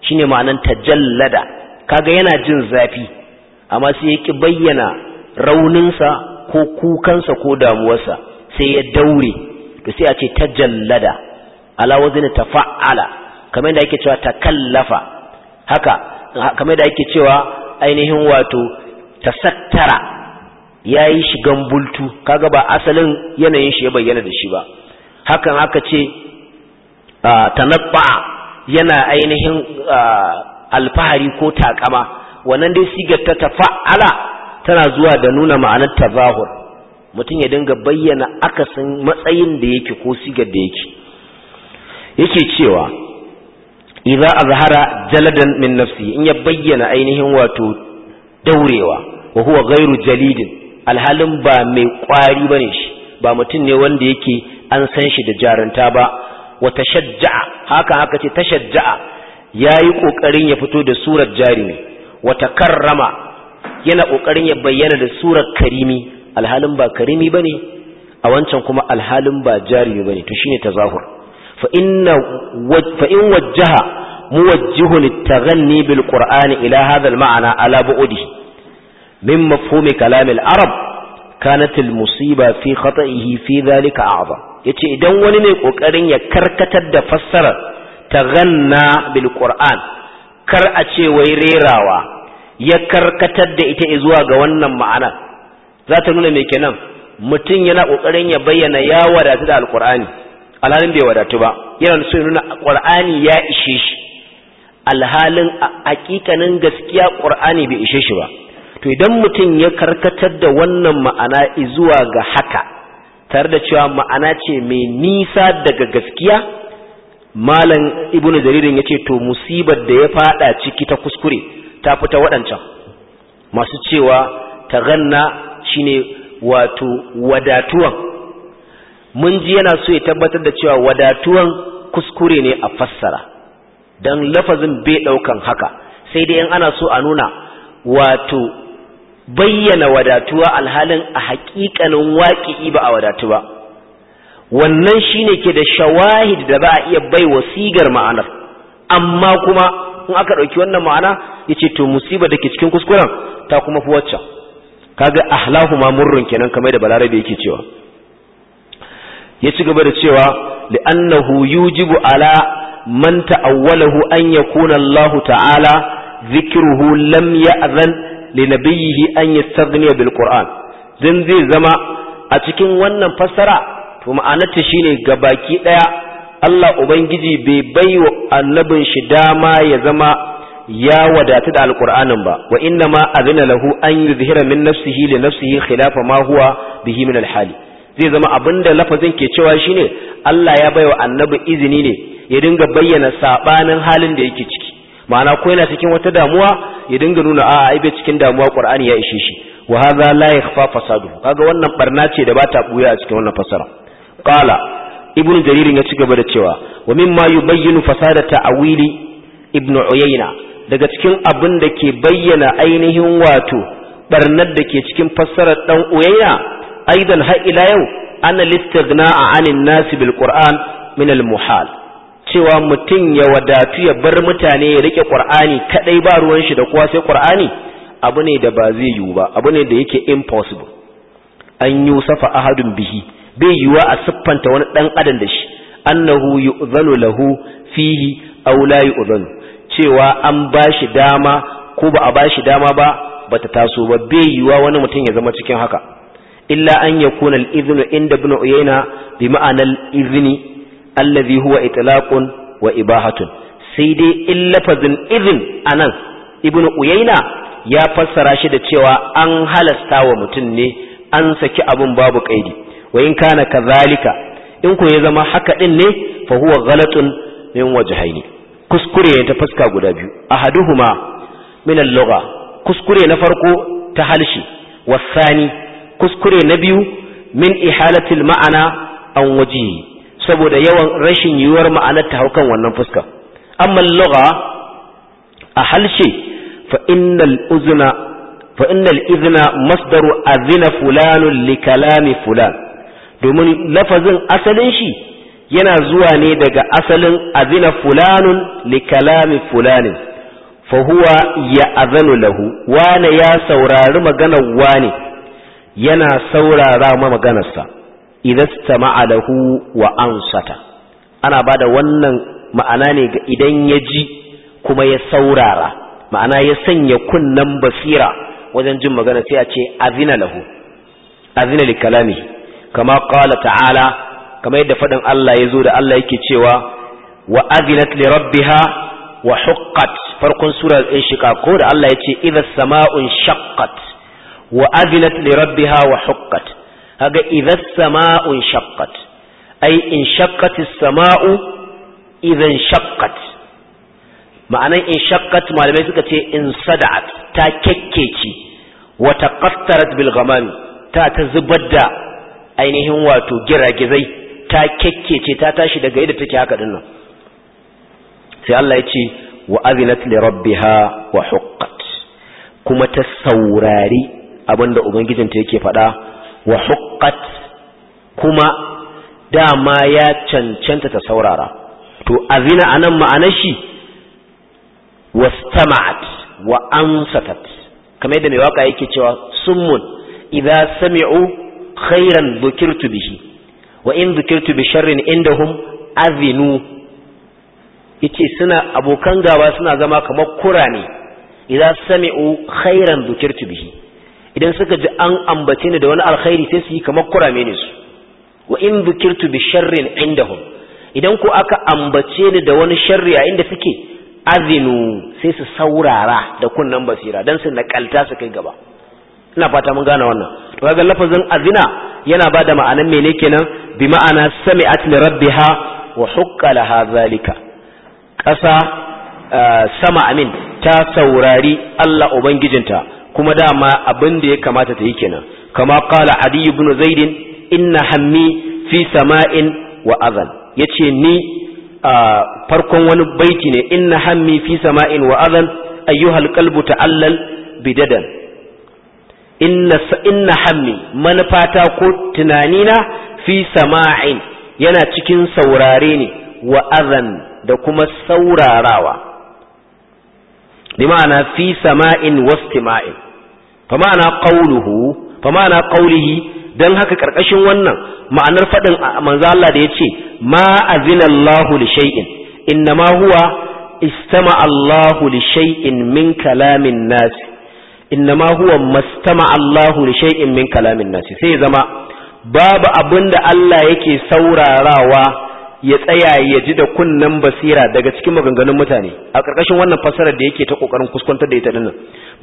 shine ma'anar tajallada kaga yana jin zafi amma sai yake bayyana rauninsa ko kukansa ko damuwarsa sai ya daure to sai a ce tajallada ala wazin tafa'ala kamar da ake cewa takallafa haka kamar da ake cewa ainihin wato tasattara yayi shigan bultu kaga ba asalin yanayin shi ya bayyana da shi ba hakan aka ce tanabba yana ainihin alfahari ko takama wannan dai sigar ta tafa'ala tana zuwa da nuna ma'anar tazahur mutum ya dinga bayyana akasin matsayin da yake ko sigar da yake yake cewa idza azhara jaladan min nafsi in ya bayyana ainihin wato daurewa wa huwa ghairu jalidin alhalin ba mai kwari bane shi ba mutum ne wanda yake an san shi da jaranta ba wa tashajja'a haka haka ce ya yayi ƙoƙarin ya fito da surar jarumi, wata karrama yana ƙoƙarin ya bayyana da surar karimi alhalin ba karimi bane a wancan kuma alhalin ba jarimi bane to shine tazahur فإن فإن وجه موجه للتغني بالقرآن إلى هذا المعنى على بعده من مفهوم كلام العرب كانت المصيبة في خطئه في ذلك أعظم yace idan wani mai kokarin ya karkatar da fassarar taghanna bil bilƙur'an kar a ce wai rerawa ya karkatar da ita zuwa ga wannan ma'anar za ta nuna mai kenan mutum yana ƙoƙarin ya bayyana ya wadatu da alhalin bai wadatu ba yana so ya nuna qur'ani ya ishe shi alhalin hakikanin gaskiya qur'ani bai ishe shi ba to idan mutum ya karkatar da wannan ma'ana zuwa ga haka tare da cewa ma'ana ce mai nisa daga gaskiya malam ibnu jaririn yace to musibar da ya fada ciki ta kuskure ta fita waɗancan masu cewa taganna shine wato wadatuwan mun ji yana so ya tabbatar da cewa wadatuwan kuskure ne a fassara don lafazin bai ɗaukan haka sai dai in ana so a nuna wato bayyana wadatuwa alhalin a haƙiƙanin waƙi'i ba a wadatu ba wannan shine ke da shawahid da ba a iya bai wasigar ma'anar amma kuma in aka ɗauki wannan ma'ana ya ce to musiba dake cikin kuskuren ta kuma fi waccan kaga ahlahu ma murrun kenan kamar da balarabe yake cewa ya ci gaba da cewa li'annahu yujibu ala man ta'awwalahu an yakuna Allah ta'ala zikruhu lam ya'zan li nabiyhi an yastaghniya bil Qur'an dan zai zama a cikin wannan fassara to ma'anarta shine gabaki daya Allah ubangiji bai baiwa annabin shi dama ya zama ya wadatu da alkur'anin ba wa inna ma azina lahu an yuzhira min nafsihi li nafsihi khilafa ma huwa bihi min alhali zai zama abin da lafazin ke cewa shi ne Allah ya baiwa annabi izini ne ya dinga bayyana sabanin halin da yake ciki ma'ana ko yana cikin wata damuwa ya dinga nuna a aibe cikin damuwa Qur'ani ya ishe shi wa hadha la yakhfa fasadu kaga wannan barna ce da ba ta buya a cikin wannan fasara qala ibn jarir ya ci gaba da cewa wa mimma yubayyinu fasada ta'wili ibn uyayna daga cikin abin da ke bayyana ainihin wato barnar da ke cikin fassarar dan uyayna aidan har ila yau ana listighna'a anin nasi bil qur'an min al muhal cewa mutum ya wadatu ya bar mutane ya rike qur'ani kadai ba ruwan shi da kowa sai qur'ani abu ne da ba zai yiwu ba abu ne da yake impossible an yusafa ahadun bihi bai yiwu a siffanta wani dan adam da shi annahu yu'zanu lahu fihi aw la yu'zanu cewa an bashi dama ko ba a bashi dama ba bata taso ba bai yiwa wani mutum ya zama cikin haka illa an yakuna al-idhnu inda ibn uyayna bi Izini al-idhni allazi huwa itlaqun wa ibahatun sai dai in lafazin izin anan ibn uyayna ya fassara shi da cewa an halasta wa mutum ne an saki abun babu kaidi wa in kana kadhalika in ko ya zama haka din ne fa huwa ghalatun min wajhaini kuskure ya ta guda biyu ahaduhuma min al-lugha kuskure na farko ta harshe wasani kuskure na biyu min ihalatil ma'ana an wajihi saboda yawan rashin yiwuwar ma'anar ta haukan wannan fuska amma lugha a halshe fa innal uzna fa innal izna masdaru azina fulanun li kalami fulan domin lafazin asalin shi yana zuwa ne daga asalin azina fulanun li kalami fulanin fa huwa ya azanu lahu wane ya saurari maganar wane yana saurara ma maganarsa idan sama'a lahu wa ansata ana bada wannan ma'ana ne ga idan ya ji kuma ya saurara ma'ana ya sanya kunnan basira wajen jin magana sai a ce azina lahu azina li kalami kama qala ta'ala kama yadda faɗin Allah yazo da Allah yake cewa wa azinat li rabbiha wa huqqat farkon sura al-inshiqaq ko da Allah yace idha sama'un shaqqat وأذنت لربها وحقت هذا إذا السماء انشقت أي انشقت السماء إذا انشقت معنى انشقت ما لم انصدعت تككيتي وتقطرت بالغمام تتزبد أينهم واتو جرى جزي تككيتي تتاشي دقائدة تكاكا دنا سي الله يتي وأذنت لربها وحقت كما تثوراري abinda ta yake faɗa wa huqqat kuma dama ya cancanta ta saurara to azina anan ma'anar shi wastama'at wa ansatat kamar yadda mai waka yake cewa summun idza sami'u khairan dhukirtu bihi wa in dhukirtu bi sharrin indahum azinu yace suna abokan gaba suna zama kamar kurani idza sami'u khairan dhukirtu bihi idan suka ji an ambace ni da wani alkhairi sai su yi kamar kurame ne su wa in dhukirtu bi sharrin indahum idan ko aka ambace ni da wani sharri a inda suke azinu sai su saurara da kunnan basira dan su nakalta su kai gaba ina fata mun gane wannan to kaga lafazin azina yana ba bada ma'anan mene kenan bi ma'ana sami'at li rabbiha wa hukka laha zalika ƙasa eh, sama amin ta saurari Allah ubangijinta kuma dama abin da ya kamata ta yi kenan kama kala adi ibn zaidin inna hammi fi sama'in wa azan yace ni farkon wani baiti ne inna hammi fi sama'in wa azan ayyuhal qalbu ta'allal bidadan inna inna hammi manfata ko tunanina fi sama'in yana cikin saurare ne wa azan da kuma saurarawa bi ma'ana fi sama'in wastima'in fa ma'ana qawluhu fa ma'ana qawlihi dan haka karkashin wannan ma'anar fadin manzo Allah da yace ma azina Allahu li shay'in innama huwa istama Allahu li shay'in min kalamin nas innama huwa mastama Allahu li shay'in min kalamin nas sai zama babu abinda Allah yake saurarawa ya tsaya ya ji da kunnan basira daga cikin maganganun mutane a ƙarƙashin wannan fasarar da yake ta ƙoƙarin kuskwantar da ita dinnan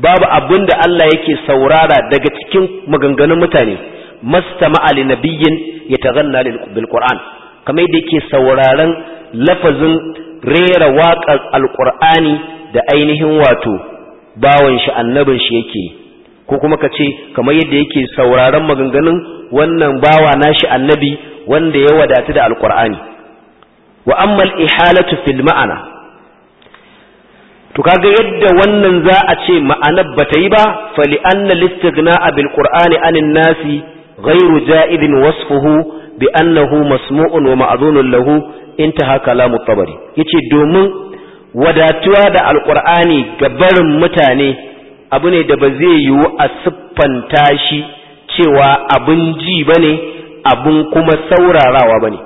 babu abin da Allah yake saurara daga cikin maganganun mutane mastama ya nabiyyin yataghanna bil qur'an kamar yadda yake sauraron lafazin rera waƙar alqur'ani da ainihin wato bawan shi annabin shi yake ko kuma ka ce kamar yadda yake sauraron maganganun wannan bawa nashi annabi wanda ya wadatu da alqur'ani wa amma ihalatu fil ma'ana to kaga yadda wannan za a ce ma'anar bata yi ba fali anna listighna'a bil qur'ani anin nasi ghayru ja'idin wasfuhu bi annahu masmu'un wa ma'dhunun lahu intaha kalamu tabari yace domin wadatuwa da alqur'ani gabarin mutane abu ne da ba zai yiwu a siffanta shi cewa abin ji bane abin kuma saurarawa bane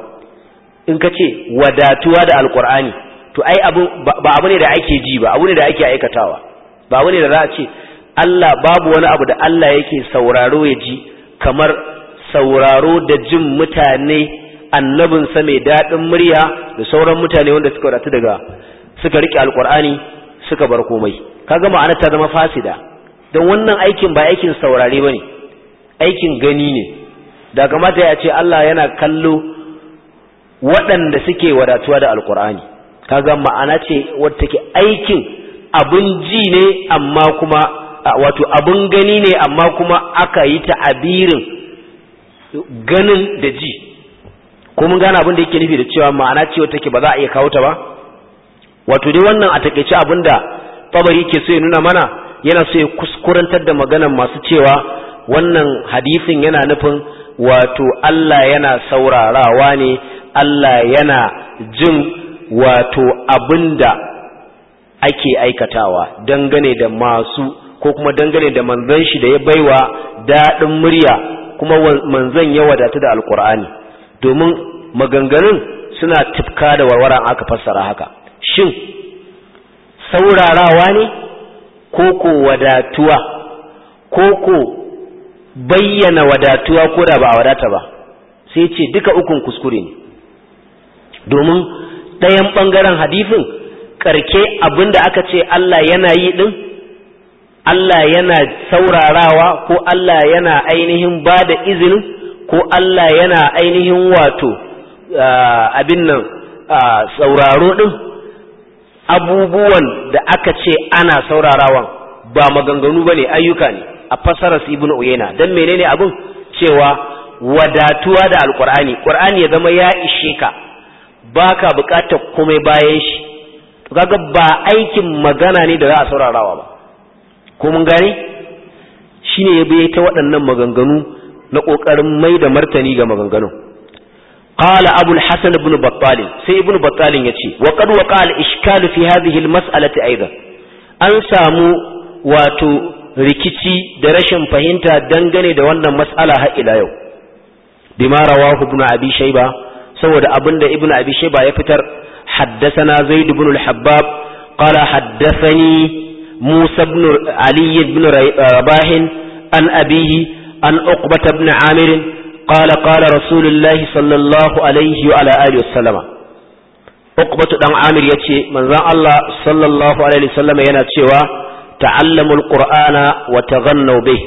in ka ce wadatuwa da alkur'ani to ai abu ba abu ne da ake ji ba abu ne da ake aikatawa ba abu ne da za a ce Allah babu wani abu da Allah yake sauraro ya ji kamar sauraro da jin mutane annabin sa mai daɗin murya da sauran mutane wanda suka wadatu daga suka rike alkur'ani suka bar komai kaga ma'ana ta zama fasida don wannan aikin ba aikin saurare bane aikin gani ne da kamata ya ce Allah yana kallo waɗanda suke wadatuwa da alkur'ani kaga ma'ana ce wadda take aikin abin ji ne amma kuma wato abin gani ne amma kuma aka yi ta'abirin ganin da ji ko mun gane abin da yake nufi da cewa ma'ana ce wadda take ba za a iya kawo ta ba wato dai wannan a takaice abin da tsabari ke so ya nuna mana yana so ya kuskurantar da magana masu cewa wannan hadisin yana nufin wato Allah yana saurarawa ne Allah yana jin wato abinda ake aikatawa dangane da masu ko kuma dangane da manzon shi da ya baiwa daɗin murya kuma manzon ya wadatu da alkur'ani domin maganganun suna tifka da warwara aka fassara haka shin saurarawa ne ko ko wadatuwa ko ko bayyana wadatuwa ko da ba a wadata ba sai ce duka ukun kuskure ne domin ɗayan ɓangaren hadifin karke abinda aka ce Allah yana yi ɗin Allah yana saurarawa ko Allah yana ainihin ba da izinin ko Allah yana ainihin wato abin nan sauraro ɗin abubuwan da aka ce ana saurarawan ba maganganu ba ne ayyuka ne a fasarar ibn uyena don menene abin cewa wadatuwa da alkur'ani ƙur'ani ya zama ya ishe ka ba ka komai bayan shi kaga ba aikin magana ne da za a saurarawa ba kuma gani shi ne ya ta waɗannan maganganu na ƙoƙarin mai da martani ga maganganu qala abul hasan ibn sai ibn battali ya ce wa qad wa qala ishkal fi hadhihi al mas'alati aidan an samu wato rikici da rashin fahimta dangane da wannan mas'ala har ila yau bima rawahu ibn abi shayba saboda abinda Ibn abi shayba ya fitar haddasana zaid ibn al-habbab qala haddathani musa ibn ali ibn rabah an abihi an uqbah ibn amir qala qala rasulullahi sallallahu alaihi wa ala alihi wasallama uqbah dan amir yace manzon Allah sallallahu alaihi wasallama yana cewa ta'allamul qur'ana wa taghannu bih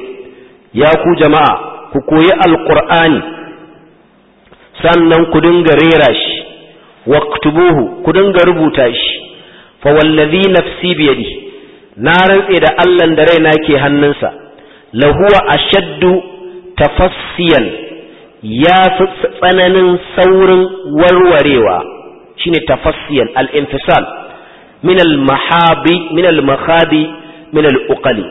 ya ku jama'a ku koyi alqur'ani sannan ku dinga rera shi waktubuhu ku dinga rubuta shi fa wallazi nafsi biyadi na rantse da Allah da raina ke hannunsa lahuwa ashaddu tafassiyan ya fi tsananin saurin warwarewa shine tafassiyan al-infisal min al-mahabi min al min al-uqali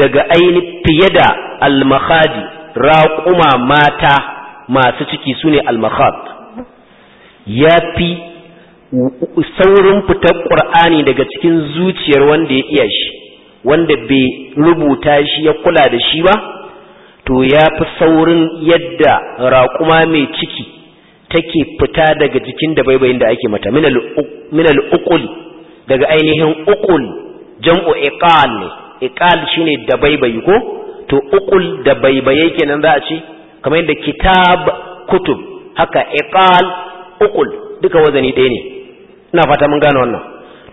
daga aini fiye da al-makhadi raquma mata masu ciki su ne almakhaf ya fi saurin fitar ƙur'ani daga cikin zuciyar wanda ya iya shi wanda bai rubuta shi ya kula da shi ba to ya fi saurin yadda raƙuma mai ciki take fita daga jikin da baibayin da ake mata minal ukul daga ainihin uqul jam'u iqal ne iqal shine da baibayi ko to uƙul da baibaye kenan za a ce kamar yadda kitab kutub haka iqal uqul duka wazani ɗaya ne ina fata mun gane wannan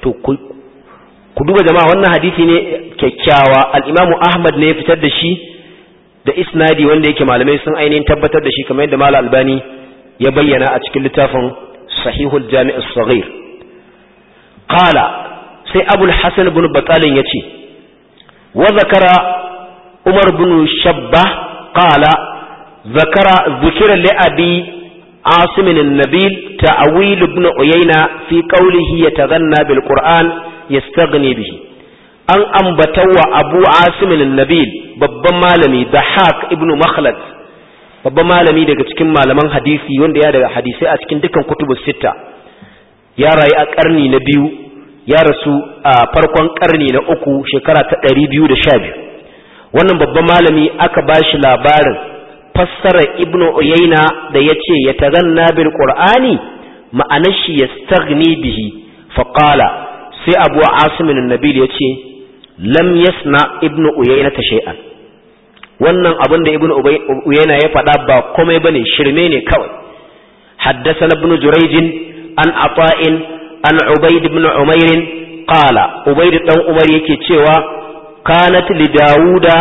to ku duba jama'a wannan hadisi ne kyakkyawa al-Imam Ahmad ne ya fitar da shi da isnadi wanda yake malamai sun ainihin tabbatar da shi kamar yadda Malam Albani ya bayyana a cikin littafin Sahihul Jami' as-Saghir qala sai Abu al-Hasan ibn ce yace wa zakara Umar ibn Shabba qala ذكر ذكر لأبي عاصم النبيل تأويل ابن عيينة في قوله يتغنى بالقرآن يستغني به an ambata wa abu asimin nabil babban malami da Ibnu ibn makhlad babban malami daga cikin malaman hadisi wanda ya daga hadisai a cikin dukkan kutubu sita ya rayu a karni na biyu ya rasu a farkon karni na uku shekara ta ɗari da sha 212 wannan babban malami aka ba shi labarin Fassarar ibnu uyayna da yace tazanna bil qur'ani ma'anar shi yastaghni bihi fa sai abu asim an-nabil yace lam yasna ibnu uyayna ta shay'an wannan abin da ibnu uyayna ya faɗa ba komai bane shirme ne kawai haddasa ibnu Juraijin an ata'in an ubayd ibn Umairin qala ubayd dan umar yake cewa kanat li dawuda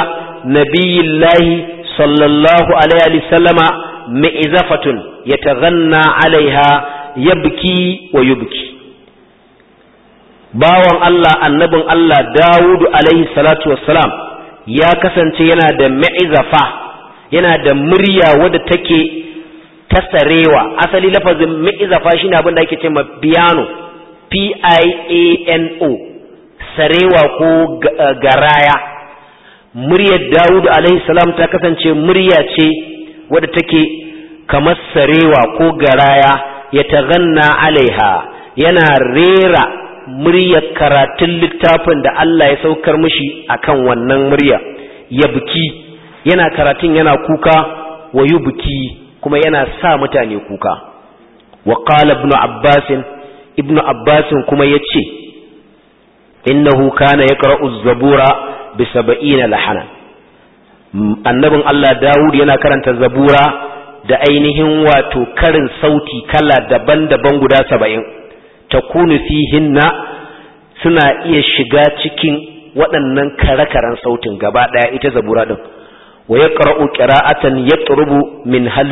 nabiyullahi sallallahu alaihi wasallama mi'zafatun yataghanna yabki wa yubki bawan Allah annabin Allah Dawudu alaihi salatu wassalam ya kasance yana da mi'zafa yana da murya wadda ta sarewa. asali lafazin mi'zafa shine abin da ake cewa piano sarewa ko garaya muryar Dawud alaihi salam ta kasance murya ce wadda take kamar sarewa ko garaya ya taganna alaiha yana rera muryar karatun littafin da Allah ya saukar mishi akan wannan murya ya buki yana karatun yana kuka wa buki kuma yana sa mutane kuka wa qala ibn abbasin ya abbasin kuma yace innahu kana ya az-zabura bi saba'ina lahana annabin Allah Dawud yana karanta zabura da ainihin wato karin sauti kala daban-daban guda saba'in takunu hinna suna iya shiga cikin waɗannan kare-karen sautin gaba ɗaya ita zabura ɗin wa ya ƙara'u ƙira'atan ya min hal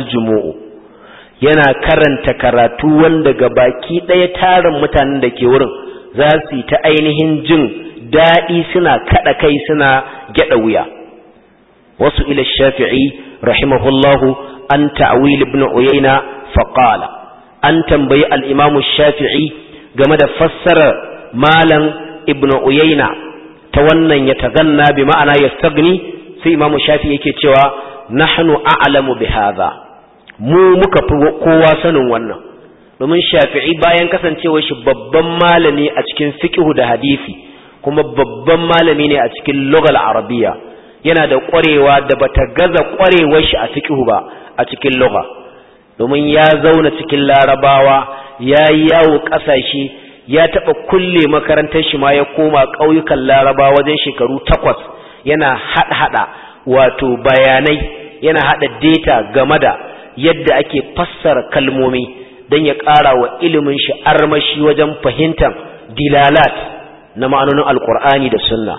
yana karanta karatu wanda ga baki ɗaya tarin mutanen da ke wurin za su yi ta ainihin jin daɗi suna kaɗa kai suna gyaɗa wuya wasu ila shafi'i rahimahullahu an ta'wil ibn uyayna faqala an tambayi al-imam shafi'i game da fassarar malam ibn uyayna ta wannan ya taganna bi ma'ana yastagni sai imam shafi'i yake cewa nahnu a'lamu bi hadha mu muka fi kowa sanin wannan domin shafi'i bayan kasancewar shi babban malami a cikin fiqhu da hadisi kuma babban malami ne a cikin logal arabiya yana da ƙwarewa da bata gaza ƙwarewar shi a fiqhu ba a cikin loga domin ya zauna cikin larabawa ya yi yawo ƙasashe ya taɓa kulle makarantar shi ma ya koma ƙauyukan larabawa wajen shekaru takwas yana haɗa wato bayanai yana haɗa data game da yadda ake fassara kalmomi don ya ƙara wa ilimin shi armashi wajen fahimtar dilalat na ma'anonin alkur'ani da sunna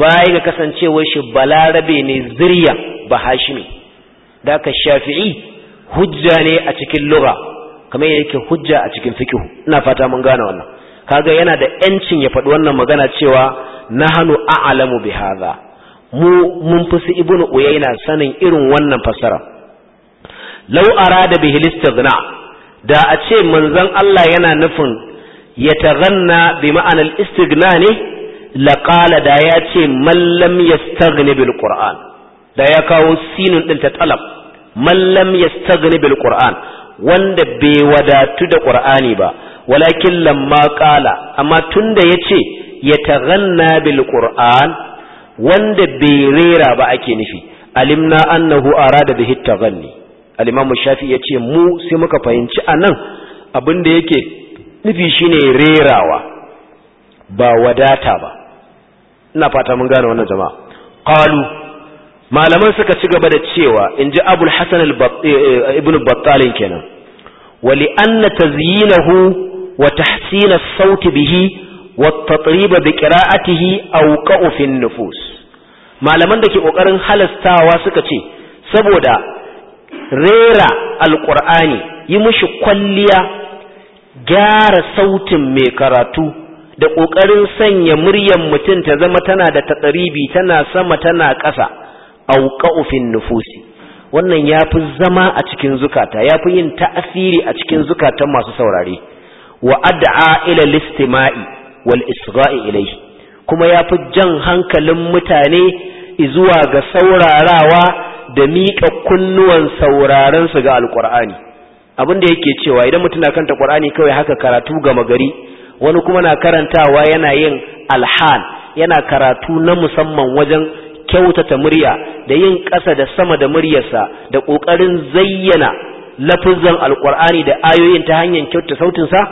baya ga kasancewar shi balarabe ne zirya ba hashimi da ka shafi'i hujja ne a cikin lura kamar yake hujja a cikin fikihu ina fata mun gane wannan kaga yana da yancin ya faɗi wannan magana cewa nahanu a'lamu bi hadha mu mun fi su ibnu uyayna sanin irin wannan fassara law arada bihi listighna da a ce manzon Allah yana nufin yataghanna bi ma'anar istigna ne Laƙala da ya ce mallam yastaghni bil qur'an da ya kawo sinun ɗin ta talab mallam yastaghni bil qur'an wanda bai wadatu da qur'ani ba walakin lamma ƙala amma tunda yace yataghanna bil qur'an wanda bai rera ba ake nufi alimna annahu arada bihi taghanni al-imam shafi yace mu sai muka fahimci anan abin da yake nufi shine rerawa ba wadata ba ina fata mun gane wannan jama'a qalu malaman suka ci gaba da cewa inji abul hasan eh, eh, ibn battal kenan wali anna tazyinahu wa tahsin as-sauti bihi wa at-tatrib bi qira'atihi awqa'u fi nufus malaman da ke kokarin halastawa suka ce saboda rera al-qur'ani yi mushi kwalliya gyara sautin mai karatu da ƙoƙarin sanya muryar mutum ta zama tana da tatsaribi tana sama tana ƙasa a ƙaufin nufusi wannan ya fi zama a cikin zukata ya fi yin ta'asiri a cikin zukatan masu saurare wa ad'a ila listima'i wal isgha'i ilayhi kuma ya fi jan hankalin mutane zuwa ga saurarawa da miƙa kunnuwan sauraron su ga Alƙur'ani. abin da yake cewa idan mutum na kanta ƙwar'ani kawai haka karatu gama gari wani kuma na karantawa yana yin alhan yana karatu na musamman wajen kyautata murya da yin ƙasa da sama da muryarsa da ƙoƙarin zayyana lafizan alƙwar'ani da ayoyin ta hanyar kyautata sautinsa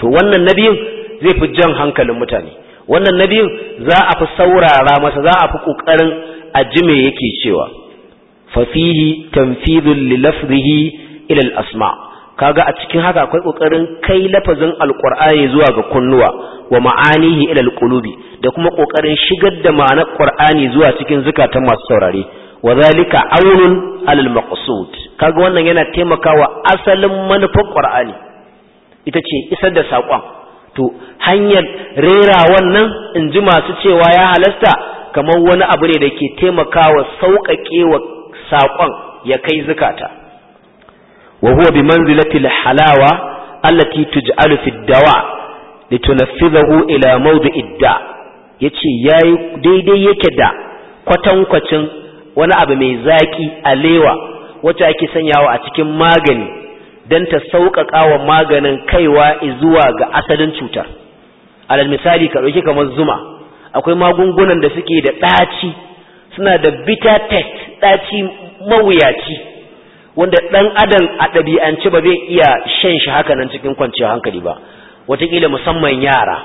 to wannan nabiyin zai fi jan hankalin mutane wannan nabiyin za a fi saurara masa za a fi ƙoƙarin a ji me yake cewa fasihi tanfidun lilafrihi. ilal asma kaga a cikin haka akwai kokarin kai lafazin alqur'ani zuwa ga kunnuwa wa ma'anihi ilal qulubi da kuma kokarin shigar da ma'anar qur'ani zuwa cikin zukata masu saurare wazalika aunun alal maqsud kaga wannan yana taimakawa asalin manufar qur'ani ita ce isar da saƙon to hanyar rera wannan in ji masu cewa ya halasta kamar wani abu ne da ke taimakawa sauƙaƙe wa saƙon ya kai zukata wa huwa bi manzilati al-halawa allati tuj'alu fi ad-dawa litunaffidahu ila mawdi'i ad-da yace yayi daidai yake da kwatankwacin wani abu mai zaki alewa wacce ake sanyawa a cikin magani dan ta sauƙaƙa wa maganin kaiwa zuwa ga asalin cutar alal misali ka kamar zuma akwai magungunan da suke da ɗaci suna da bitter test ɗaci mawuyaci wanda dan adam a ɗabi'anci ba zai iya shan shi haka nan cikin kwanciyar hankali ba wataƙila musamman yara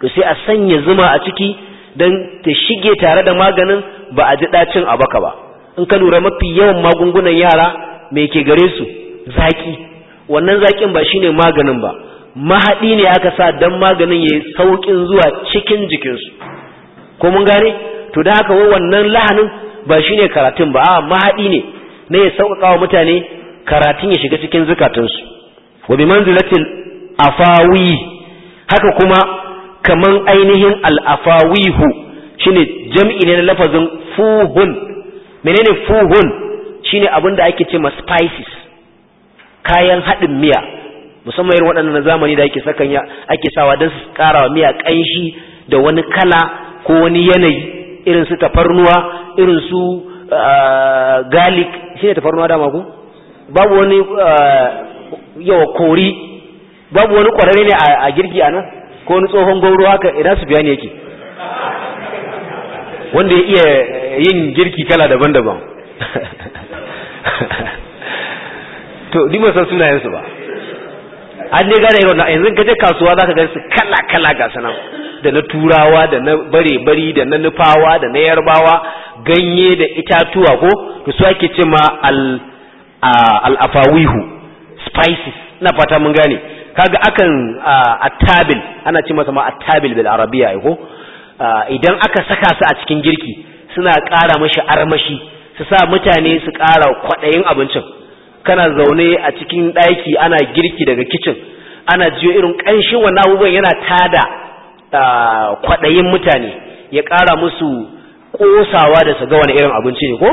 to sai a sanya zuma a ciki dan ta shige tare da maganin ba a ji ɗacin a baka ba in ka lura mafi yawan magungunan yara me ke gare su zaƙi wannan zaƙin ba shine maganin ba mahaɗi ne aka sa dan maganin ya yi sauƙin zuwa cikin jikinsu ko mun gane to da haka wannan lahanin ba shine karatun ba a mahaɗi ne Ne ya sauƙaƙa wa mutane karatun ya shiga cikin zukatunsu. wa bi manzilatil afawi haka kuma kaman ainihin al-afawihu shine jam'i ne na lafazin fuhun menene fuhun shine abin da ake ce ma spices kayan haɗin miya musamman irin waɗannan zamani da ake sakanya ake sawa don su ƙara wa miya ƙanshi da wani kala ko wani yanayi irin su tafarnuwa irin su garlic shi ne tafarnuwa dama ku babu wani eh, yawa kori babu wani kwararre ne a girki a nan ko wani tsohon gauro haka idan su biyani yake wanda ya iya yin girki kala daban-daban [LAUGHS] to ni san sunayensu ba an ne gane na yanzu ka je kasuwa za ka gani su kala-kala ga sana da na turawa da na bare-bari da na nufawa da na yarbawa ganye da itatuwa ko to su ake ce ma al'afawihu spices na fata mun gane kaga akan attabil ana ce masa ma attabil bil arabiya ko idan aka saka su a cikin girki suna ƙara mashi armashi su sa mutane su ƙara kwaɗayin abincin kana zaune a cikin ɗaki ana girki daga kicin ana jiyo irin ƙanshin wannan abubuwan yana tada kwaɗayin mutane ya ƙara musu kosawa da su ga wani irin abinci ne ko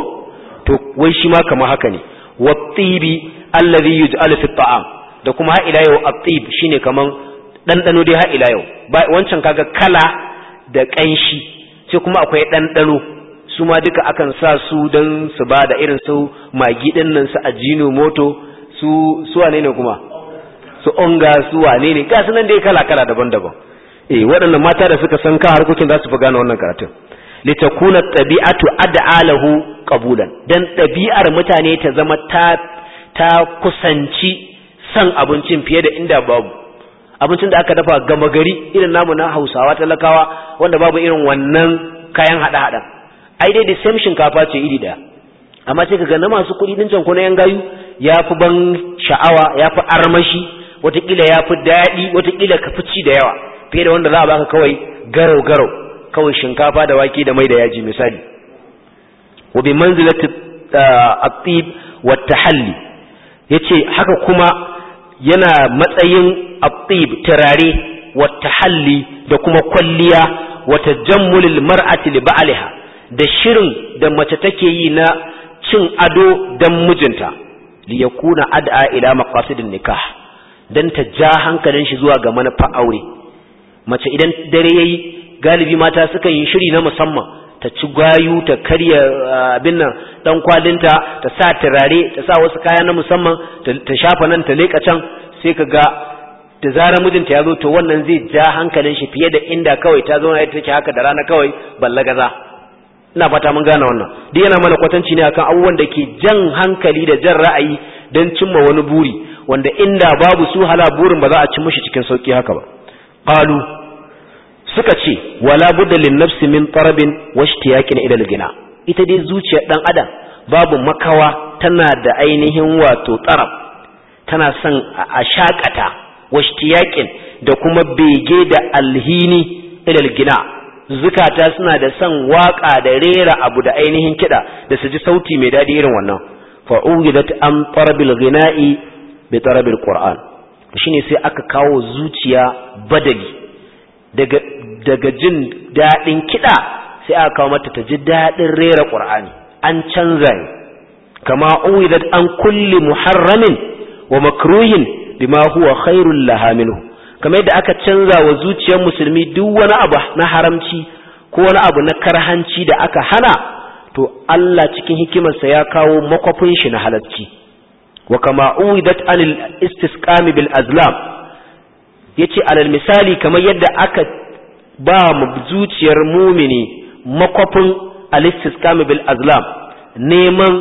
to wai shi ma kamar haka ne wa tibi allazi yuj'alu fi ta'am da kuma ha ila yau at-tib shine kaman dandano dai ha ila yau wancan kaga kala da kanshi sai kuma akwai dandano su ma duka akan sa su dan su ba da irin su magi din nan su ajino moto su su wane ne kuma su onga su wane ne ga sunan dai kala kala daban-daban eh waɗannan mata da suka san ka harkokin za su fi gane wannan karatun litakuna tabi'atu ad'alahu qabulan dan ɗabi'ar mutane ta zama ta ta kusanci san abincin fiye da inda babu abincin da aka dafa gama gari irin namu na Hausawa talakawa wanda babu irin wannan kayan hada hada ai dai da same shinkafa ce iri daya amma sai kaga na masu kuɗi din can ko na yan gayu yafi ban sha'awa yafi armashi watakila yafi daɗi watakila kila kafici da yawa fiye da wanda za a baka kawai garau garau kawai shinkafa da wake da mai da yaji misali wa bi manzilati ah, at-tib wa at-tahalli yace haka kuma yana matsayin at-tib turare wa at-tahalli da kuma kwalliya wa tajammulil mar'ati li ba'liha da shirin da mace take yi na cin ado dan mijinta li yakuna ad'a ila maqasidin nikah dan ta ja hankalin shi zuwa ga manufa aure mace idan dare yayi galibi mata suka yi shiri na musamman ta ci gwayu ta karya abin nan dan kwalinta ta sa turare ta sa wasu kaya na musamman ta shafa nan ta leka can sai ka ga da zarar mijinta ya zo to wannan zai ja hankalin shi fiye da inda kawai ta zauna ita take haka da rana kawai gaza ina fata mun gane wannan duk yana mana kwatanci ne akan abubuwan da ke jan hankali da jan ra'ayi don cimma wani buri wanda inda babu su hala burin ba za a ci mushi cikin sauki haka ba qalu suka ce wala budda lin nafsi min tarabin washtiyaqin ila al gina ita dai zuciyar dan adam babu makawa tana da ainihin wato tarab tana San a shakata washtiyakin da kuma bege da alhini al gina zukata suna da San waka da rera abu da ainihin kida da su ji sauti mai dadi irin wannan fa'ugidat an tarabil gina'i bi tarabil qur'an shine sai aka kawo zuciya badali daga daga jin daɗin kiɗa sai aka kawo mata ta ji daɗin rera ƙur'ani an canza ne kama uwidat an kulli muharramin wa makruhin bima huwa khairul laha kamar yadda aka canza wa zuciyar musulmi duk wani abu na haramci ko wani abu na karhanci da aka hana to Allah cikin hikimarsa ya kawo makwafin shi na halarci wa kama uwidat anil istiskami bil azlam yace alal misali kamar yadda aka ba mu zuciyar mumini makwafin alistiskami bil azlam neman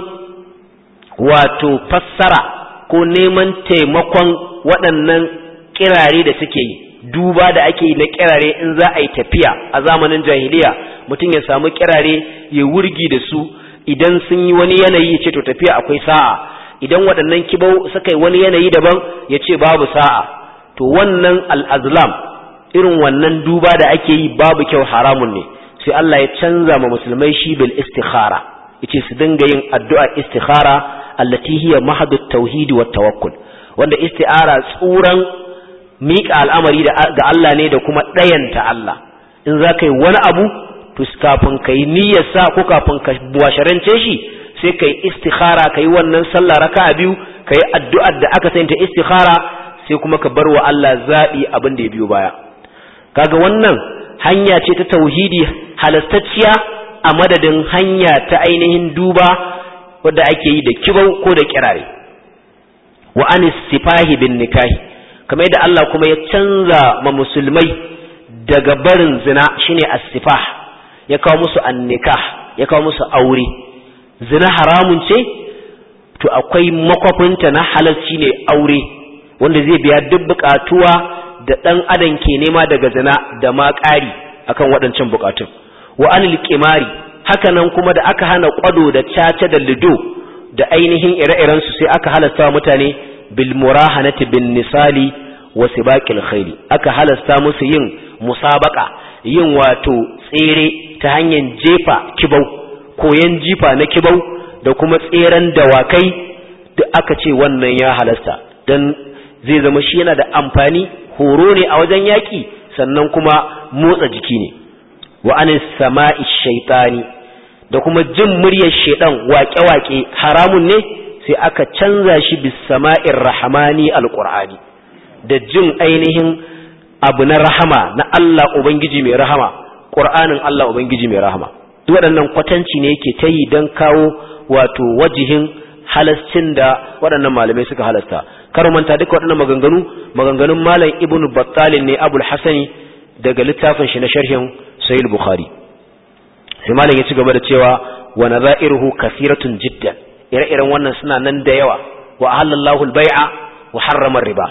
wato fassara ko neman taimakon waɗannan kirare da suke yi duba da ake yi na kirare in za a yi tafiya a zamanin jahiliya mutum ya samu kirare ya wurgi da su idan sun yi wani yanayi ya ce to tafiya akwai sa'a idan waɗannan kibau suka yi wani yanayi daban ya ce babu sa'a to wannan al'azlam irin wannan duba da ake yi babu kyau haramun ne sai Allah ya canza ma musulmai shi bil istikhara yace su dinga yin addu'a istikhara allati hiya mahadu tauhidi wat tawakkul wanda isti'ara tsuran miƙa al'amari ga Allah ne da kuma ɗayanta Allah in za ka yi wani abu to kafin ka yi niyyar sa ko kafin ka washarance shi sai ka yi istikhara ka yi wannan sallah raka biyu ka yi addu'ar da aka sanya ta istikhara sai kuma ka bar wa Allah zaɓi abin da ya biyo baya kaga wannan hanya ce ta tauhidi halastacciya a madadin hanya ta ainihin duba wadda ake yi da kibau ko da kirare wa anis sifahi bin nikahi kamar yadda Allah kuma ya canza ma musulmai daga barin zina shine as ya kawo musu an-nikah ya kawo musu aure zina haramun ce to akwai makwafinta na halarci ne aure wanda zai biya duk buƙatuwa. da ɗan adam ke nema daga zina da ma ƙari a kan waɗancan buƙatun wa anil qimari hakanan kuma da aka hana kwado da caca da lido da ainihin ire-iren sai aka halasta mutane bil hanati bin nisali wasu sibaqil haili. aka halasta musu yin musabaƙa yin wato tsere ta hanyar jefa kibau koyan jifa na kibau da kuma tseren dawakai duk aka ce wannan ya halasta dan zai zama shi yana da amfani horo ne a wajen yaƙi sannan kuma motsa jiki ne wa sama'i shaitani da kuma jin muryar shaidan waƙe-waƙe haramun ne sai aka canza shi bis sama'ir rahamani alqur'ani da jin ainihin abu na rahama na Allah ubangiji mai rahama qur'anin Allah ubangiji mai rahama duk waɗannan kwatanci ne yake ta yi don kawo wato wajihin halascin da waɗannan malamai suka halasta kar manta duka waɗannan maganganu maganganun malam ibnu battalin ne abul hasani daga littafin shi na sharhin sahih bukhari sai malam ya ci gaba da cewa wa nadairuhu kathiratun jiddan ire-iren wannan suna nan da yawa wa ahallallahu al-bai'a wa harrama riba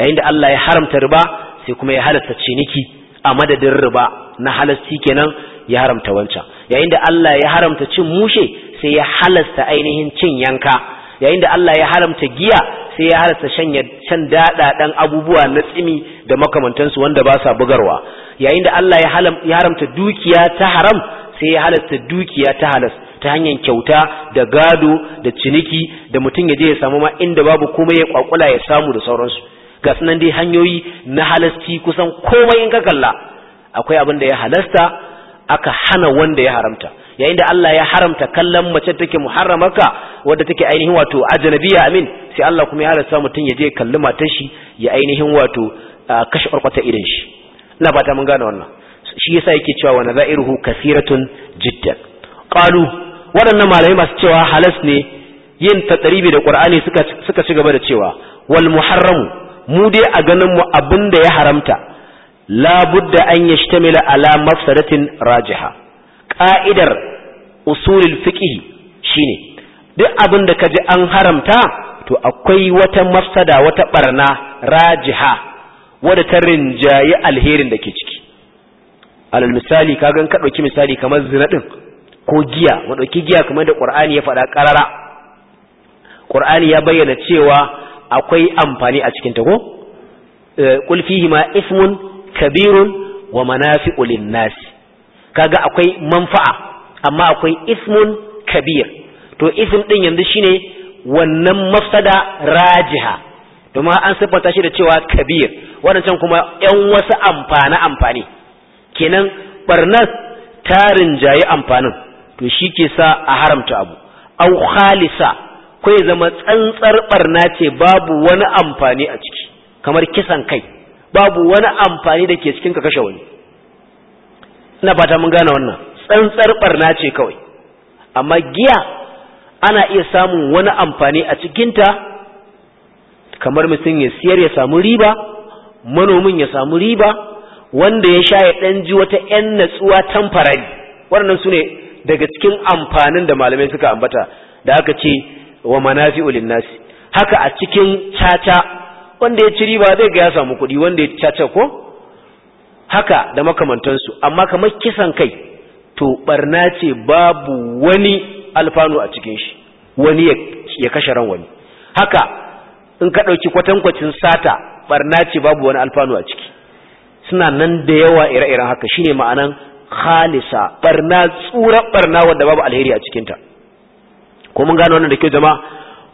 yayin da Allah ya haramta riba sai kuma ya halatta ciniki a madadin riba na halasti kenan ya haramta wancan yayin da Allah ya haramta cin mushe sai ya halasta ainihin cin yanka yayin da Allah ya haramta giya sai ya haramta shanya shan dan abubuwa na tsimi da makamantansu wanda ba sa bugarwa yayin da Allah ya haramta dukiya ta haram sai ya halasta dukiya ta halas ta hanyar kyauta da gado da ciniki da mutum ya je ya samu ma inda babu komai ya kwakula ya samu da sauransu ga sunan dai hanyoyi na halasci kusan komai in ka kalla akwai abin da ya halasta aka hana wanda ya haramta yayin da Allah ya haramta kallon mace take muharramaka wadda take ainihin wato ajnabiya amin sai Allah kuma ya halasta mutum ya je kalli matar shi ya ainihin wato kashe kwarkwata irin shi ina fata mun gane wannan shi yasa yake cewa wa nadairuhu tun jiddan qalu waɗannan malami masu cewa halas ne yin tatsaribi da qur'ani suka suka ci gaba da cewa wal muharram mu dai a ganin mu abinda ya haramta la budda an yashtamila ala mafsadatin rajiha ka'idar usulul fiqh shine duk abin da kaji an haramta to akwai wata mafsada wata ɓarna rajiha wadda ta rinjayi alherin da ke ciki alal misali ka gan misali kamar zina din ko giya mu giya kamar da qur'ani ya faɗa karara qur'ani ya bayyana cewa akwai amfani a cikin ta ko eh, qul ma ismun kabirun wa manafi'u linnasi kaga akwai manfa'a amma akwai ismun kabir to ism din yanzu shine wannan mafsada rajiha domin an siffanta shi da cewa kabir waɗancan kuma yan wasu amfana amfani kenan barnas tarin jayi amfanin to shi ke sa a haramta abu au khalisa ko ya zama tsantsar barna ce babu wani amfani a ciki kamar kisan kai babu wani amfani da ke cikin ka kashe wani ina fata mun gane wannan tsantsar barna ce kawai amma giya ana iya samun wani amfani a cikinta kamar mutum ya siyar ya samu riba manomin ya samu riba wanda ya sha ya ɗan ji wata ‘yan natsuwa tamfarari waɗannan su ne daga cikin amfanin da malamai suka ambata da aka ce wa manafi nasi haka a cikin caca wanda ya ci riba zai ga ya samu kuɗi wanda ya caca ko haka da makamantansu amma kamar kisan kai to barna ce babu wani alfanu a cikin shi wani ya kashe ran wani haka in ka ɗauki kwatankwacin sata barna ce babu wani alfanu a ciki suna nan da yawa ire-iren haka shine ma'anan khalisa barna tsurar barna wanda babu alheri a cikinta ko mun gano wannan da ke jama'a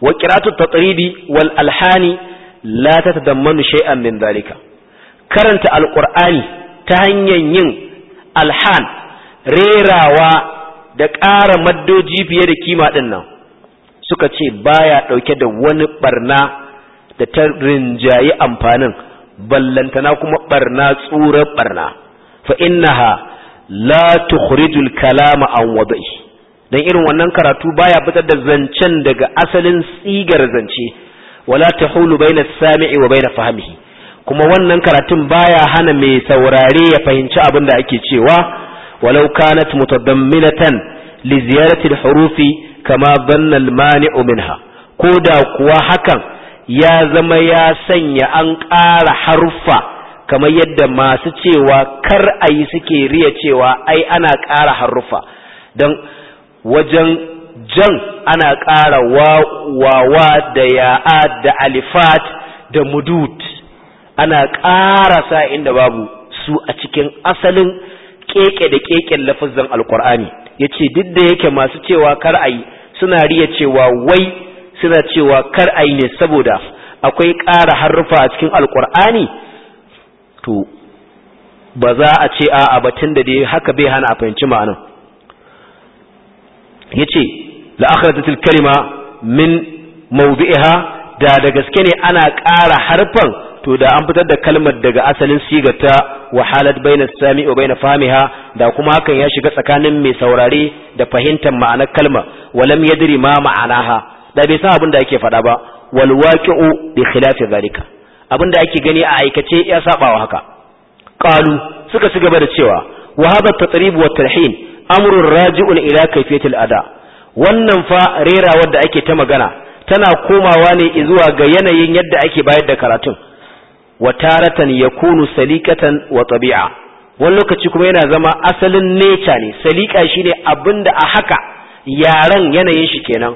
wa qira'atu tatridi wal alhani la tatadammanu shay'an min dalika karanta alqur'ani ta hanyar yin alhan rerawa da ƙara maddoji fiye da kima ɗin nan suka ce baya ɗauke da wani ɓarna da ta rinjayi amfanin ballantana kuma ɓarna tsoron ɓarna fa innaha la tukhrijul kalama an wada'i dan irin wannan karatu baya fitar da zancen daga asalin tsigar zance wala tahulu baina sami'i wa baina fahmihi kuma wannan karatun baya hana mai saurare ya fahimci abin da ake cewa walau kanat mutadamminatan li ziyarati al-hurufi kama dhanna al-mani'u minha koda kuwa hakan ya zama ya sanya an ƙara haruffa kamar yadda masu cewa kar ayi suke riya cewa ai ana ƙara haruffa Dan wajen jan ana ƙara wawa da ya'a da alifat da mudud ana ƙara sa inda babu su a cikin asalin keke da keken lafazin alkur'ani ya ce duk da yake masu cewa kar a suna riya cewa wai suna cewa kar a ne saboda akwai ƙara harufa a cikin alkur'ani to ba za a ce a batun da dai haka bai hana a fahimci ma'anan ya ce la'akharatatul kalima min mawdi'iha da da gaske ne ana ƙara harfan to da an fitar da kalmar daga asalin sigar ta wahalat baina sami wa baina famiha da kuma hakan ya shiga tsakanin mai saurare da fahimtar ma'anar kalmar walam yadri ma ma'anaha da bai san abin da ake faɗa ba wal waqi'u bi khilafi zalika abin da ake gani a aikace ya wa haka qalu suka ci gaba da cewa wa hada tatrib wa tarhin amrun raji'un ila al ada wannan fa rera wadda ake ta magana tana komawa ne zuwa ga yanayin yadda ake bayar da karatun wa taratan yakunu salikatan wa tabi'a wani lokaci kuma yana zama asalin nature ne salika shine abinda a haka yaran yanayin shi kenan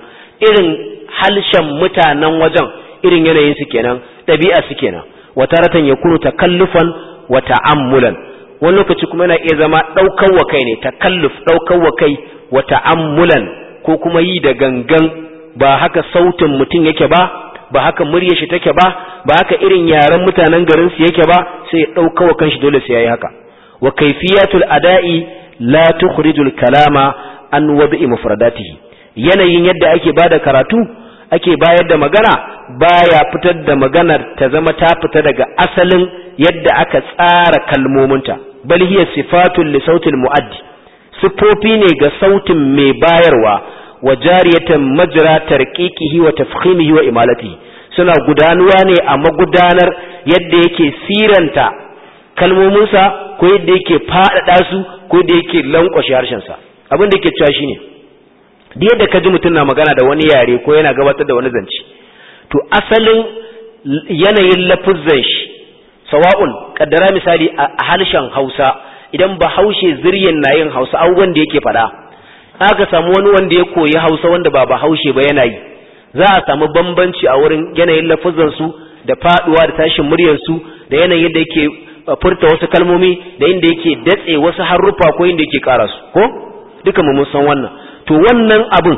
irin halshen mutanen wajen irin yanayin su kenan ɗabi'a su kenan wa taratan yakunu takallufan wa ta'ammulan wani lokaci kuma yana iya zama ɗaukar wa kai ne takalluf ɗaukar wa kai wa ta'ammulan ko kuma yi da gangan ba haka sautin mutum yake ba ba haka murya shi take ba ba haka irin yaren mutanen garin su yake ba sai ya dauka wa kanshi dole sai yayi haka wa kayfiyatul ada'i la tukhrijul kalama an wada'i mufradatihi yanayin yadda ake bada karatu ake bayar da magana baya fitar da maganar ta zama ta fita daga asalin yadda aka tsara kalmominta bal hiya sifatul li sautil muaddi sifofi ne ga sautin mai bayarwa wa jariyatan majra tarqiqihi wa tafkhimihi wa imalatihi suna gudanuwa ne a magudanar yadda yake siranta kalmominsa ko yadda yake faɗaɗa su ko yadda yake lankwashe harshensa abin da yake cewa shi ne da yadda ka ji mutum na magana da wani yare ko yana gabatar da wani zance to asalin yanayin lafuzzan shi sawa'un kaddara misali a harshen hausa idan ba haushe ziryan na yin hausa abubuwan da yake faɗa aka samu wani wanda ya koyi hausa wanda ba ba haushe ba yana yi za a samu bambanci a wurin yanayin lafazansu da faduwa da tashin muryarsu da yanayin da yake uh, furta wasu kalmomi da inda yake datse wasu haruffa ko inda yake kara su ko duka mu mun san wannan to wannan abun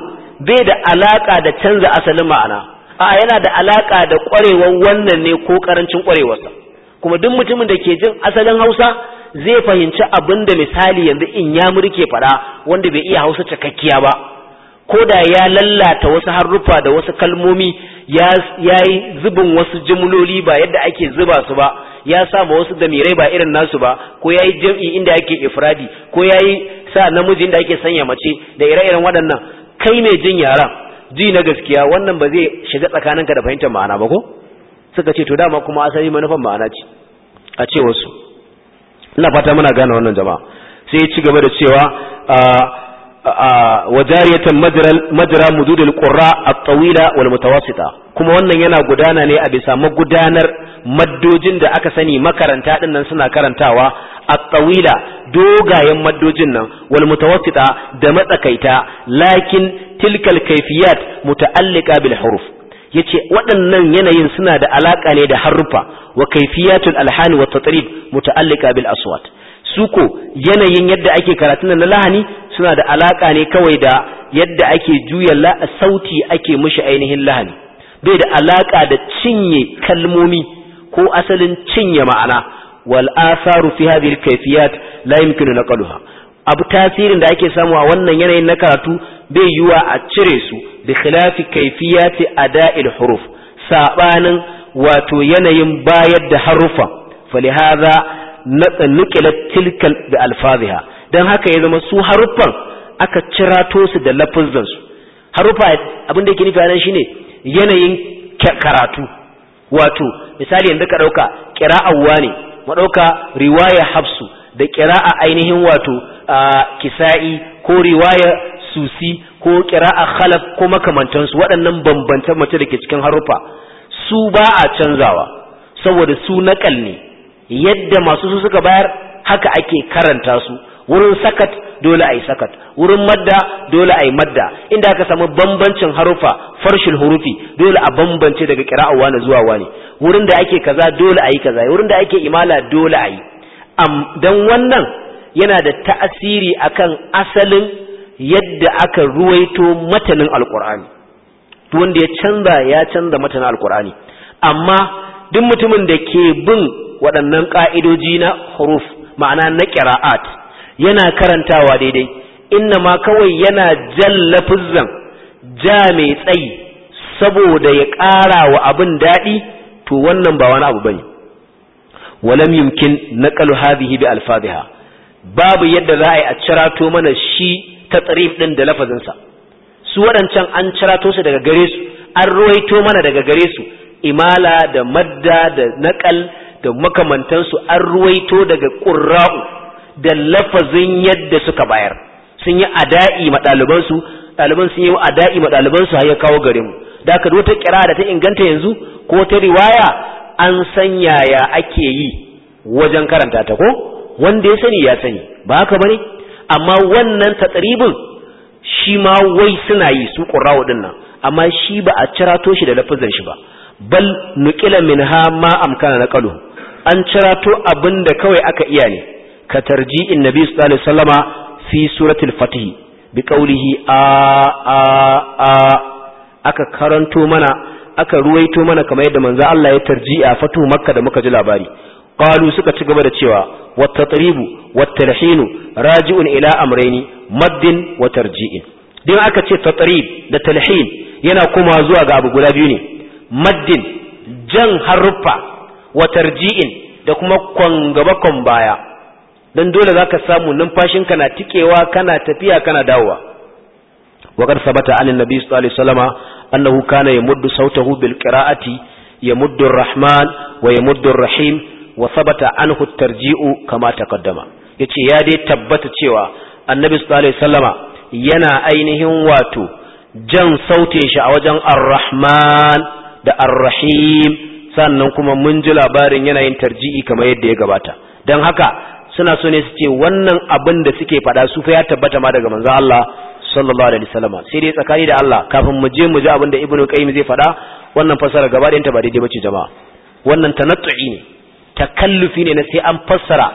bai da alaka da canza asalin ma'ana a yana da alaka da ƙwarewar wannan ne ko karancin kwarewarsa kuma duk mutumin da ke jin asalin Hausa zai fahimci abin da misali yanzu in ya murke fada wanda bai iya Hausa cikakkiya ba ko da ya lallata wasu haruffa da wasu kalmomi ya yi zubin wasu jimloli ba yadda ake zuba su ba ya sa wasu damirai ba irin nasu ba ko ya yi jam'i inda ake ifradi ko ya yi sa namiji inda ake sanya mace da ire-iren waɗannan kai mai jin yara ji na gaskiya wannan ba zai shiga tsakaninka da fahimtar ma'ana ba ko suka ce to dama kuma asali manufan ma'ana ce a ce wasu ina fata muna gane wannan jama'a sai ya ci gaba da cewa ah, wajariyatan majira mududul qurra at-tawila wal mutawassita kuma wannan yana gudana ne a bisa magudanar maddojin da aka sani makaranta din nan suna karantawa at-tawila dogayen maddojin nan wal mutawassita da matsakaita lakin tilkal kayfiyat muta'alliqa bil huruf yace waɗannan yanayin suna da alaka ne da haruffa wa kayfiyatul alhani wa tatrib muta'alliqa bil aswat su yanayin yadda ake karatu na lahani suna da alaka ne kawai da yadda ake juya sauti ake mushi ainihin lahani bai da alaka da cinye kalmomi ko asalin cinye ma'ana wal asaru fi hadhihi al kayfiyat la yumkinu naqluha abu tasirin da ake samu a wannan yanayin na karatu bai yiwa a cire su bi khilafi kayfiyati ada'il huruf sabanin wato yanayin bayar da harufa falihaza nukila tilkal da alfaziha dan haka ya zama su haruffan aka to su da lafuzan su haruffa abin da yake nufi nan shine yanayin karatu wato misali yanzu ka dauka qira'awa ne maɗauka riwaya hafsu da a ainihin wato kisa'i ko riwaya susi ko a khalaf ko makamantansu waɗannan bambantan mace da ke cikin haruffa su ba a canzawa saboda su naƙal ne yadda masu su suka bayar haka ake karanta su wurin sakat dole ai sakat wurin madda dole ai madda inda aka samu bambancin harufa farshil hurufi dole a bambance daga qira'a na zuwa wani wurin da ake kaza dole ai kaza wurin da ake imala dole ai dan wannan yana da ta'asiri akan asalin yadda aka ruwaito matanin alqur'ani wanda ya canza ya canza matanin alqur'ani amma duk mutumin da ke bin waɗannan ƙa'idoji na huruf ma'ana na ƙira'at yana karantawa daidai inna ma kawai yana jallafizan ja mai tsayi saboda ya ƙara wa abin daɗi to wannan ba wani abu ne walam yumkin na hadhihi bi alfadhiha babu yadda za a yi a cirato mana shi ta tsarif ɗin da lafazinsa su waɗancan an cirato su daga gare su an ruwaito mana daga gare su imala da madda da naƙal da makamantansu an ruwaito daga ƙurra'u da lafazin yadda suka bayar sun yi ada'i ma ɗalibansu ɗaliban sun yi ada'i ma ɗalibansu har ya kawo gare mu da aka wata kira da ta inganta yanzu ko ta riwaya an san yaya ake yi wajen karanta ta ko wanda ya sani ya sani ba haka bane amma wannan ta tatsaribin shi ma wai suna yi su ƙurra'u ɗin nan amma shi ba a cirato shi da lafazin shi ba bal nuqila min ha ma amkana na an cirato abin da kawai aka iya ne ka tarji tarji'in nabi sallallahu alaihi wasallama fi suratul fatih bi qawlihi a a a aka karanto mana aka ruwaito mana kamar yadda manzo Allah ya tarji a fatu makka da muka ji labari qalu suka ci gaba da cewa wat tatribu wat talhinu raji'un ila amrayni maddin wa tarji'in dan aka ce tatrib da talhin yana kuma zuwa ga abu guda biyu ne maddin jan haruffa wa tarji'in da kuma kwangaba baya don dole za ka samu numfashinka na tikewa kana tafiya kana dawowa waƙar sabata anin nabi sallallahu alaihi wasallama annahu kana yamuddu sautahu bil qira'ati yamuddu ar-rahman wa yamuddu ar-rahim wa sabata anhu at-tarji'u kama taqaddama yace ya dai tabbata cewa annabi sallallahu alaihi wasallama yana ainihin wato jan sautin shi a wajen arrahman da arrahim rahim sannan kuma mun ji labarin yanayin yin tarji'i kamar yadda ya gabata don haka suna so ne su ce wannan abin da suke faɗa su fa ya tabbata ma daga manzo Allah sallallahu alaihi wasallam sai dai tsakani da Allah kafin mu je mu ji abin da Ibn Qayyim zai faɗa wannan fasara gaba ɗayanta ba daidai bace jama'a wannan tanattu'i ne takallufi ne na sai an fassara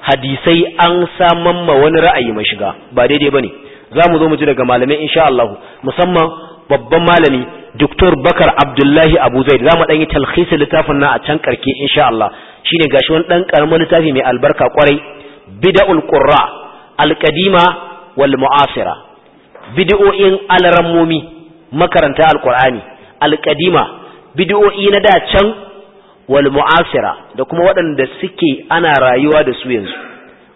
hadisai an saman ma wani ra'ayi mai shiga ba daidai bane za mu zo mu ji daga malamai insha Allah musamman babban malami Dr. Bakar Abdullahi Abu Zaid zamu ɗan yi talkhisi littafin na a can ƙarke insha Allah shine gashi wani ɗan karamin littafi mai albarka kwarai Bida'ul-ƙurra Al-Qadima wal Mu'asira bid'o'in alrammomi makaranta alqur'ani alqadima bid'o'i na da can wal mu'asira da kuma waɗanda suke ana rayuwa da su yanzu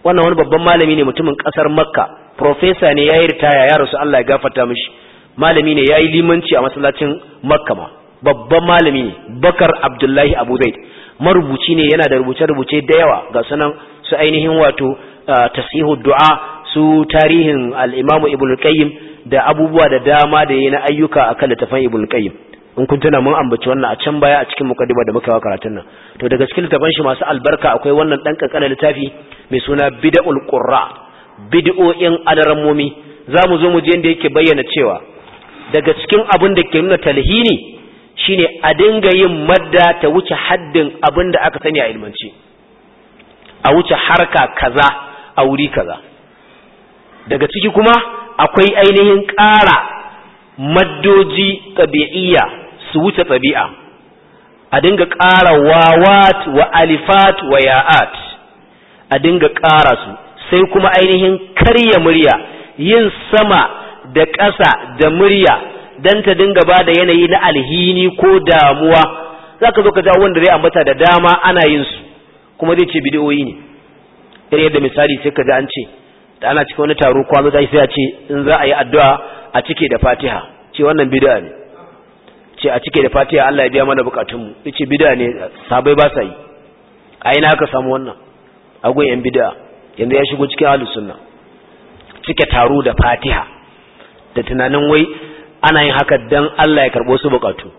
wannan wani babban malami ne mutumin ƙasar Makka Profesa ne ya yi ritaya ya rasu Allah ya gafarta mishi malami ne ya yi limanci a masallacin makka babban malami ne bakar abdullahi abu zaid marubuci ne yana da rubuce-rubuce da yawa ga sanan su ainihin wato tasihu du'a su tarihin al'imamu ibn qayyim da abubuwa da dama da yi na ayyuka a kan littafan ibn qayyim in kun tuna mun ambaci wannan a can baya a cikin mukaddima da muka wa karatun nan to daga cikin littafan shi masu albarka akwai wannan dan kankanin littafi mai suna bid'ul qurra bid'o'in adarmomi zamu zo mu je inda yake bayyana cewa daga cikin abin da ke nuna talhini shine a dinga yin madda ta wuce haddin abin da aka sani a ilmance a wuce harka kaza a wuri kaza daga ciki kuma akwai ainihin ƙara maddoji tabi'iyya su wuce tabi'a a dinga ƙara wawat wa alifat wa ya'at a dinga ƙara su sai kuma ainihin karya murya yin sama da ƙasa da murya dan ta dinga ba da yanayi na alhini ko damuwa za ka zo ka jawo wanda zai ambata da dama ana yin su kuma zai ce bidiyoyi ne irin yadda misali sai ka ji an ce da ana cikin wani taro kwano za sai a ce in za a yi addu'a a cike da fatiha ce wannan bid'a ne ce a cike da fatiha Allah ya biya mana bukatunmu ya ce bid'a ne sabai ba sa yi a ina aka samu wannan agon yan bid'a yanzu ya shigo cikin ahlus sunna cike taro da fatiha da tunanin wai ana yin haka dan Allah ya karɓo su bukatu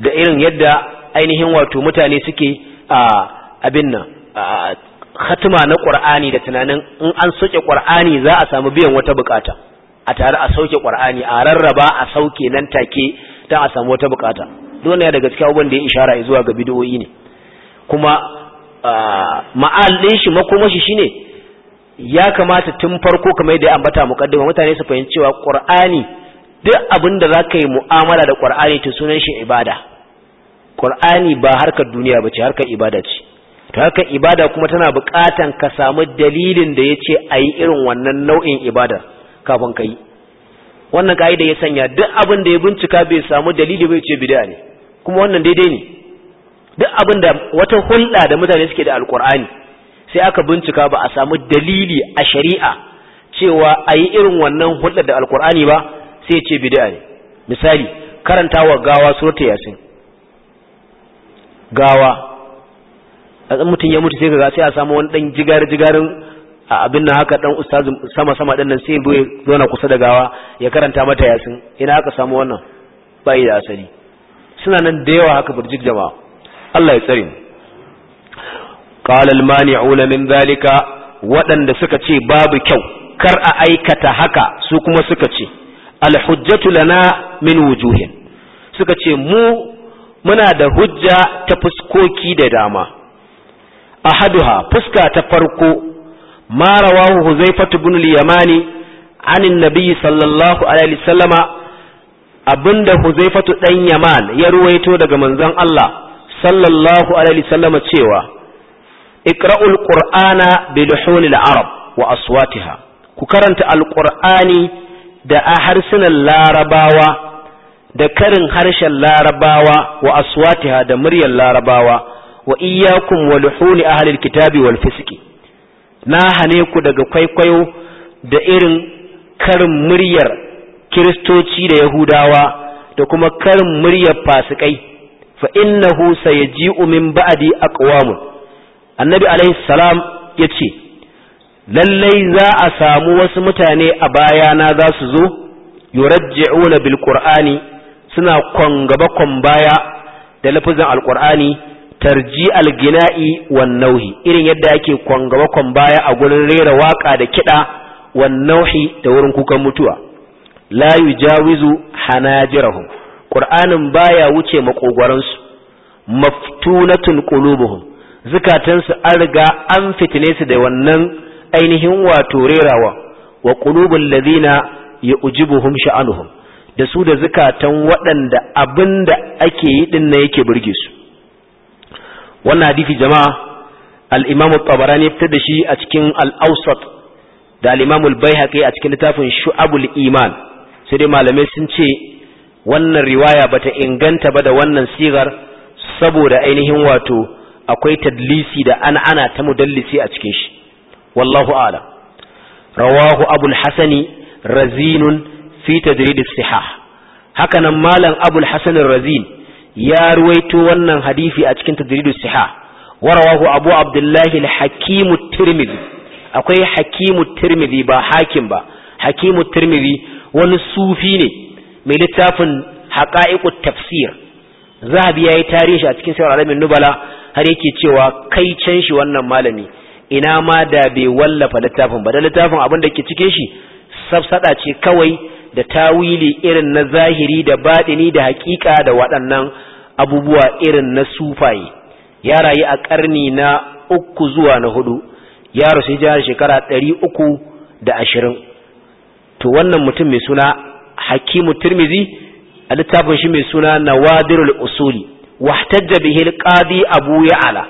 da irin yadda ainihin wato mutane suke a abin nan khatima na qur'ani da tunanin in an soke qur'ani za a samu biyan wata bukata a tare a sauke qur'ani a rarraba a sauke nan take ta a samu wata bukata dole ne daga cikin abubuwan da ya ishara zuwa ga bidiyoyi ne kuma ma'al din shi makomashi shine ya kamata tun farko kamar yadda ambata muqaddima mutane su fahimci cewa qur'ani duk abin da ka yi mu'amala da qur'ani to sunan shi ibada qur'ani ba harkar duniya bace harkar ibada ce to harkar ibada kuma tana buƙatan ka samu dalilin da yace ayi irin wannan nau'in ibada kafin kai wannan kaida ya sanya duk abin da ya bincika bai samu dalili bai ce bid'a ne kuma wannan daidai ne duk abin da wata hulɗa da mutane suke da alqur'ani sai aka bincika ba a samu dalili a shari'a cewa a yi irin wannan hulɗar da alkur'ani ba sai ce bid'a ne misali karanta wa gawa surta yasin gawa a mutum ya mutu sai ga sai a samu wani ɗan jigar jigarin abin nan haka ɗan ustazin sama sama ɗan nan sai ya zauna kusa da gawa ya karanta mata yasin ina aka samu wannan bai da asali suna nan da yawa haka burjik jama'a Allah ya tsare mu qala al zalika waɗanda suka ce babu kyau kar a aikata haka su kuma suka ce alhujjatu lana min wujuhin suka ce mu muna da hujja ta fuskoki da dama ahaduha fuska ta farko ma rawahu huzaifatu ibn al-yamani anin nabi sallallahu alaihi wasallama abinda huzaifatu dan yaman ya ruwaito daga manzon Allah sallallahu alaihi wasallama cewa iqra'ul qur'ana bi luhunil arab wa aswatiha ku karanta alqur'ani da a harsunan larabawa da karin harshen larabawa wa aswatiha da muryar larabawa wa iyyakum waluhuni luhuni ahlil kitabi wal na hane ku daga kwaikwayo da irin karin muryar kiristoci da yahudawa da kuma karin muryar fasikai fa innahu sayaji'u min ba'di aqwamun annabi alaihi salam ya ce lallai za a samu wasu mutane a bayana za su zo yurajji'una bil qur'ani suna kwangaba kwan baya da lafazin alqur'ani tarji algina'i wan nauhi irin yadda ake kwangaba baya a gurin rera waka da kiɗa wan nauhi da wurin kukan mutuwa la yujawizu hanajirahum qur'anin baya wuce makogwaransu maftunatun qulubuhum zukatansu an riga an fitine su da wannan ainihin wato rerawa wa qulubul ladina yu'jibuhum sha'anuhum da su da zukatan waɗanda abinda ake yi din nan yake burge su wannan hadisi jama'a al-Imam at-Tabarani ya fitar da shi a cikin al-Awsat da al-Imam al-Baihaqi a cikin littafin Shu'abul Iman sai dai malamai sun ce wannan riwaya bata inganta ba da wannan sigar saboda ainihin wato akwai tadlisi da ana ana ta mudallisi a cikin shi wallahu a'lam rawahu abul hasani razinun fi tajrid as-sihah haka nan malam abul hasan razin ya ruwaito wannan hadisi a cikin tajrid as-sihah wa rawahu abu abdullah al-hakim at-tirmidhi akwai hakim at-tirmidhi ba hakim ba hakim at-tirmidhi wani sufi ne mai littafin haqa'iqut tafsir zahabi yayi tarihi a cikin sirr alamin nubala har yake cewa kai can shi wannan malami ina ma da bai wallafa littafin ba da littafin abin da ke cike shi safsada ce kawai da tawili irin na zahiri da baɗini da hakika da waɗannan abubuwa irin na sufaye ya rayu a karni na uku zuwa na hudu ya rasu jihar shekara ɗari uku da ashirin to wannan mutum mai suna hakimu turmizi a littafin shi mai suna nawadirul usuli wahtajja bihi al-qadi abu ya'la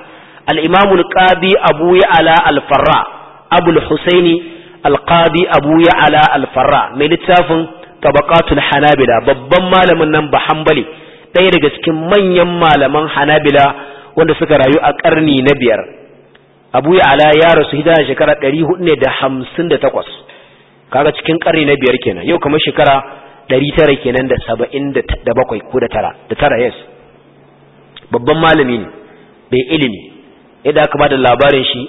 al-imam al-qadi abu ya'la al-farra abu al-husaini al abu ya'la al-farra mai littafin tabaqatul hanabila babban malamin nan ba hanbali ɗaya daga cikin manyan malaman hanabila wanda suka rayu a ƙarni na biyar abu ya'la ya rasu hijira shekara 458 kaga cikin ƙarni na biyar kenan yau kamar shekara 900 kenan da 77 ko da tara da tara yes babban malami ne bai ilimi yadda aka bada labarin shi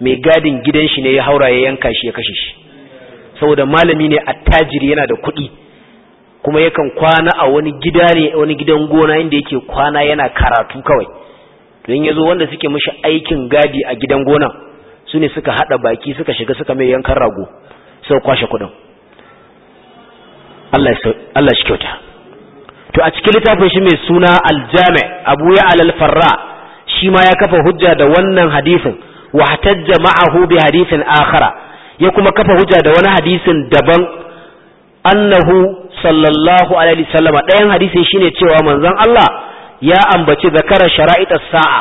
mai gadin gidan shi ne ya haura ya yanka shi ya kashe shi saboda malami ne attajiri yana da kuɗi kuma yakan kwana a wani gida ne wani gidan gona inda yake kwana yana karatu kawai don yazo wanda suke mishi aikin gadi a gidan gona su ne suka hada baki suka shiga suka mai yankan rago sau kwashe kuɗin Allah shi kyauta to a cikin littafin shi mai suna aljami abu ya alal farra shi ma ya kafa hujja da wannan hadisin wa hatajja ma'ahu bi hadisin akhara ya kuma kafa hujja da wani hadisin daban annahu sallallahu alaihi wasallama ɗayan hadisin shine cewa manzon Allah ya ambaci zakara shara'ita sa'a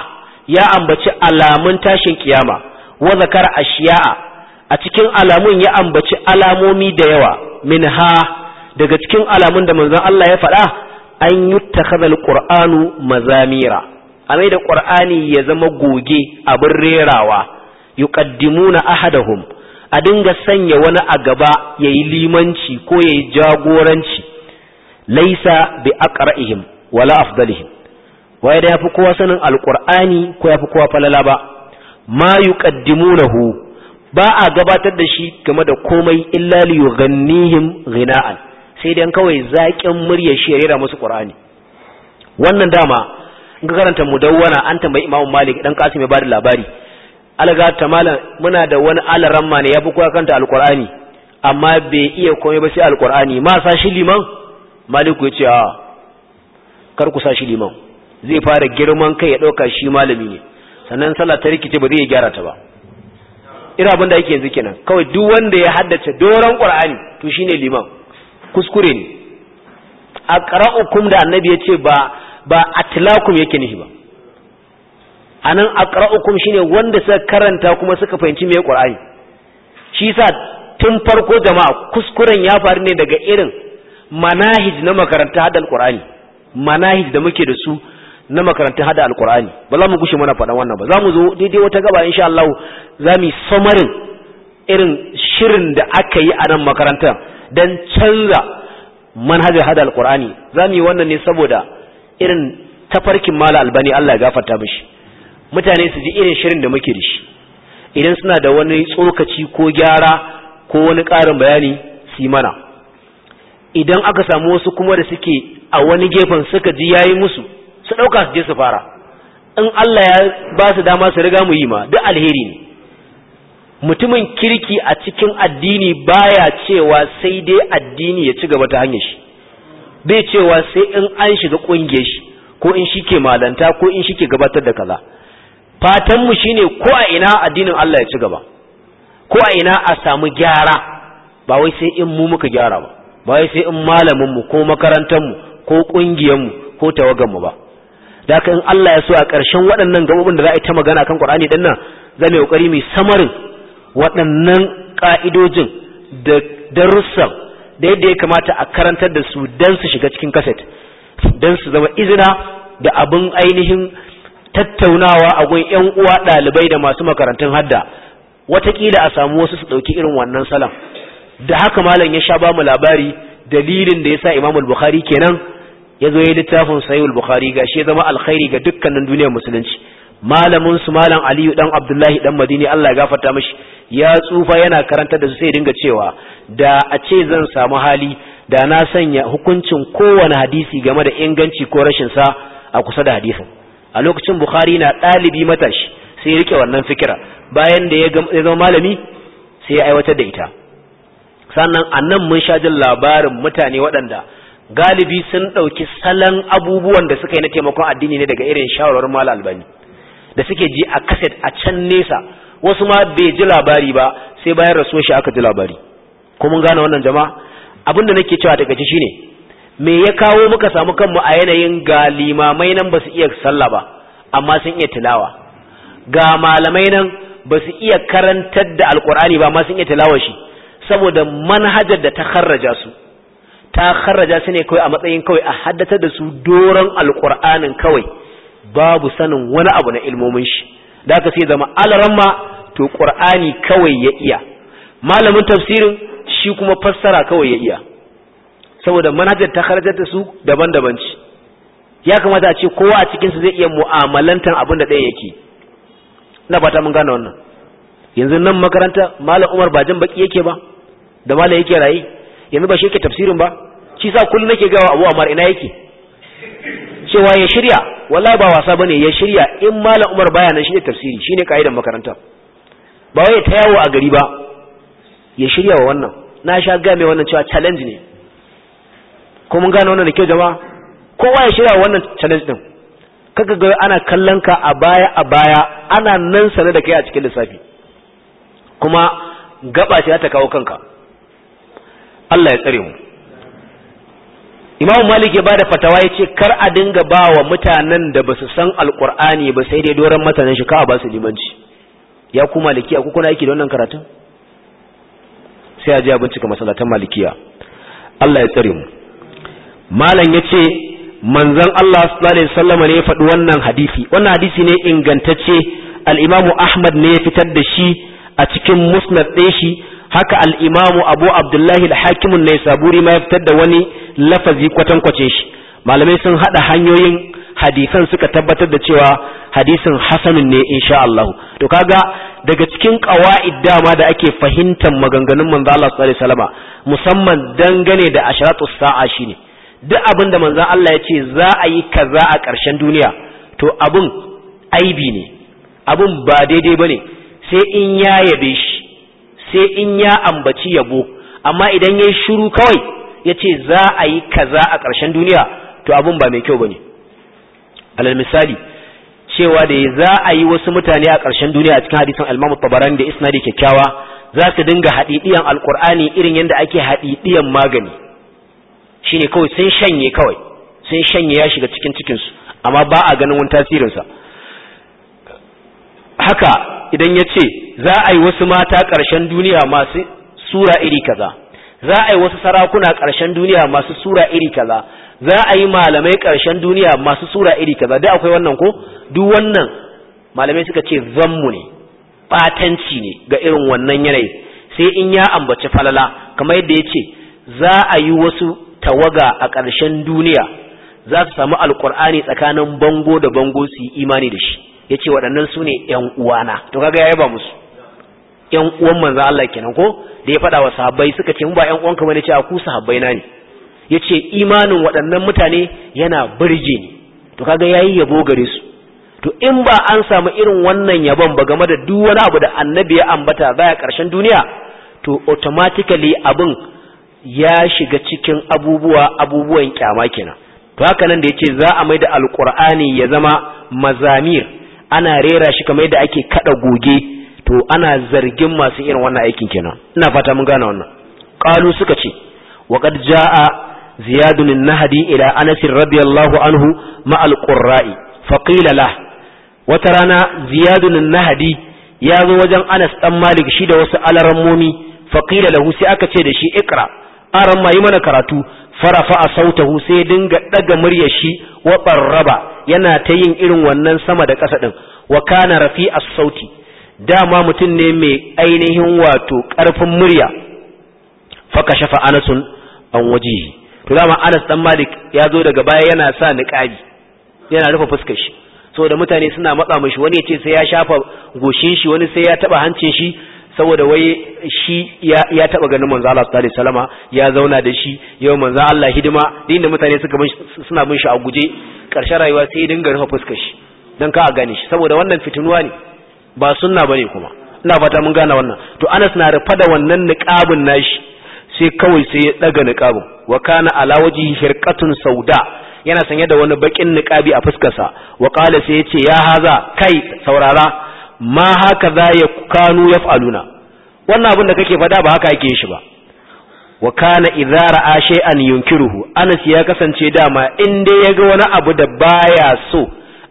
ya ambaci alamun tashin kiyama wa zakara ashiya'a a cikin alamun ya ambaci alamomi da yawa minha daga cikin alamun da manzon Allah ya faɗa an yi takazal ƙur'anu mazamira a mai da ƙur'ani ya zama goge abin rerawa na ahadahum a dinga sanya wani a gaba ya yi limanci ko ya yi jagoranci laisa bi aqra'ihim wala afdalihim waye da yafi kowa sanin alqur'ani ko yafi kowa falala ba ma yuqaddimunahu ba a gabatar da shi game da komai illa li yughannihim ghina'an sai dan kawai zakin murya shirira musu qur'ani wannan dama in ka karanta mudawwana an tambayi imamu malik dan kasim ya bada labari alaga ta malam muna da wani alaran ma ne ya fi kowa kanta alqur'ani amma bai iya komai ba sai alqur'ani ma sa shi liman malik ya ce a kar ku sa shi liman zai fara girman kai ya ɗauka shi malami ne sannan sallah ta rikice ba zai gyara ta ba ira abin da yake yanzu kenan kawai duk wanda ya haddace doron qur'ani to shine liman kuskure ne a ƙara'ukum da annabi ya ce ba ba atlakum yake nihi ba a nan a ƙara'ukum shine wanda suka karanta kuma suka fahimci mai ƙwarari shi sa tun farko jama'a kuskuren ya faru ne daga irin manahij na makaranta hada alƙwarari manahij da muke da su na makaranta hada alƙwarari ba za mu gushe mana faɗan wannan ba za mu zo daidai wata gaba insha Allah za mu yi samarin irin shirin da aka yi a nan makarantar dan canza manhajar hada za zamu yi wannan ne saboda irin tafarkin mala albani Allah ya gafarta mishi mutane su ji irin shirin da muke da shi idan suna da wani tsokaci ko gyara ko wani ƙarin bayani su mana idan aka samu wasu kuma da suke a wani gefen suka ji yayi musu su ɗauka su je su fara in Allah ya ba su dama su riga mu yi ma duk alheri ne mutumin kirki a cikin addini baya cewa sai dai addini ya ci gaba ta hanyar shi bai cewa sai in an shiga kungiyar shi ko in shi ke malanta ko in shi ke gabatar da kaza fatan mu shine ko a ina addinin Allah ya ci gaba ko a ina a samu gyara ba wai sai in mu muka gyara ba ba wai sai in malamin mu ko makarantar mu ko kungiyar mu ko tawagan mu ba da in Allah ya so a ƙarshen waɗannan gabobin da za a yi ta magana kan Qur'ani din nan yi kokari mai samarin waɗannan ƙa'idojin da darussan da yadda ya kamata a karantar da su don su shiga cikin kaset don su zama izina da abin ainihin tattaunawa a gun ‘yan uwa ɗalibai da masu makarantun hadda watakila a samu wasu su ɗauki irin wannan salam da haka malam ya sha ba mu labari dalilin da ya sa imamul bukhari kenan ya zo ya yi littafin sayul bukhari ga shi ya zama alkhairi ga dukkanin duniyar musulunci malamin su malam aliyu dan abdullahi dan madini allah ya gafarta mashi. ya tsufa yana karanta da su sai dinga cewa da a ce zan samu hali da na sanya hukuncin kowane hadisi game da inganci ko rashin sa a kusa da hadisin a lokacin bukhari na ɗalibi matashi sai rike wannan fikira bayan da ya zama malami sai ya aiwatar da ita sannan a nan mun sha jin labarin mutane waɗanda galibi sun ɗauki salon abubuwan da suka yi na taimakon addini ne daga irin shawarwar mala albani da suke ji a kaset a can nesa wasu ma bai ji labari ba sai bayan rasuwa shi aka ji labari ko mun gane wannan jama'a abin da nake cewa daga shine me ya kawo muka samu kanmu a yanayin ga limamai nan ba su iya sallah ba amma sun iya tilawa ga malamai nan ba su iya karantar da alkur'ani ba amma sun iya tilawa shi saboda manhajar da ta kharraja su ta kharraja su ne kawai a matsayin kawai a haddatar da su doron alkur'anin kawai babu sanin wani abu na ilmomin shi da aka sai zama alaramma to qur'ani kawai ya iya malamin tafsirin shi kuma fassara kawai ya iya saboda manhajar ta kharajar da su daban-daban ci ya kamata a ce kowa a cikin su zai iya mu'amalantan abin da ɗaya yake ina fata mun gane wannan yanzu nan makaranta malam Umar ba jan baki yake ba da malam yake rayi yanzu ba shi yake tafsirin ba shi sa kullum nake gawa Abu Umar ina yake cewa ya shirya wallahi ba wasa bane ya shirya in malam Umar baya nan shine tafsiri shine kaidan makaranta ba wai ta yawo a gari ba ya shirya wa wannan na sha ga mai wannan cewa challenge ne ko mun gane wannan da kyau jama'a kowa ya shirya wa wannan challenge din kaga ga ana kallon ka a baya a baya ana nan sane da kai a cikin lissafi kuma gaba ce ta kawo kanka Allah ya tsare mu imam malik ya ba da fatawa ya ce kar a dinga ba wa mutanen da ba su san alkur'ani ba sai dai doron matanan shi kawai ba su limanci ya ku malikiya ko kuna aiki da wannan karatun sai a ji a bincika masalatan malikiya Allah ya tsare mu malam ya ce manzon Allah sallallahu alaihi wasallam ne ya faɗi wannan hadisi wannan hadisi ne ingantacce al-imamu ahmad ne ya fitar da shi a cikin musnad ɗin shi haka al-imamu abu abdullahi da hakimun ne saburi ma ya fitar da wani lafazi kwatankwace shi malamai sun haɗa hanyoyin hadisan suka tabbatar da cewa hadisin hasanun ne insha Allah to kaga daga cikin qawaid dama da ake fahimtar maganganun manzo Allah sallallahu alaihi musamman dangane da asharatu sa'a shine duk abin da manzo Allah ya ce za a yi kaza a ƙarshen duniya to abin aibi ne abun ba daidai bane sai in ya yabe shi sai in ya ambaci yabo amma idan ya shiru kawai ya ce za a yi kaza a ƙarshen duniya to abin ba mai kyau bane ne alal misali cewa da za a yi wasu mutane a ƙarshen duniya a cikin hadisin almamu tabarani da isnadi kyakkyawa za su dinga haɗiɗiyan alƙur'ani irin yadda ake haɗiɗiyan magani shine kawai sun shanye kawai sun shanye ya shiga cikin cikinsu amma ba a ganin wani tasirinsa haka idan ya ce za a yi wasu mata ƙarshen duniya masu sura iri kaza za a yi wasu sarakuna ƙarshen duniya masu sura iri kaza za a yi malamai ƙarshen duniya masu sura iri kaza da akwai wannan ko duk wannan malamai suka ce zammu ne ɓatanci ne ga irin wannan yanayi sai in ya ambaci falala kamar yadda ya ce za a yi wasu tawaga a ƙarshen duniya za su samu alƙur'ani tsakanin bango da bango su yi imani da shi yace waɗannan su ne ƴan uwana to kaga ya yaba musu ƴan uwan Allah kenan ko da ya faɗa wa sahabbai suka ce mu ba ƴan uwanka bane ce a ku sahabbai na ne yace imanin waɗannan mutane yana burge ne to kaga ya yi yabo gare su to in ba an samu irin wannan yabon ba game da duk wani abu da annabi ya ambata baya ƙarshen duniya to automatically abin ya shiga cikin abubuwa abubuwan kyama kenan to haka nan da yace za a maida alqur'ani ya zama mazamir ana rera shi kamar yadda ake kada goge to ana zargin masu irin wannan aikin kenan ina fata mun gane wannan qalu suka ce wa qad jaa ziyadun an-nahdi ila anas radiyallahu anhu ma al-qurra'i fa qila la wata rana ziyadunin an-nahdi ya zo wajen anas dan malik shi da wasu alarammomi fa qila lahu sai aka ce da shi ikra aran ma yi mana karatu farafa a sautahu sai dinga ɗaga murya shi wa raba yana ta yin irin wannan sama da ƙasa ɗin wa kana rafi a sauti dama mutum ne mai ainihin wato ƙarfin murya faka shafa anasun an wajihi to dama anas dan malik ya zo daga baya yana sa ƙari yana rufe fuskar shi saboda mutane suna matsa mishi wani ya ce sai ya shafa goshin shi wani sai ya taɓa hancin shi saboda wai shi ya taba ganin manzo Allah sallallahu alaihi wasallama ya zauna da shi yau manzo Allah hidima din da mutane suka bin suna bin shi a guje karshen rayuwa sai dinga rufe fuskar shi dan ka a gane shi saboda wannan fitinuwa ne ba sunna bane kuma ina fata mun gane wannan to Anas na rufa da wannan niqabun nashi sai kawai sai ya daga niqabun wa kana ala wajhi hirqatun sauda yana sanye da wani bakin niqabi a fuskarsa wa qala sai ya ce ya haza kai saurara ma haka za ya kanu ya faluna wannan abin da kake fada ba haka ake shi ba wa kana idza ra'a shay'an yunkiruhu Anas ya kasance dama inda dai yaga wani abu da baya so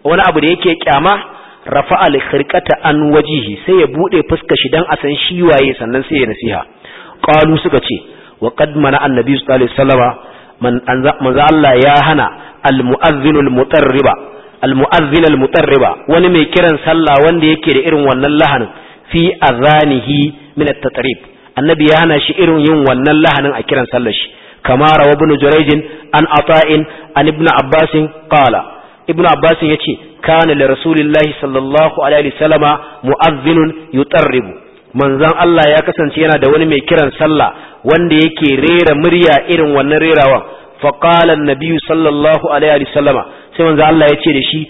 wani abu da yake kyama rafa al khirqata an wajihi sai ya bude fuskar shi dan asan san shi waye sannan sai ya nasiha qalu suka ce wa qad mana annabi sallallahu alaihi wasallama man Allah ya hana al mu'adhdhin al mutarriba al-mu'azzin al wani mai kiran sallah wanda yake da irin wannan lahanin fi azanihi min at-tatrib annabi ya hana shi irin yin wannan lahanin a kiran sallar shi kama rawa ibn jurayj an ata'in an ibn abbas qala ibn abbas yace kana li sallallahu alaihi wasallama mu'azzinun yutarribu manzon Allah ya kasance yana da wani mai kiran sallah wanda yake rera murya irin wannan rerawan فقال النبي صلى الله عليه وسلم sai wanzu Allah ya ce da shi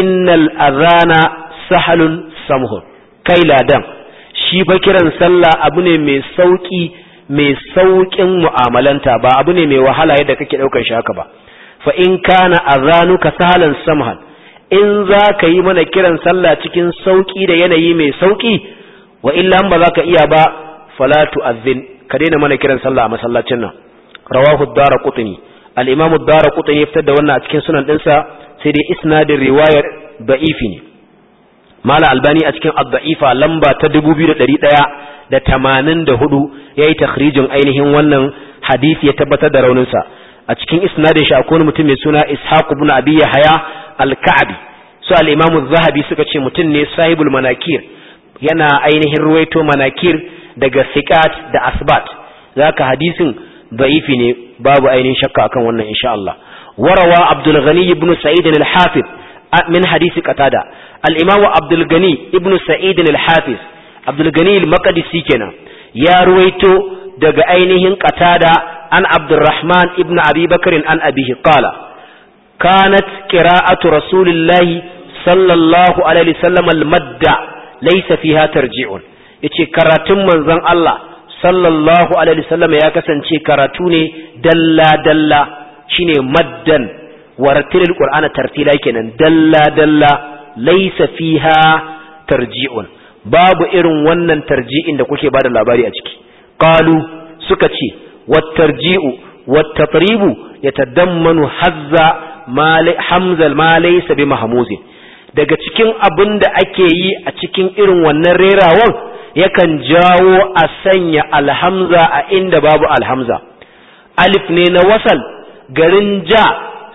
innal azana sahalun samhun kai ladan shi fa kiran sallah abu ne mai sauki mai saukin mu'amalanta ba abu ne mai wahala yadda kake daukar shi haka ba fa in kana azanuka sahalan samhan in za ka yi mana kiran sallah cikin sauki da yanayi mai sauki wa illa ba za ka iya ba fala tu'azzin ka daina mana kiran sallah a masallacin nan rawahu ad-darqutni al dara ad ya fitar da wannan a cikin sunan dinsa sai dai isnadin riwayar da'ifi ne mala albani a cikin ad lamba ta da da ya yayi takhrijin ainihin wannan hadisi ya tabbatar da raunin sa a cikin isnadin shi akwai mutum mai suna ishaq ibn abi ya haya alka'abi su al-imamu zahabi suka ce mutum ne sahibul manakir yana ainihin ruwaito manakir daga sikat da asbat ka hadisin da'ifi ne babu ainihin shakka akan wannan insha Allah warawa Abdul Ghani ibn Sa'id al min hadisi Qatada al-Imam Abdul Ghani ibn Sa'id al Abdul Ghani al-Maqdisi kenan ya ruwaito daga ainihin katada an Abdurrahman ibn Abi Bakr an abihi qala kanat qira'atu Rasulillahi sallallahu alaihi wasallam al-madda laysa fiha tarji'un yace karatun manzon Allah sallallahu alaihi wasallam ya kasance karatu ne dalla dalla shine maddan wartilil qur'ana tartila kenan dalla dalla laysa fiha tarji'un babu irin wannan tarji'in da kuke bada labari a ciki qalu suka ce wat tarji'u wat tatribu yatadammanu hazza mali hamza ma laysa mahmuzin daga cikin abin da ake yi a cikin irin wannan rerawon. yakan jawo a sanya alhamza a inda babu alhamza alif ne na wasal garin ja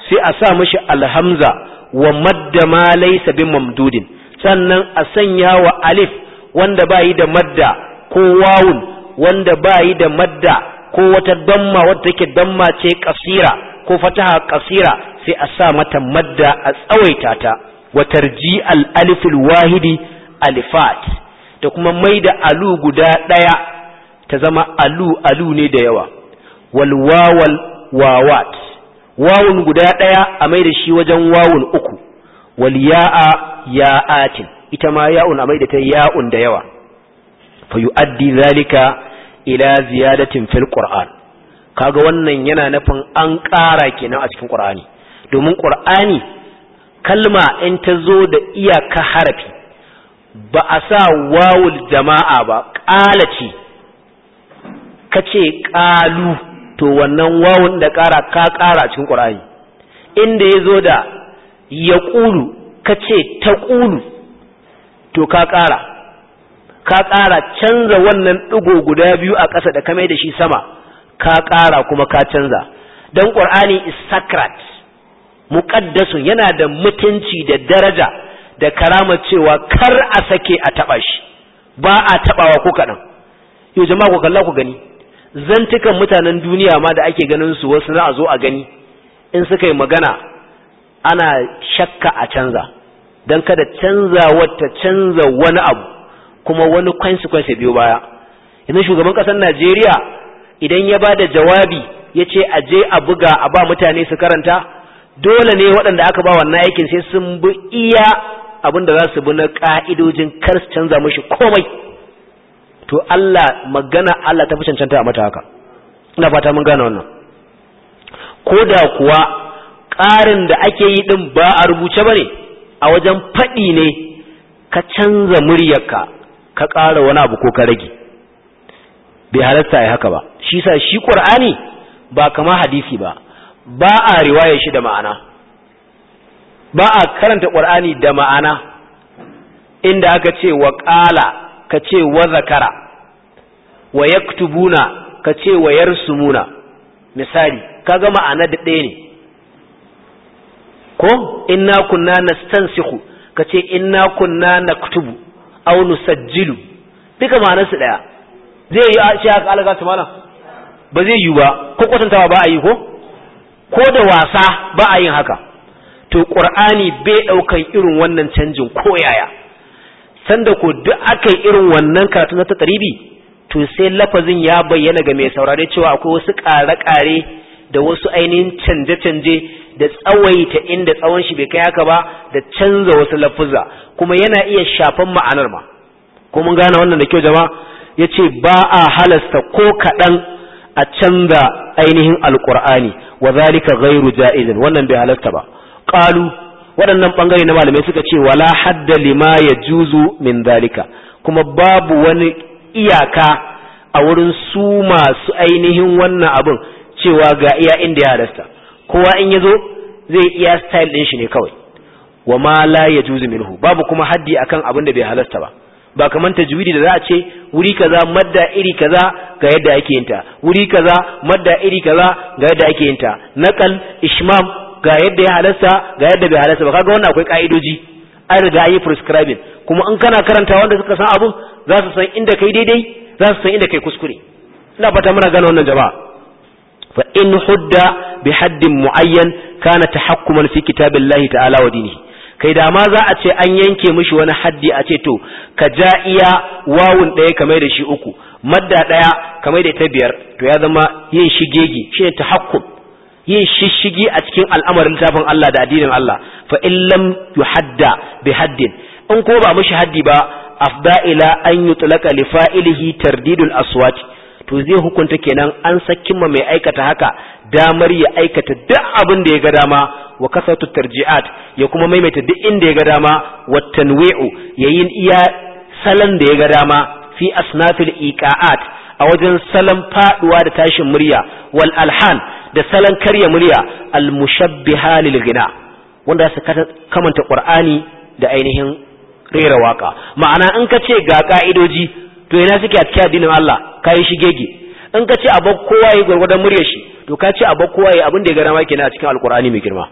sai a sa mashi alhamza wa madda ma laysa bi mamdudin sannan a sanya wa alif wanda bayi da madda ko wawun wanda bayi da madda ko wata damma wadda take damma ce kasira ko fataha kasira sai a sa mata madda a tsawaita ta wa tarji al alif al wahidi alifat da kuma mai da alu guda ɗaya ta zama alu alu ne da yawa walwawal wawat wawun guda ɗaya a mai da shi wajen wawun uku walya'a ya ya'atin ita ma ya'un a mai da ta ya'un da yawa fa yu'addi zalika ila ziyadatin fil qur'an kaga wannan yana nufin an ƙara kenan a cikin qur'ani domin qur'ani kalma in ta zo da iyaka harafi ba a sa wawul jama'a ba ƙala ce ka ce ƙalu to wannan wawun da ƙara ka ƙara cikin ƙur'ani inda ya zo da ya ƙulu ka ce ta ƙulu to ka ƙara ka ƙara canza wannan ɗigo guda biyu a ƙasa da kame da shi sama ka ƙara kuma ka canza don ƙur'ani is sacred muƙaddasun yana da mutunci da daraja da karama cewa kar a sake a taɓa shi ba a taɓawa ko kaɗan yau jama'a ku kalla ku gani zantukan mutanen duniya ma da ake ganin su wasu za a zo a gani in suka yi magana ana shakka a canza don kada canza wata canza wani abu kuma wani kwansu-kwansu biyo baya yanzu shugaban ƙasar najeriya idan ya ba da jawabi ya ce a je a buga a ba mutane su karanta dole ne waɗanda aka ba wannan aikin sai sun bi iya abin da za su bi na ƙa'idojin kar su canza mashi komai to Allah magana Allah ta fi cancanta a mata haka ina fata mun gane wannan ko da kuwa ƙarin da ake yi ɗin ba a rubuce ba ne a wajen faɗi ne ka canza muryarka ka ƙara wani abu ko ka rage bai halatta ya haka ba shi sa shi ƙur'ani ba kama hadisi ba ba a riwayar shi da ma'ana ba a karanta qur'ani da ma'ana inda aka ce wa qala ka ce wa zakara wa yaktubuna ka ce wa yarsumuna misali kaga ma'ana da ɗaya ne ko inna kunna nastansikhu ka ce inna kunna naktubu aw nusajjilu duka su ɗaya zai yi a ce haka alaga su malam ba zai yi ba ko kwatantawa ba a yi ko ko da wasa ba a yin haka to ƙur'ani bai ɗaukan irin wannan canjin ko yaya sanda ko duk aka irin wannan karatu na ta taribi to sai lafazin ya bayyana ga mai saurare cewa akwai wasu ƙare-ƙare da wasu ainihin canje-canje da tsawaita inda tsawon shi bai kai haka ba da canza wasu lafuza kuma yana iya shafan ma'anar ma ko mun gane wannan da kyau jama'a ce ba a halasta ko kaɗan a canza ainihin alkur'ani wa zalika ghairu ja'izin wannan bai halasta ba qalu waɗannan bangare na malamai suka ce wala hadda lima ya yajuzu min zalika kuma babu wani iyaka a wurin su masu ainihin wannan abun cewa ga iya inda ya halasta kowa in ya zo zai iya style din shi ne kawai wa ma la yajuzu minhu babu kuma haddi akan abin da bai halasta ba ba kamar tajwidi da za a ce wuri kaza madda iri kaza ga yadda ake yin wuri kaza madda iri kaza ga yadda ake yin ta naqal ishmam ga yadda ya halasta ga yadda bai halasta ba kaga wannan akwai ka'idoji an riga yi prescribing kuma in kana karanta wanda suka san abu za su san inda kai daidai za su san inda kai kuskure ina fata muna gane wannan jama'a fa in hudda bi haddin muayyan kana tahakkuman fi kitabillahi ta'ala wa dinihi kai da ma za a ce an yanke mishi wani haddi a ce to ka ja iya wawun ɗaya kamar da shi uku madda ɗaya kamar da ta biyar to ya zama yin shigegi shi ne tahakkum yin shishigi a cikin al'amarin littafin Allah da addinin Allah fa in lam yuhadda bi haddin in ko ba mushi haddi ba afda ila an yutlaqa li fa'ilihi tardidul aswat to zai hukunta kenan an sakin ma mai aikata haka damar ya aikata duk abin da ya ga dama wa kasatu tarji'at ya kuma maimaita duk inda ya ga dama wa tanwi'u yayin iya salan da ya ga dama fi asnafil iqa'at a wajen salan faduwa da tashin murya wal alhan da salon karya murya al-mushabbiha lil gina. wanda su kamanta qur'ani da ainihin rera waka ma'ana in ka ce ga ka'idoji to ina suke a cikin addinin Allah kai gege in ka ce abak kowa yi gurgurdan murya shi to ka ce abak kowa yi abin da ya gara ma kenan a cikin alqur'ani mai girma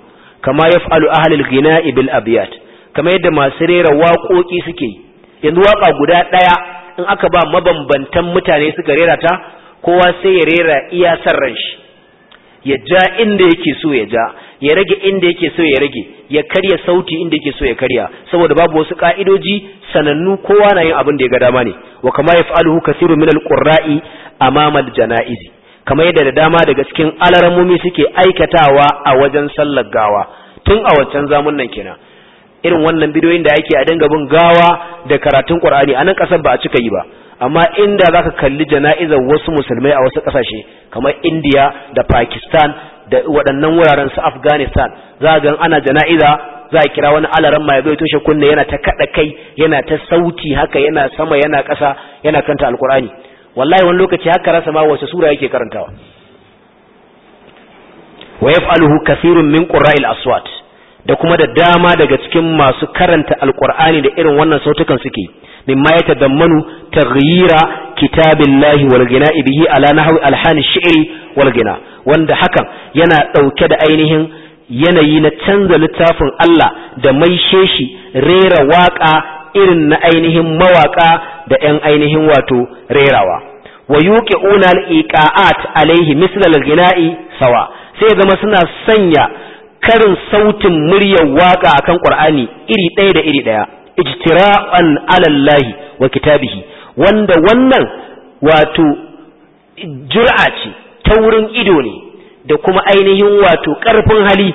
kama yaf'alu ahlul gina bil abiyat kama yadda masu rera waƙoƙi suke yi yanzu waka guda ɗaya in aka ba mabambantan mutane suka rera ta kowa sai ya rera iya san ran shi ya ja inda yake so ya ja ya rage inda yake so ya rage ya karya sauti inda yake so ya karya saboda babu wasu ka'idoji sanannu kowa na yin abin da ya ga dama ne wa kama yaf'aluhu kathirun min al-qurra'i amama al-janaizi kamar yadda da dama daga cikin alaramomi suke aikatawa a wajen sallar gawa tun a wancan zamun nan kenan irin wannan bidiyoyin da ake a dinga bin gawa da karatun Qur'ani a nan kasar ba a cika yi ba amma inda zaka kalli jana'izar wasu musulmai a wasu kasashe kamar Indiya da Pakistan da waɗannan wuraren su Afghanistan za ga ana jana'iza za a kira wani alaran ma zai bai toshe kunne yana ta kaɗa kai yana ta sauti haka yana sama yana ƙasa yana kanta alkur'ani wallahi wani lokaci haka rasa ma wace sura yake karantawa wa yaf'aluhu kathirun min qurra'il aswat da kuma da dama daga cikin masu karanta alkur'ani da irin wannan sautukan suke mimma yatadammanu taghyira kitabillahi wal ghina'i bihi ala nahwi alhan ash-shi'ri wal ghina wanda hakan yana ɗauke da ainihin yanayi na canza littafin Allah da maishe shi rera waka irin na ainihin mawaka da ‘yan ainihin wato rerawa, wa yuƙi unar iƙa'at alaihi mislal gina'i sawa, sai zama suna sanya karin sautin muryar waka akan ƙur'ani iri ɗaya da iri ɗaya. ijtira'an ala Allah wa kitabihi wanda wannan wato jur'a ce ta wurin ido ne da kuma ainihin wato ƙarfin hali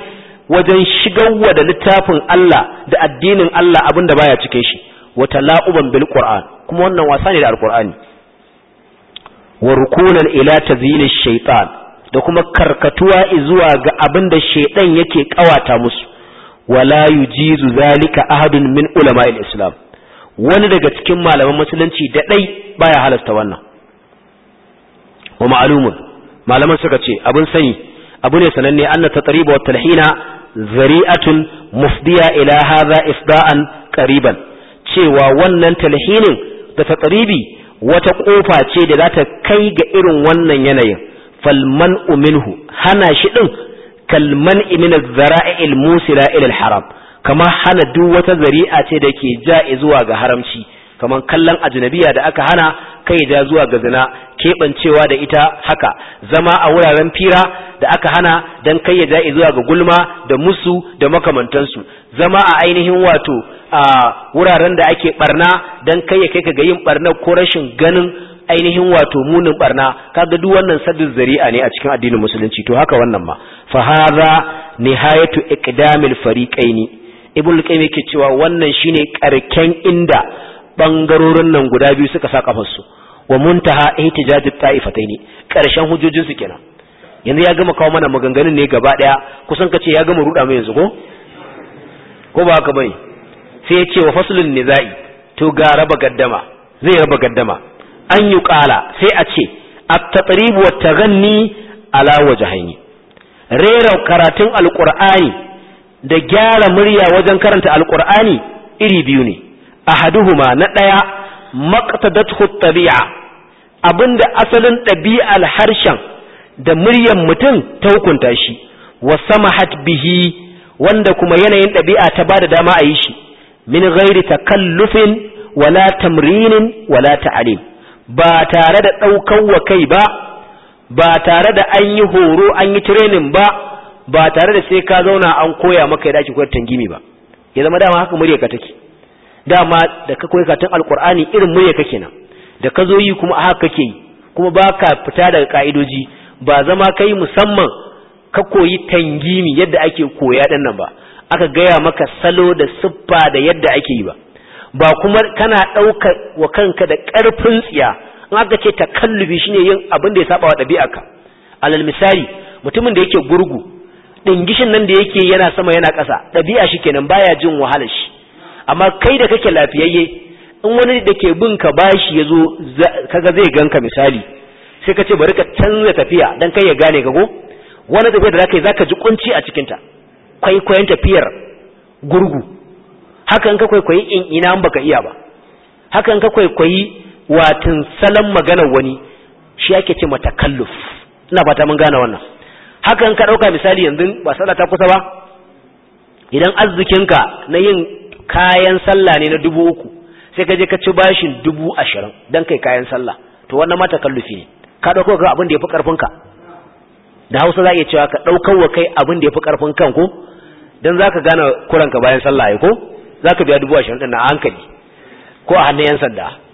wajen shigarwa da littafin Allah da addinin Allah abinda baya cike shi wa tala'uban bil qur'an kuma wannan wasa ne da alqur'ani wa rukunan ila ash shaytan da kuma karkatuwa zuwa ga abinda shaytan yake kawata musu wala yujizu zalika ahadun min ulama'il islam wani daga cikin malaman musulunci da dai baya halasta wannan wa ma'lumun malaman suka ce abin sani abu ne sananne anna tatriba wa talhina zari'atun mufdiya ila hadha ifda'an qariban cewa wannan talhinin da tatribi wata kofa ce da za ta kai ga irin wannan yanayin falman uminhu hana shi din kalman min az-zara'il musila ila al-haram kama hana duk wata zari'a ce da ke ja'i zuwa ga haramci kaman kallon ajnabiya da aka hana kai ja zuwa ga zina keɓancewa da ita haka zama a wuraren fira da aka hana dan kai ya ja'i zuwa ga gulma da musu da makamantansu zama a ainihin wato a wuraren da ake barna dan kai ya kai ga yin barna ko rashin ganin ainihin wato munin barna kaga duk wannan saddin zari'a ne a cikin addinin musulunci to haka wannan ma fahaza ni nihayatu iqdamil fariqaini ibn al-qayyim yake cewa wannan shine karken inda bangarorin nan guda biyu suka sa kafarsu wa muntaha ihtijajit ta'ifataini karshen hujjojin su kenan yanzu ya gama kawo mana maganganun ne gaba daya kusan kace ya gama ruda mai yanzu ko ko ba haka bane sai ya ce wa faslun nizai to ga raba gaddama zai raba gaddama an yi sai a ce at tatribu wat taghanni ala wajhaini rera karatun Alƙur'ani da gyara murya wajen karanta alkur'ani iri biyu ne ahaduhuma na daya maqtadathu tabi'a abinda asalin ɗabi'ar harshen da muryar mutum ta hukunta shi wa samahat bihi wanda kuma yanayin ɗabi'a ta bada dama a yi shi min ghairi takallufin wala tamrinin wala ta'alim ba tare da ɗaukar wa kai ba ba tare da an yi horo an yi training ba ba tare da sai ka zauna an koya maka yadda ake koyar tangimi ba ya zama dama haka murya ka take dama da ka koyi katun alkur'ani irin murya kenan da ka zo yi kuma a haka kake yi kuma ba ka fita daga ka'idoji ba zama kai musamman ka koyi tangimi yadda ake koya ɗin nan ba aka gaya maka salo da siffa da yadda ake yi ba ba kuma kana ɗaukar wa kanka da ƙarfin tsiya in aka ce takallubi shine yin abin da ya saba wa ka alal misali mutumin da yake gurgu dingishin nan da yake yana sama yana ƙasa ɗabi'a shi kenan baya jin wahala shi amma kai da kake lafiyayye in wani da ke bin ka bashi ya zo kaga zai ganka misali sai ka ce bari ka canza tafiya dan kai ya gane ka ko wani tafiya da zaka yi zaka ji kunci a cikinta kwaikwayon tafiyar gurgu hakan ka kwaikwayi in ina baka iya ba hakan ka kwaikwayi watin salon maganar wani shi ake ce mata kalluf ina fata mun gane wannan hakan ka ɗauka misali yanzu ba sallah ta kusa ba idan arzikinka na yin kayan sallah ne na dubu uku sai ka je ka ci bashin dubu ashirin don kai kayan sallah to wannan ma kallufi ne ka ɗauko ka abin da ya fi ƙarfinka da hausa za a iya cewa ka ɗaukar wa kai abin da ya fi ƙarfin kan ko don za ka gane kuranka bayan sallah ya ko za ka biya dubu ashirin ɗin na hankali ko a hannun yan sanda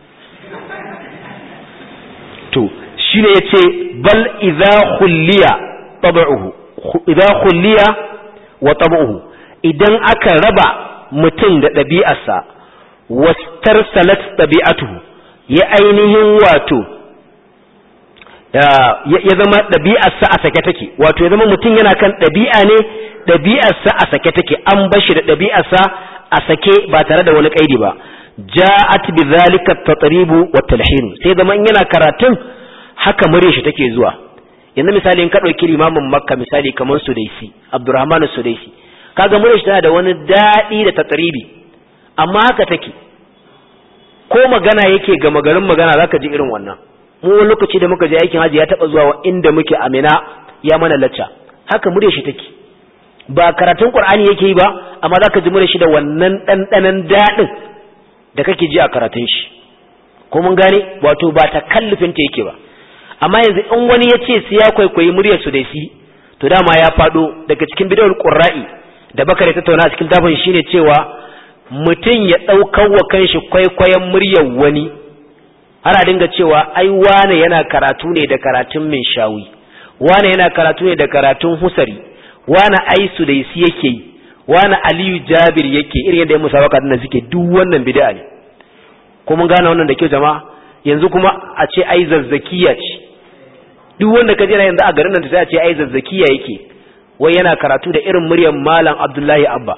to shine yace bal idza khulliya tab'uhu idza khulliya wa tab'uhu idan aka raba mutum da ɗabi'arsa wastarsalat ɗabi'atuhu ya ainihin wato ya zama ɗabi'arsa a sake take wato ya zama mutum yana kan ɗabi'a ne ɗabi'arsa a sake take an bashi da ɗabi'arsa a sake ba tare da wani ƙaidi ba ja'at bi zalika at-tatrib wa talhin sai zaman yana karatun haka mure shi take zuwa yanzu misali in ka dauki limamin makka misali kamar sudaisi abdurrahman sudaisi kaga mure shi tana da wani dadi da tatribi amma haka take ko magana yake ga magarin magana zaka ji irin wannan mu lokaci da muka je aikin haji ya taba zuwa inda muke amina ya mana lacca haka mure shi take ba karatun qur'ani yake yi ba amma zaka ji mure shi da wannan dandanan dadin da kake ji a karatun shi ko mun gane wato ba ta kallufin ta yake ba amma yanzu in wani ya ce su ya kwaikwayi muryar su da shi to dama ya faɗo daga cikin bidawul qurra'i da bakare ta tauna a cikin tafin shine cewa mutum ya daukar wa kanshi kwaikwayon muryar wani ana dinga cewa ai wane yana karatu ne da karatun min shawi wane yana karatu ne da karatun husari wane ai su da yake yi wani aliyu jabir yake irin yadda ya musabaka dinnan suke duk wannan bid'a ne ko mun gane wannan da kyau jama'a yanzu kuma a ce ai zazzakiya ce duk wanda ka jira yanzu a garin nan sai a ce ai zazzakiya yake wai yana karatu da irin muryar malam abdullahi abba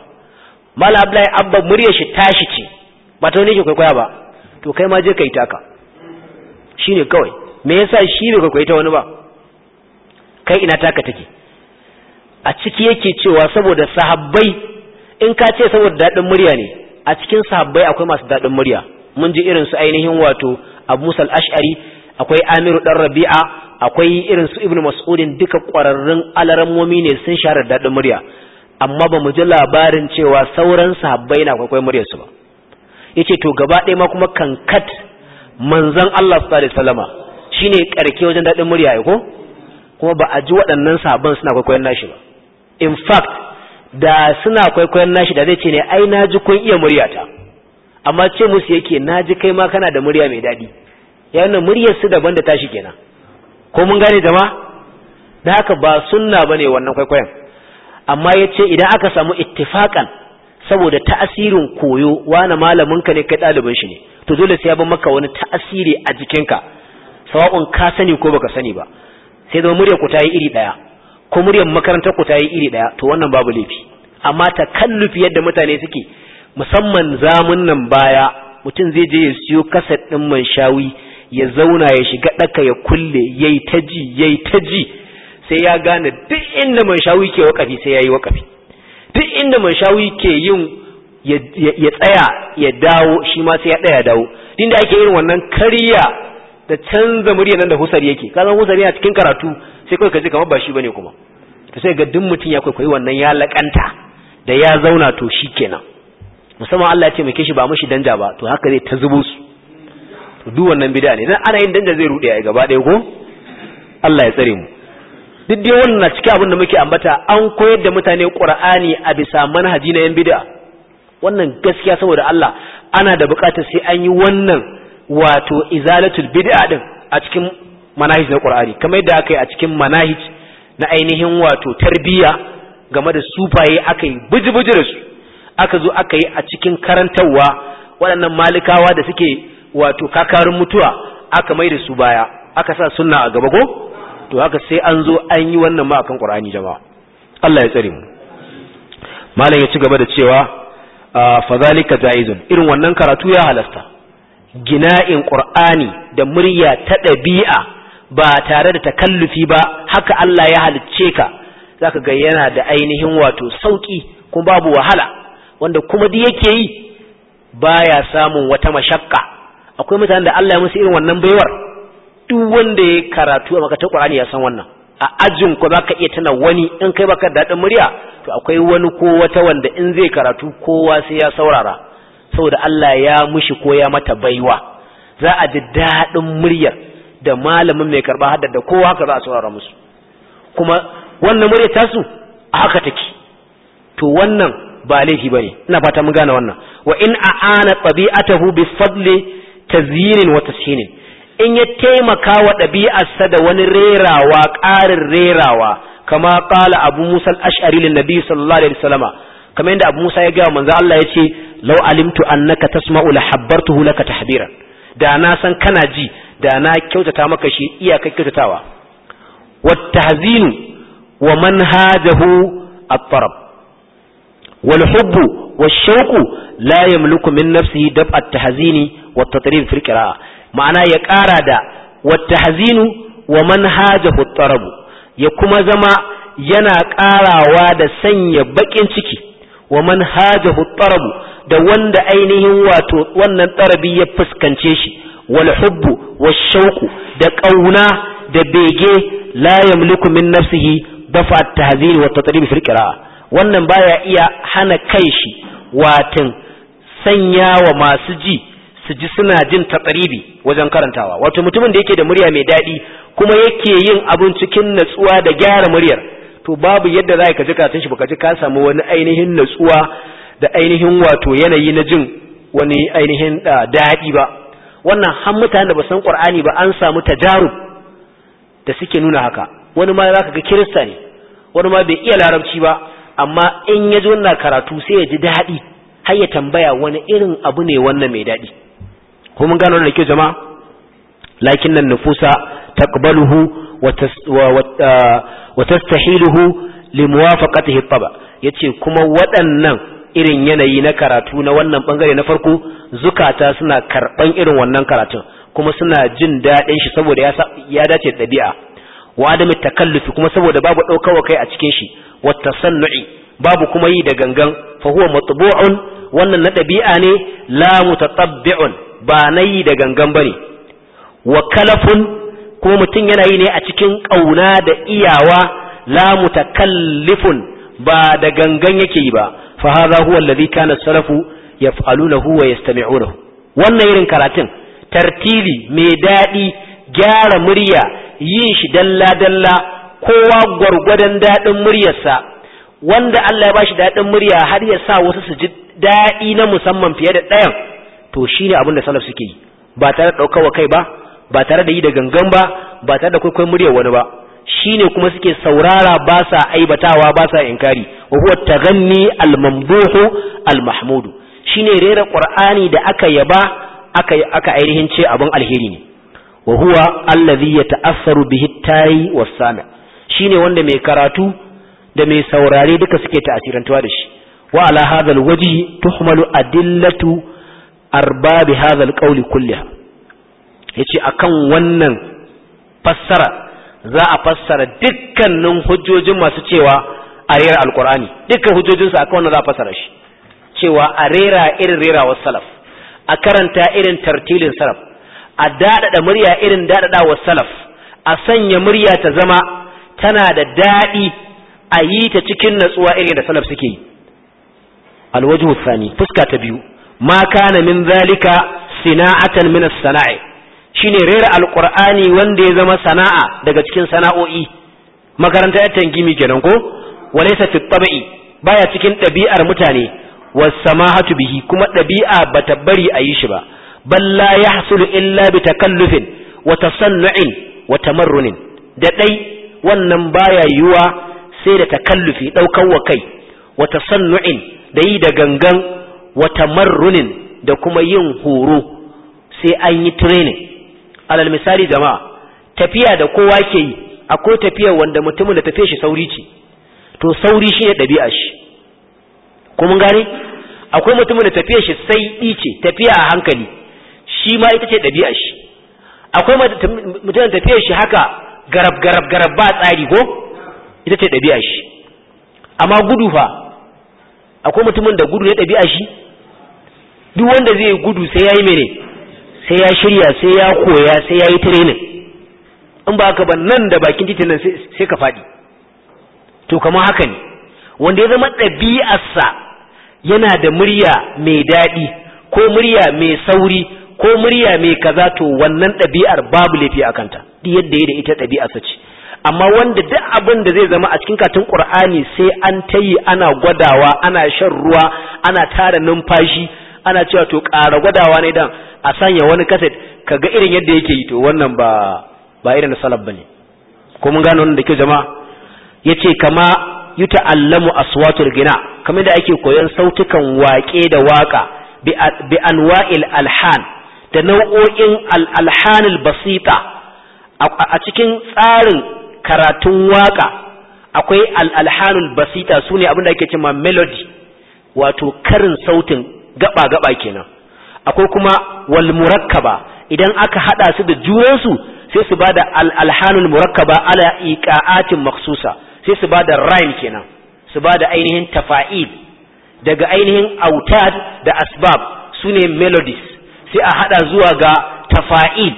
malam abdullahi abba muryar shi tashi ce ba ta wani yake kwaikwaya ba to kai ma je ka yi taka shine kawai me yasa shi bai kwaikwaya ta wani ba kai ina taka take a ciki yake cewa saboda sahabbai in ka ce saboda daɗin murya ne a cikin sahabbai akwai masu daɗin murya mun ji irin su ainihin wato abu musal ash'ari akwai amiru dan rabi'a akwai irin su ibnu mas'udin duka ƙwararrun alarammomi ne sun share daɗin murya amma ba mu ji labarin cewa sauran sahabbai na kwakwai muryarsu ba yace to gaba ɗaya ma kuma kankat manzon Allah sallallahu alaihi wasallama shine karke wajen daɗin murya ya ko kuma ba a ji waɗannan sabon suna kwaikwayon nashi ba in fact da suna kwaikwayon nashi da zai ce ne ai na ji kun iya muryata amma ce musu yake na ji kai ma kana da murya mai daɗi ya yi muryar su daban da tashi kenan ko mun gane jama da haka ba sunna ba ne wannan kwaikwayon amma ya ce idan aka samu ittifakan saboda ta'asirin koyo wani malaminka ne kai ɗalibin shi ne to dole sai ya bi maka wani ta'asiri a jikinka sawa'un ka sani ko baka sani ba sai zama muryar ku ta yi iri ɗaya ko muryar makarantar ku ta yi iri ɗaya to wannan babu laifi amma ta kallufi yadda mutane suke musamman zamun nan baya mutum zai je ya siyo kaset ɗin man shawi ya zauna ya shiga ɗaka ya kulle yayi ta ji yayi ta ji sai ya gane duk inda man shawi ke wakafi sai ya yi wakafi duk inda man shawi ke yin ya tsaya ya dawo shi ma sai ya tsaya dawo din da ake irin wannan kariya. da canza murya nan da husari yake ka san husari a cikin karatu sai kawai ka ji kamar ba shi bane kuma to sai ga duk mutum ya kwaikwayi wannan ya lakanta da ya zauna to shi kenan. musamman Allah ya ce mai kishi ba mushi danja ba to haka zai ta zubo su to duk wannan bid'a ne dan ana yin danja zai rude ai gaba ɗaya ko Allah ya tsare mu duk dai wannan na cikin abin da muke ambata an koyar da mutane Qur'ani a bisa manhaji na yan bid'a wannan gaskiya saboda Allah ana da buƙatar sai an yi wannan wato izalatul bid'a din a cikin manahij na Qur'ani kamar yadda aka a cikin manahij na ainihin wato tarbiya game da sufaye aka yi da su aka zo aka a cikin karantarwa waɗannan malikawa da suke wato kakarin mutuwa aka mai da su baya aka sa sunna a gaba ko to haka sai an zo an yi wannan ma akan Qur'ani jama'a Allah ya tsare mu malam ya ci gaba da cewa ah, fa zalika jaizun irin wannan karatu ya halasta gina'in ƙur'ani da murya ta ɗabi'a ba tare da takallufi ba haka Allah ya halicce ka za ka ga yana da ainihin wato sauƙi kuma babu wahala wanda kuma duk yake yi baya samun wata mashakka akwai mutanen da Allah ya musu irin wannan baiwar duk wanda ya karatu a makarantar Qur'ani ya san wannan a ajin ku zaka iya tana wani in kai baka daɗin murya to akwai wani ko wata wanda in zai karatu kowa sai ya saurara saboda Allah ya mushi ko ya mata baiwa za a ji daɗin muryar da malamin mai karɓa haddar da kowa haka za a saurara musu kuma wannan muryar tasu a haka take to wannan ba laifi bane ina fata mun gane wannan wa in a'ana tabi'atahu bi fadli tazyinin wa tashinin in ya taimaka wa ɗabi'arsa da wani rerawa ƙarin rerawa kama ƙala abu musal ash'ari lin nabi sallallahu alaihi wasallama kamar yadda Abu Musa ya ga manzo Allah yace law alimtu annaka tasma'u la habbartuhu laka tahbiran da na san kana ji da na kyautata maka shi iyakar kyautatawa wat tahzinu wa manhajahu at-tarab wal hubbu والشوق لا يملك من نفسه دفع التهزين والتطريب في القراءة معنى يقارى دا والتهزين ومنهاجه Ya kuma zama. yana ƙarawa da sanya baƙin ciki wa man hajahu tarabu da wanda ainihin wato wannan tarabi ya fuskance shi wal hubbu washauku da kauna da bege la yamliku min nafsihi dafa tahzir wa tatrib fil qira'a wannan baya iya hana kai shi watin sanya wa masu ji su ji suna jin tatribi wajen karantawa wato mutumin da yake da murya mai daɗi kuma yake yin abun cikin natsuwa da gyara muryar to babu yadda za ka ji karatun shi baka ji ka samu wani ainihin natsuwa da ainihin wato yanayi na jin wani ainihin ah, daɗi ba wannan har mutane da ba san qur'ani ba an samu tajarub da suke nuna haka wani ma za ka ga kirista ne wani ma bai iya larabci ba amma in ya ji wannan karatu sai ya ji daɗi har ya tambaya wani irin abu ne wannan mai daɗi ko mun gano da kyau jama'a lakin nan nufusa taqbaluhu wa ah, tastahiluhu limuwafaqatihi at-taba yace kuma waɗannan irin yanayi na karatu na wannan bangare na farko zukata suna karban irin wannan karatun kuma suna jin daɗin shi saboda ya dace da ɗabi'a wa adami takallufi kuma saboda babu wa kai a cikin shi wa tasannu'i babu kuma yi da gangan fa huwa matbu'un wannan na ɗabi'a ne la mutatabbi'un ba na yi da gangan bane wa kalafun ko mutum yana yi ne a cikin ƙauna da iyawa la mutakallifun ba da gangan yake yi ba fa hadha huwa alladhi kana salafu yaf'alunahu wa yastami'unahu wannan irin karatun tartiri mai dadi gyara murya yin shi dalla dalla kowa gwargwadon dadin muryarsa wanda Allah ya bashi dadin murya har ya sa wasu su ji dadi na musamman fiye da ɗayan to shine abin da salaf suke yi ba tare da wa kai ba ba tare da yi da gangan ba ba tare da kwaikwayon muryar wani ba shine kuma suke saurara ba sa aibatawa ba sa inkari wa huwa taghanni al-mamduhu al-mahmud shine rera qur'ani da aka yaba aka aka ainihin ce abin alheri ne wa huwa allazi yata'assaru bihi tayi was-sami shine wanda mai karatu da mai saurare duka suke ta'asirantuwa da shi wa ala hadha al-wajhi tuhmalu adillatu arbabi hadha al-qawli kulliha Ya ce a kan wannan fassara za a fassara dukkanin hujjojin masu cewa a rera alkur'ani dukkan hujjojinsu kan wannan za a fassara shi cewa a rera irin rera wasu salaf a karanta irin tartilin salaf a daɗaɗa murya irin wasu salaf a sanya murya ta zama tana da daɗi a yi ta cikin natsuwa irin da salaf suke yi alwajhu fuska ta biyu ma kana min zalika sina'atan min as-sana'i shine rera alqur'ani wanda ya zama sana'a daga cikin sana'o'i makaranta ya tangimi kenan ko walaysa fi tabi'i baya cikin ɗabi'ar mutane wasamahatu bihi kuma ɗabi'a bata bari a yi shi ba balla yahsulu illa bi takallufin wa tasannu'in wa tamarrunin da dai wannan baya yiwa sai da takallufi daukan wa kai wa tasannu'in da yi da gangan wa tamarrunin da kuma yin horo sai an yi training alal misali jama'a tafiya da kowa ke yi akwai tafiya wanda mutumin da tafiya shi sauri ce to sauri shi ne ɗabi'a shi ko mun gane akwai mutumin da tafiya shi sai ce tafiya a hankali shi ma ita ce ɗabi'a shi akwai mutumin da tafiya shi haka garab garab garab ba tsari ko ita ce ɗabi'a shi amma gudu fa akwai mutumin da gudu ne ɗabi'a shi duk wanda zai gudu sai ya yi mene sai ya shirya sai ya koya sai ya yi training in ba ka ban nan da bakin titin nan sai ka faɗi to kamar haka ne wanda ya zama ɗabi'arsa yana da murya mai daɗi ko murya mai sauri ko murya mai kaza to wannan ɗabi'ar babu laifi a kanta yadda ya da ita ɗabi'arsa ce amma wanda duk abin da zai zama a cikin katin Qur'ani sai an tayi ana gwadawa ana shan ruwa ana tara numfashi ana cewa to ƙara gwadawa ne dan a sanya wani kaset ka ga irin yadda yake yi to wannan ba ba irin salaf bane ko mun gano wannan da ke jama'a yace kama allamu aswatul gina kamar da ake koyon sautukan waƙe da waƙa bi anwa'il alhan da nau'o'in alhanil basita a cikin tsarin karatun waƙa akwai alhanul basita sune ne abinda ake cewa melody wato karin sautin gaba gaba kenan akwai kuma walmurakaba idan aka hada su da junansu sai su ba da alhanun murakkaba ala iƙa'atin maksusa sai su ba da rhyme kenan su ba da ainihin tafa'il daga ainihin autad da asbab sune melodies sai a hada zuwa ga tafa'il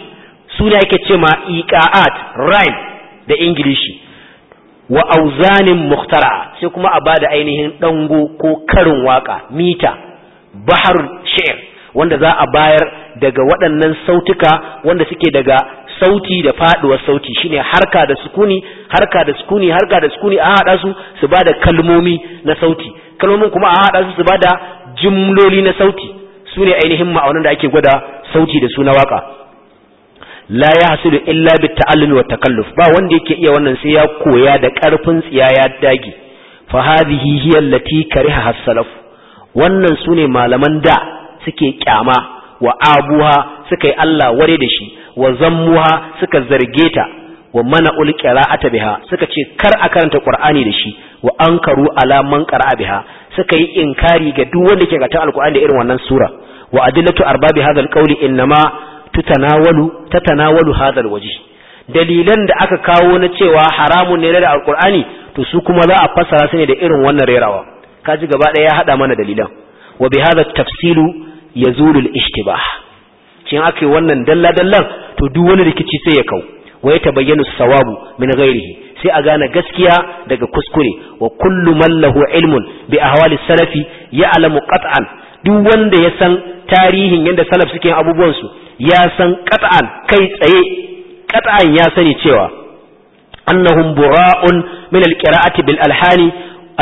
sune ake ma iƙa'at rhyme da ingilishi wa auzanin muhtara sai kuma a ba da ainihin ɗango ko karin waka mita baharul shi'r wanda za a bayar daga waɗannan sautuka wanda suke daga sauti da faɗuwar sauti shine harka da sukuni harka da sukuni harka da sukuni a hada su su bada kalmomi na sauti kalmomin kuma a hada su su bada jumloli na sauti sune ainihin ma'aunin da ake gwada sauti da suna na waka la yahsulu illa bitta'allumi wa takalluf ba wanda yake iya wannan sai ya koya da karfin tsiya ya dage fa hadhihi hiya allati kariha as-salaf wannan su ne malaman da suke kyama wa abuha suka yi Allah ware da shi wa zammuha suka zarge ta wa mana ul ata biha suka ce kar a karanta qur'ani da shi wa ankaru ala man biha suka yi inkari ga duk wanda ke karanta alqur'ani da irin wannan sura wa adillatu arbabi hadha inna innama tutanawalu tatanawalu hadha waji dalilan da aka kawo na cewa haramun ne da Alƙur'ani to su kuma za a fassara su ne da irin wannan rerawa kaji gaba ɗaya ya haɗa mana dalilan wa bi hadha tafsilu yazulu al-ishtibah kin aka yi wannan dalla dallan to duk wani rikici sai ya kau wa ya tabayyana sawabu min ghairihi sai a gane gaskiya daga kuskure wa kullu man lahu ilmun bi ahwali salafi ya'lamu qat'an duk wanda ya san tarihin yanda salaf suke abubuwan su ya san qat'an kai tsaye qat'an ya sani cewa annahum bura'un min al-qira'ati bil alhani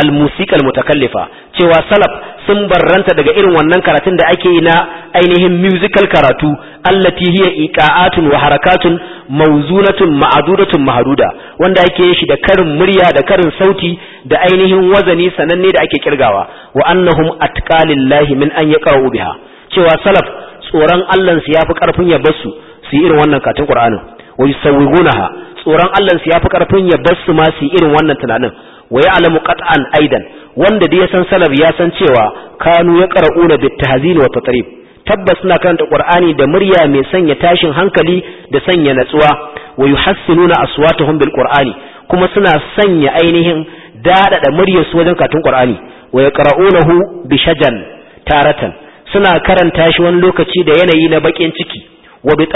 al-musiq al-mutakallifa cewa salaf sun barranta daga irin wannan karatun da ake yi na ainihin musical karatu allati hiya iqa'atun wa harakatun mawzunatun ma'dudatun mahduda wanda ake yin shi da karin murya da karin sauti da ainihin wazani sananne da ake kirgawa wa annahum atqalillahi min an yaqra'u biha cewa salaf tsoron Allah su yafi karfin ya basu su yi irin wannan katin Qur'anin wa yusawwigunaha tsoron Allah su yafi karfin ya basu ma su yi irin wannan tunanin wa alamu qat'an aidan wanda dai ya san salaf ya san cewa kanu ya qara'una bit tahzil wa tatrib tabbas suna karanta qur'ani da murya mai sanya tashin hankali da sanya natsuwa wa yuhassinuna aswatuhum bil qur'ani kuma suna sanya ainihin dadada muryarsu wajen katun qur'ani wa yaqra'unahu bi shajan taratan suna karanta shi wani lokaci da yanayi na bakin ciki wa bi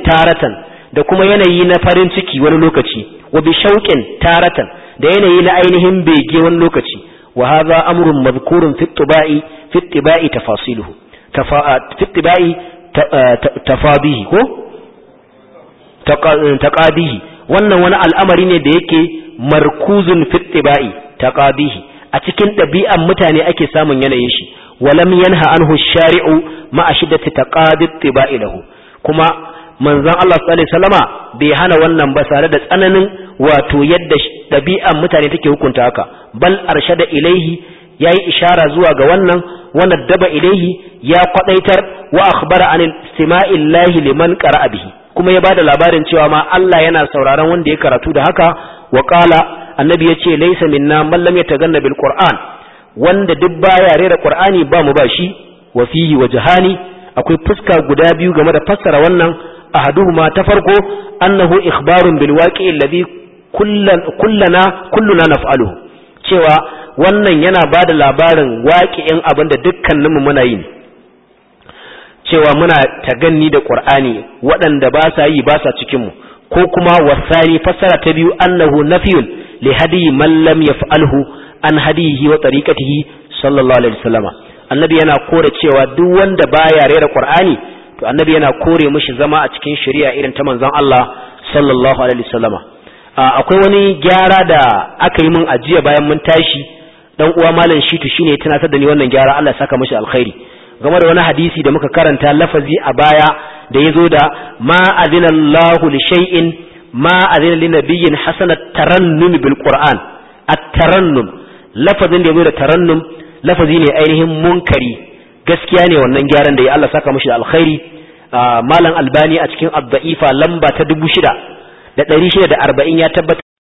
taratan da kuma yanayi na farin ciki wani lokaci wa bi shauƙin taratan da yanayi na ainihin bege wani lokaci wa hadha amrun madhkurun fi tibai fi tibai tafasiluhu fi tibai tafabihi ko wannan wani al'amari ne da yake markuzun fi tibai taqabihi a cikin ɗabi'an mutane ake samun yanayin shi walam yanha anhu shari'u ma'a shiddati taqadib tibai lahu kuma manzon Allah sallallahu alaihi wasallama bai hana wannan ba tare da tsananin wato yadda ɗabi'an mutane take hukunta haka bal da ilaihi ya yi ishara zuwa ga wannan wannan daba ilaihi ya kwadaitar wa akhbara an istima'il lahi liman qara'a bihi kuma ya ba da labarin cewa ma Allah yana sauraron wanda ya karatu da haka wa qala annabi ce laisa minna man lam yataganna bil wanda duk baya rera ƙur'ani ba mu ba bashi wa fihi wajhani akwai fuska guda biyu game da fassara wannan ahaduhuma ta farko annahu ikhbarun bil waqi'i kullana kulluna naf'alu cewa wannan yana ba da labarin waƙi'in abin da dukkaninmu muna yi cewa muna taganni da ƙur'ani waɗanda ba sa yi ba sa cikinmu ko kuma wasani fassara ta biyu annahu nafiyun li hadiyi man lam yaf'alhu an hadiyihi wa tariqatihi sallallahu alaihi wasallama annabi yana kore cewa duk wanda baya rera ƙur'ani to annabi yana kore mishi zama a cikin shari'a irin ta manzon Allah sallallahu alaihi wasallama akwai wani gyara da aka yi min ajiya bayan mun tashi dan uwa malam shitu shine ya tunatar da ni wannan gyara Allah ya saka mishi alkhairi game da wani hadisi da muka karanta lafazi a baya da yazo da ma azinallahu li shay'in ma azina li nabiyyin hasanat tarannum bil qur'an at-tarannum lafazin da yazo da tarannum lafazi ne ainihin munkari gaskiya ne wannan gyaran da ya Allah saka mishi alkhairi malam albani a cikin Abaifa lamba ta 6000 da 640 ya tabbata